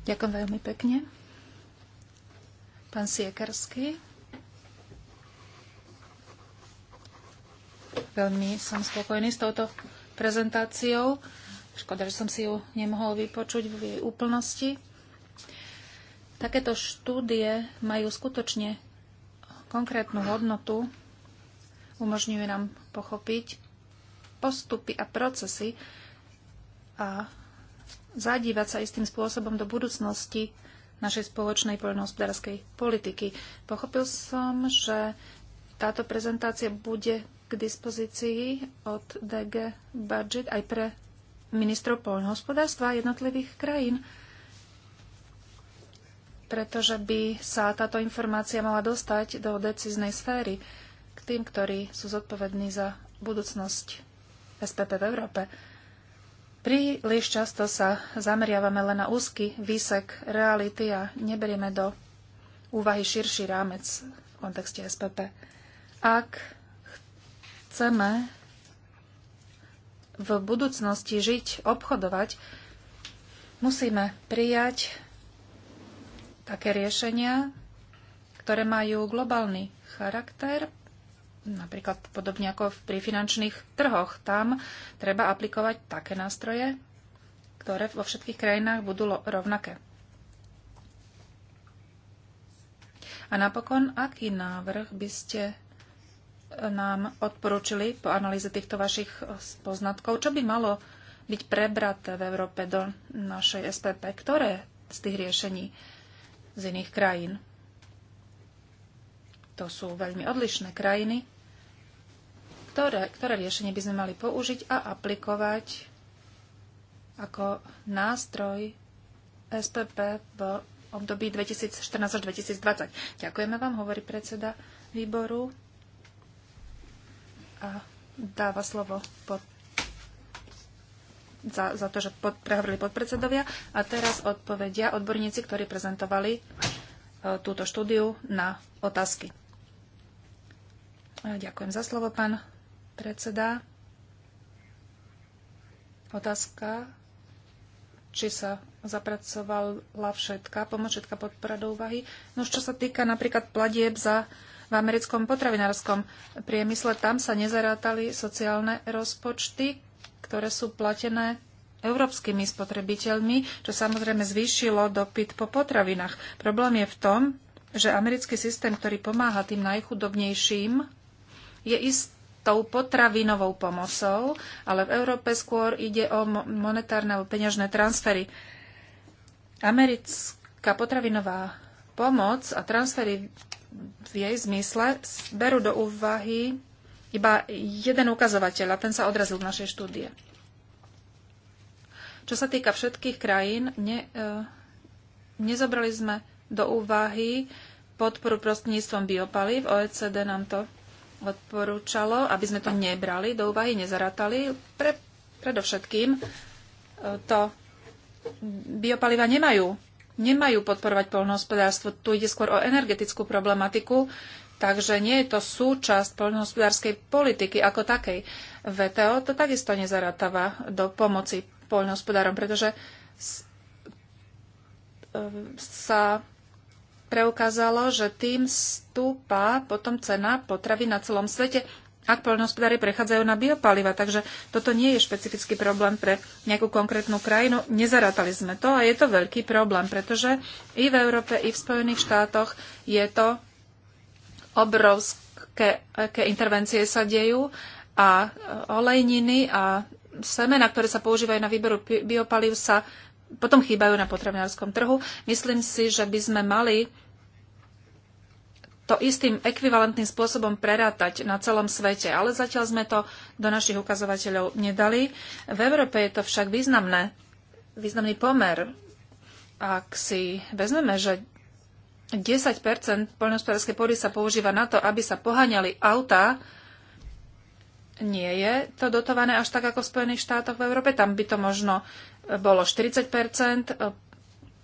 Ďakujem veľmi pekne. Pán Siekerský. Veľmi som spokojný s touto prezentáciou. Škoda, že som si ju nemohol vypočuť v jej úplnosti. Takéto štúdie majú skutočne konkrétnu hodnotu, umožňujú nám pochopiť, postupy a procesy a zadívať sa istým spôsobom do budúcnosti našej spoločnej poľnohospodárskej politiky. Pochopil som, že táto prezentácia bude k dispozícii od DG Budget aj pre ministrov poľnohospodárstva jednotlivých krajín, pretože by sa táto informácia mala dostať do decíznej sféry k tým, ktorí sú zodpovední za budúcnosť SPP v Európe. Príliš často sa zameriavame len na úzky výsek reality a neberieme do úvahy širší rámec v kontexte SPP. Ak chceme v budúcnosti žiť, obchodovať, musíme prijať také riešenia, ktoré majú globálny charakter Napríklad podobne ako pri finančných trhoch. Tam treba aplikovať také nástroje, ktoré vo všetkých krajinách budú rovnaké. A napokon, aký návrh by ste e, nám odporúčili po analýze týchto vašich e, poznatkov? Čo by malo byť prebraté v Európe do našej SPP? Ktoré z tých riešení z iných krajín? To sú veľmi odlišné krajiny, ktoré, ktoré riešenie by sme mali použiť a aplikovať ako nástroj SPP v období 2014 až 2020. Ďakujeme vám, hovorí predseda výboru a dáva slovo pod, za, za to, že pod, prehovorili podpredsedovia. A teraz odpovedia odborníci, ktorí prezentovali e, túto štúdiu na otázky. Ďakujem za slovo, pán predseda. Otázka, či sa zapracovala všetká pomoc, všetká podpora do úvahy. No čo sa týka napríklad platieb za v americkom potravinárskom priemysle, tam sa nezarátali sociálne rozpočty, ktoré sú platené európskymi spotrebiteľmi, čo samozrejme zvýšilo dopyt po potravinách. Problém je v tom, že americký systém, ktorý pomáha tým najchudobnejším, je istou potravinovou pomocou, ale v Európe skôr ide o monetárne alebo peňažné transfery. Americká potravinová pomoc a transfery v jej zmysle berú do úvahy iba jeden ukazovateľ a ten sa odrazil v našej štúdie. Čo sa týka všetkých krajín, ne, e, nezobrali sme do úvahy podporu prostredníctvom biopalív. OECD nám to odporúčalo, aby sme to nebrali do úvahy, nezaratali. Pre, predovšetkým e, to biopaliva nemajú. Nemajú podporovať poľnohospodárstvo. Tu ide skôr o energetickú problematiku, takže nie je to súčasť poľnohospodárskej politiky ako takej. VTO to takisto nezaratáva do pomoci poľnohospodárom, pretože e, sa preukázalo, že tým stúpa potom cena potravy na celom svete, ak poľnohospodári prechádzajú na biopaliva. Takže toto nie je špecifický problém pre nejakú konkrétnu krajinu. Nezarátali sme to a je to veľký problém, pretože i v Európe, i v Spojených štátoch je to obrovské aké intervencie sa dejú a olejniny a semena, ktoré sa používajú na výberu biopalív, sa potom chýbajú na potravinárskom trhu. Myslím si, že by sme mali to istým ekvivalentným spôsobom prerátať na celom svete, ale zatiaľ sme to do našich ukazovateľov nedali. V Európe je to však významné, významný pomer. Ak si vezmeme, že 10 poľnohospodárskej pôdy sa používa na to, aby sa poháňali auta, nie je to dotované až tak ako v Spojených štátoch v Európe. Tam by to možno bolo 40 e,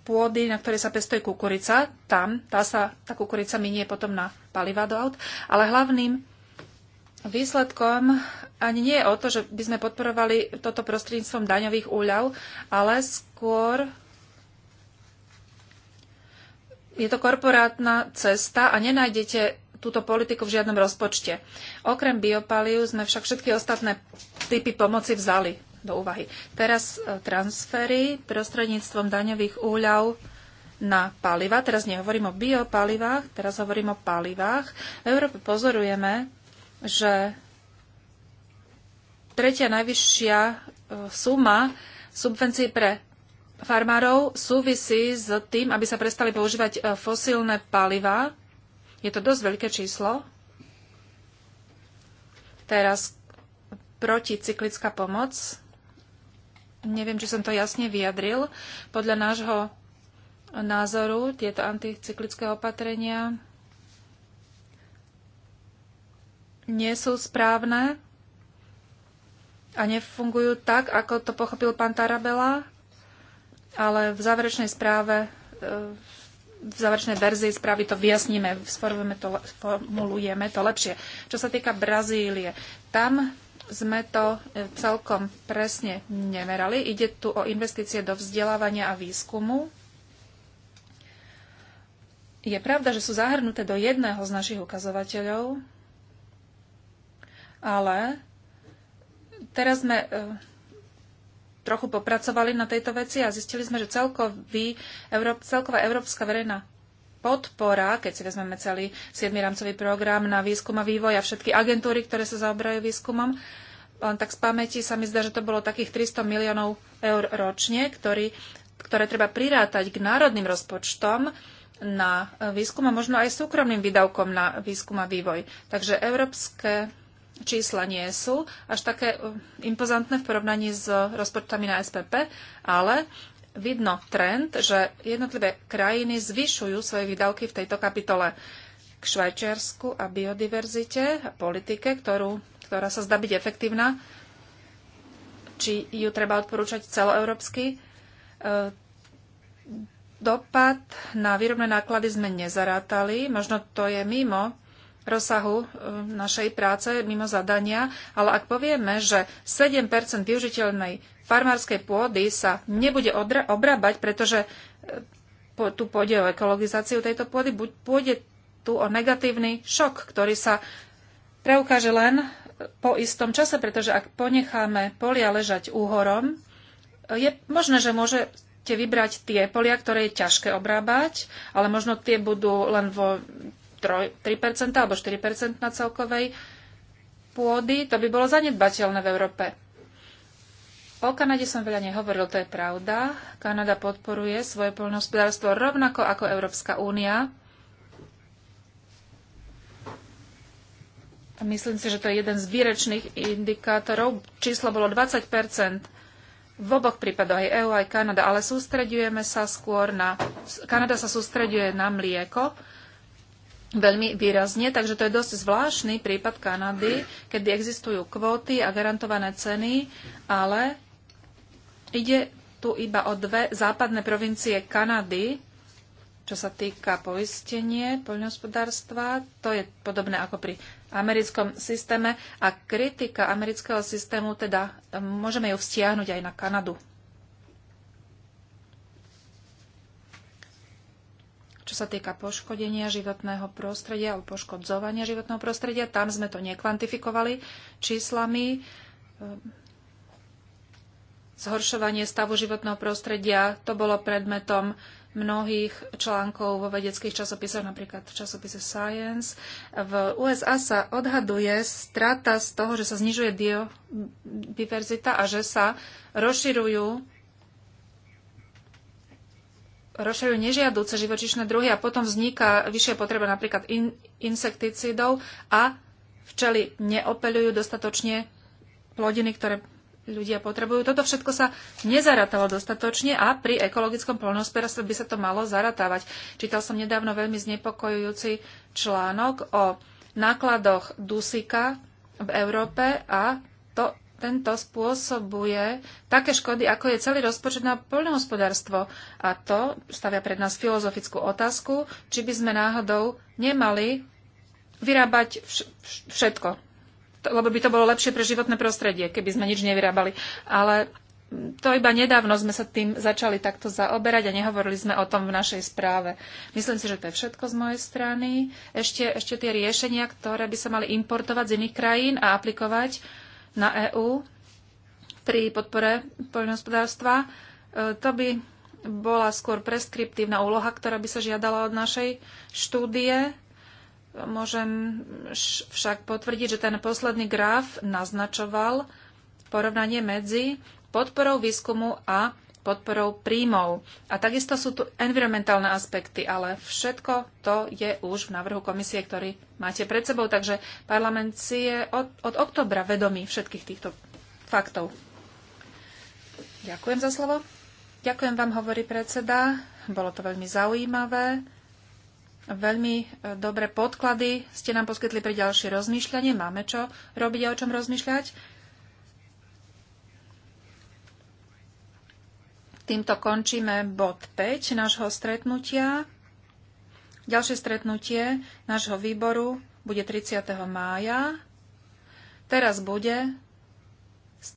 pôdy, na ktorej sa pestuje kukurica, tam tá, sa, tá kukurica minie potom na paliva do aut, ale hlavným výsledkom ani nie je o to, že by sme podporovali toto prostredníctvom daňových úľav, ale skôr je to korporátna cesta a nenájdete túto politiku v žiadnom rozpočte. Okrem biopaliu sme však všetky ostatné typy pomoci vzali do úvahy. Teraz e, transfery prostredníctvom daňových úľav na paliva. Teraz nehovorím o biopalivách, teraz hovorím o palivách. V Európe pozorujeme, že tretia najvyššia e, suma subvencií pre farmárov súvisí s tým, aby sa prestali používať e, fosílne paliva. Je to dosť veľké číslo. Teraz proticyklická pomoc Neviem, či som to jasne vyjadril. Podľa nášho názoru tieto anticyklické opatrenia nie sú správne a nefungujú tak, ako to pochopil pán Tarabela, ale v záverečnej správe e, v záverečnej verzii správy to vyjasníme, sformulujeme to, formulujeme to lepšie. Čo sa týka Brazílie, tam sme to e, celkom presne nemerali. Ide tu o investície do vzdelávania a výskumu. Je pravda, že sú zahrnuté do jedného z našich ukazovateľov, ale teraz sme e, trochu popracovali na tejto veci a zistili sme, že celkový, celková európska verejná podpora, keď si vezmeme celý 7. rámcový program na výskum a vývoj a všetky agentúry, ktoré sa zaoberajú výskumom, len tak z pamäti sa mi zdá, že to bolo takých 300 miliónov eur ročne, ktorý, ktoré treba prirátať k národným rozpočtom na výskum a možno aj súkromným výdavkom na výskum a vývoj. Takže európske čísla nie sú až také eh, impozantné v porovnaní s rozpočtami na SPP, ale vidno trend, že jednotlivé krajiny zvyšujú svoje výdavky v tejto kapitole k Švajčiarsku a biodiverzite a politike, ktorú, ktorá sa zdá byť efektívna. Či ju treba odporúčať celoeurópsky? E, dopad na výrobné náklady sme nezarátali. Možno to je mimo rozsahu e, našej práce mimo zadania, ale ak povieme, že 7 využiteľnej farmárskej pôdy sa nebude obrábať, pretože e, tu pôjde o ekologizáciu tejto pôdy, pôjde tu o negatívny šok, ktorý sa preukáže len e, po istom čase, pretože ak ponecháme polia ležať úhorom, je možné, že môže vybrať tie polia, ktoré je ťažké obrábať, ale možno tie budú len vo 3%, 3% alebo 4% na celkovej pôdy, to by bolo zanedbateľné v Európe. O Kanade som veľa nehovoril, to je pravda. Kanada podporuje svoje poľnohospodárstvo rovnako ako Európska únia. Myslím si, že to je jeden z výrečných indikátorov. Číslo bolo 20 v oboch prípadoch aj EU, aj Kanada, ale sústredujeme sa skôr na... Kanada sa sústreduje na mlieko veľmi výrazne, takže to je dosť zvláštny prípad Kanady, kedy existujú kvóty a garantované ceny, ale ide tu iba o dve západné provincie Kanady, čo sa týka poistenie poľnohospodárstva. To je podobné ako pri americkom systéme a kritika amerického systému, teda môžeme ju vztiahnuť aj na Kanadu. čo sa týka poškodenia životného prostredia alebo poškodzovania životného prostredia, tam sme to nekvantifikovali číslami. Ehm, zhoršovanie stavu životného prostredia, to bolo predmetom mnohých článkov vo vedeckých časopisoch, napríklad v časopise Science. V USA sa odhaduje strata z toho, že sa znižuje biodiverzita a že sa rozširujú rozširujú nežiadúce živočišné druhy a potom vzniká vyššia potreba napríklad in, insekticídov a včely neopelujú dostatočne plodiny, ktoré ľudia potrebujú. Toto všetko sa nezaratalo dostatočne a pri ekologickom poľnohospodárstve by sa to malo zaratávať. Čítal som nedávno veľmi znepokojujúci článok o nákladoch dusika v Európe a tento spôsobuje také škody, ako je celý rozpočet na poľnohospodárstvo. A to stavia pred nás filozofickú otázku, či by sme náhodou nemali vyrábať vš- všetko. Lebo by to bolo lepšie pre životné prostredie, keby sme nič nevyrábali. Ale to iba nedávno sme sa tým začali takto zaoberať a nehovorili sme o tom v našej správe. Myslím si, že to je všetko z mojej strany. Ešte, ešte tie riešenia, ktoré by sa mali importovať z iných krajín a aplikovať na EÚ pri podpore poľnohospodárstva. E, to by bola skôr preskriptívna úloha, ktorá by sa žiadala od našej štúdie. Môžem však potvrdiť, že ten posledný graf naznačoval porovnanie medzi podporou výskumu a podporou príjmov. A takisto sú tu environmentálne aspekty, ale všetko to je už v návrhu komisie, ktorý máte pred sebou. Takže parlament si je od, od oktobra vedomý všetkých týchto faktov. Ďakujem za slovo. Ďakujem vám, hovorí predseda. Bolo to veľmi zaujímavé. Veľmi e, dobré podklady ste nám poskytli pre ďalšie rozmýšľanie. Máme čo robiť a o čom rozmýšľať. Týmto končíme bod 5 nášho stretnutia. Ďalšie stretnutie nášho výboru bude 30. mája. Teraz bude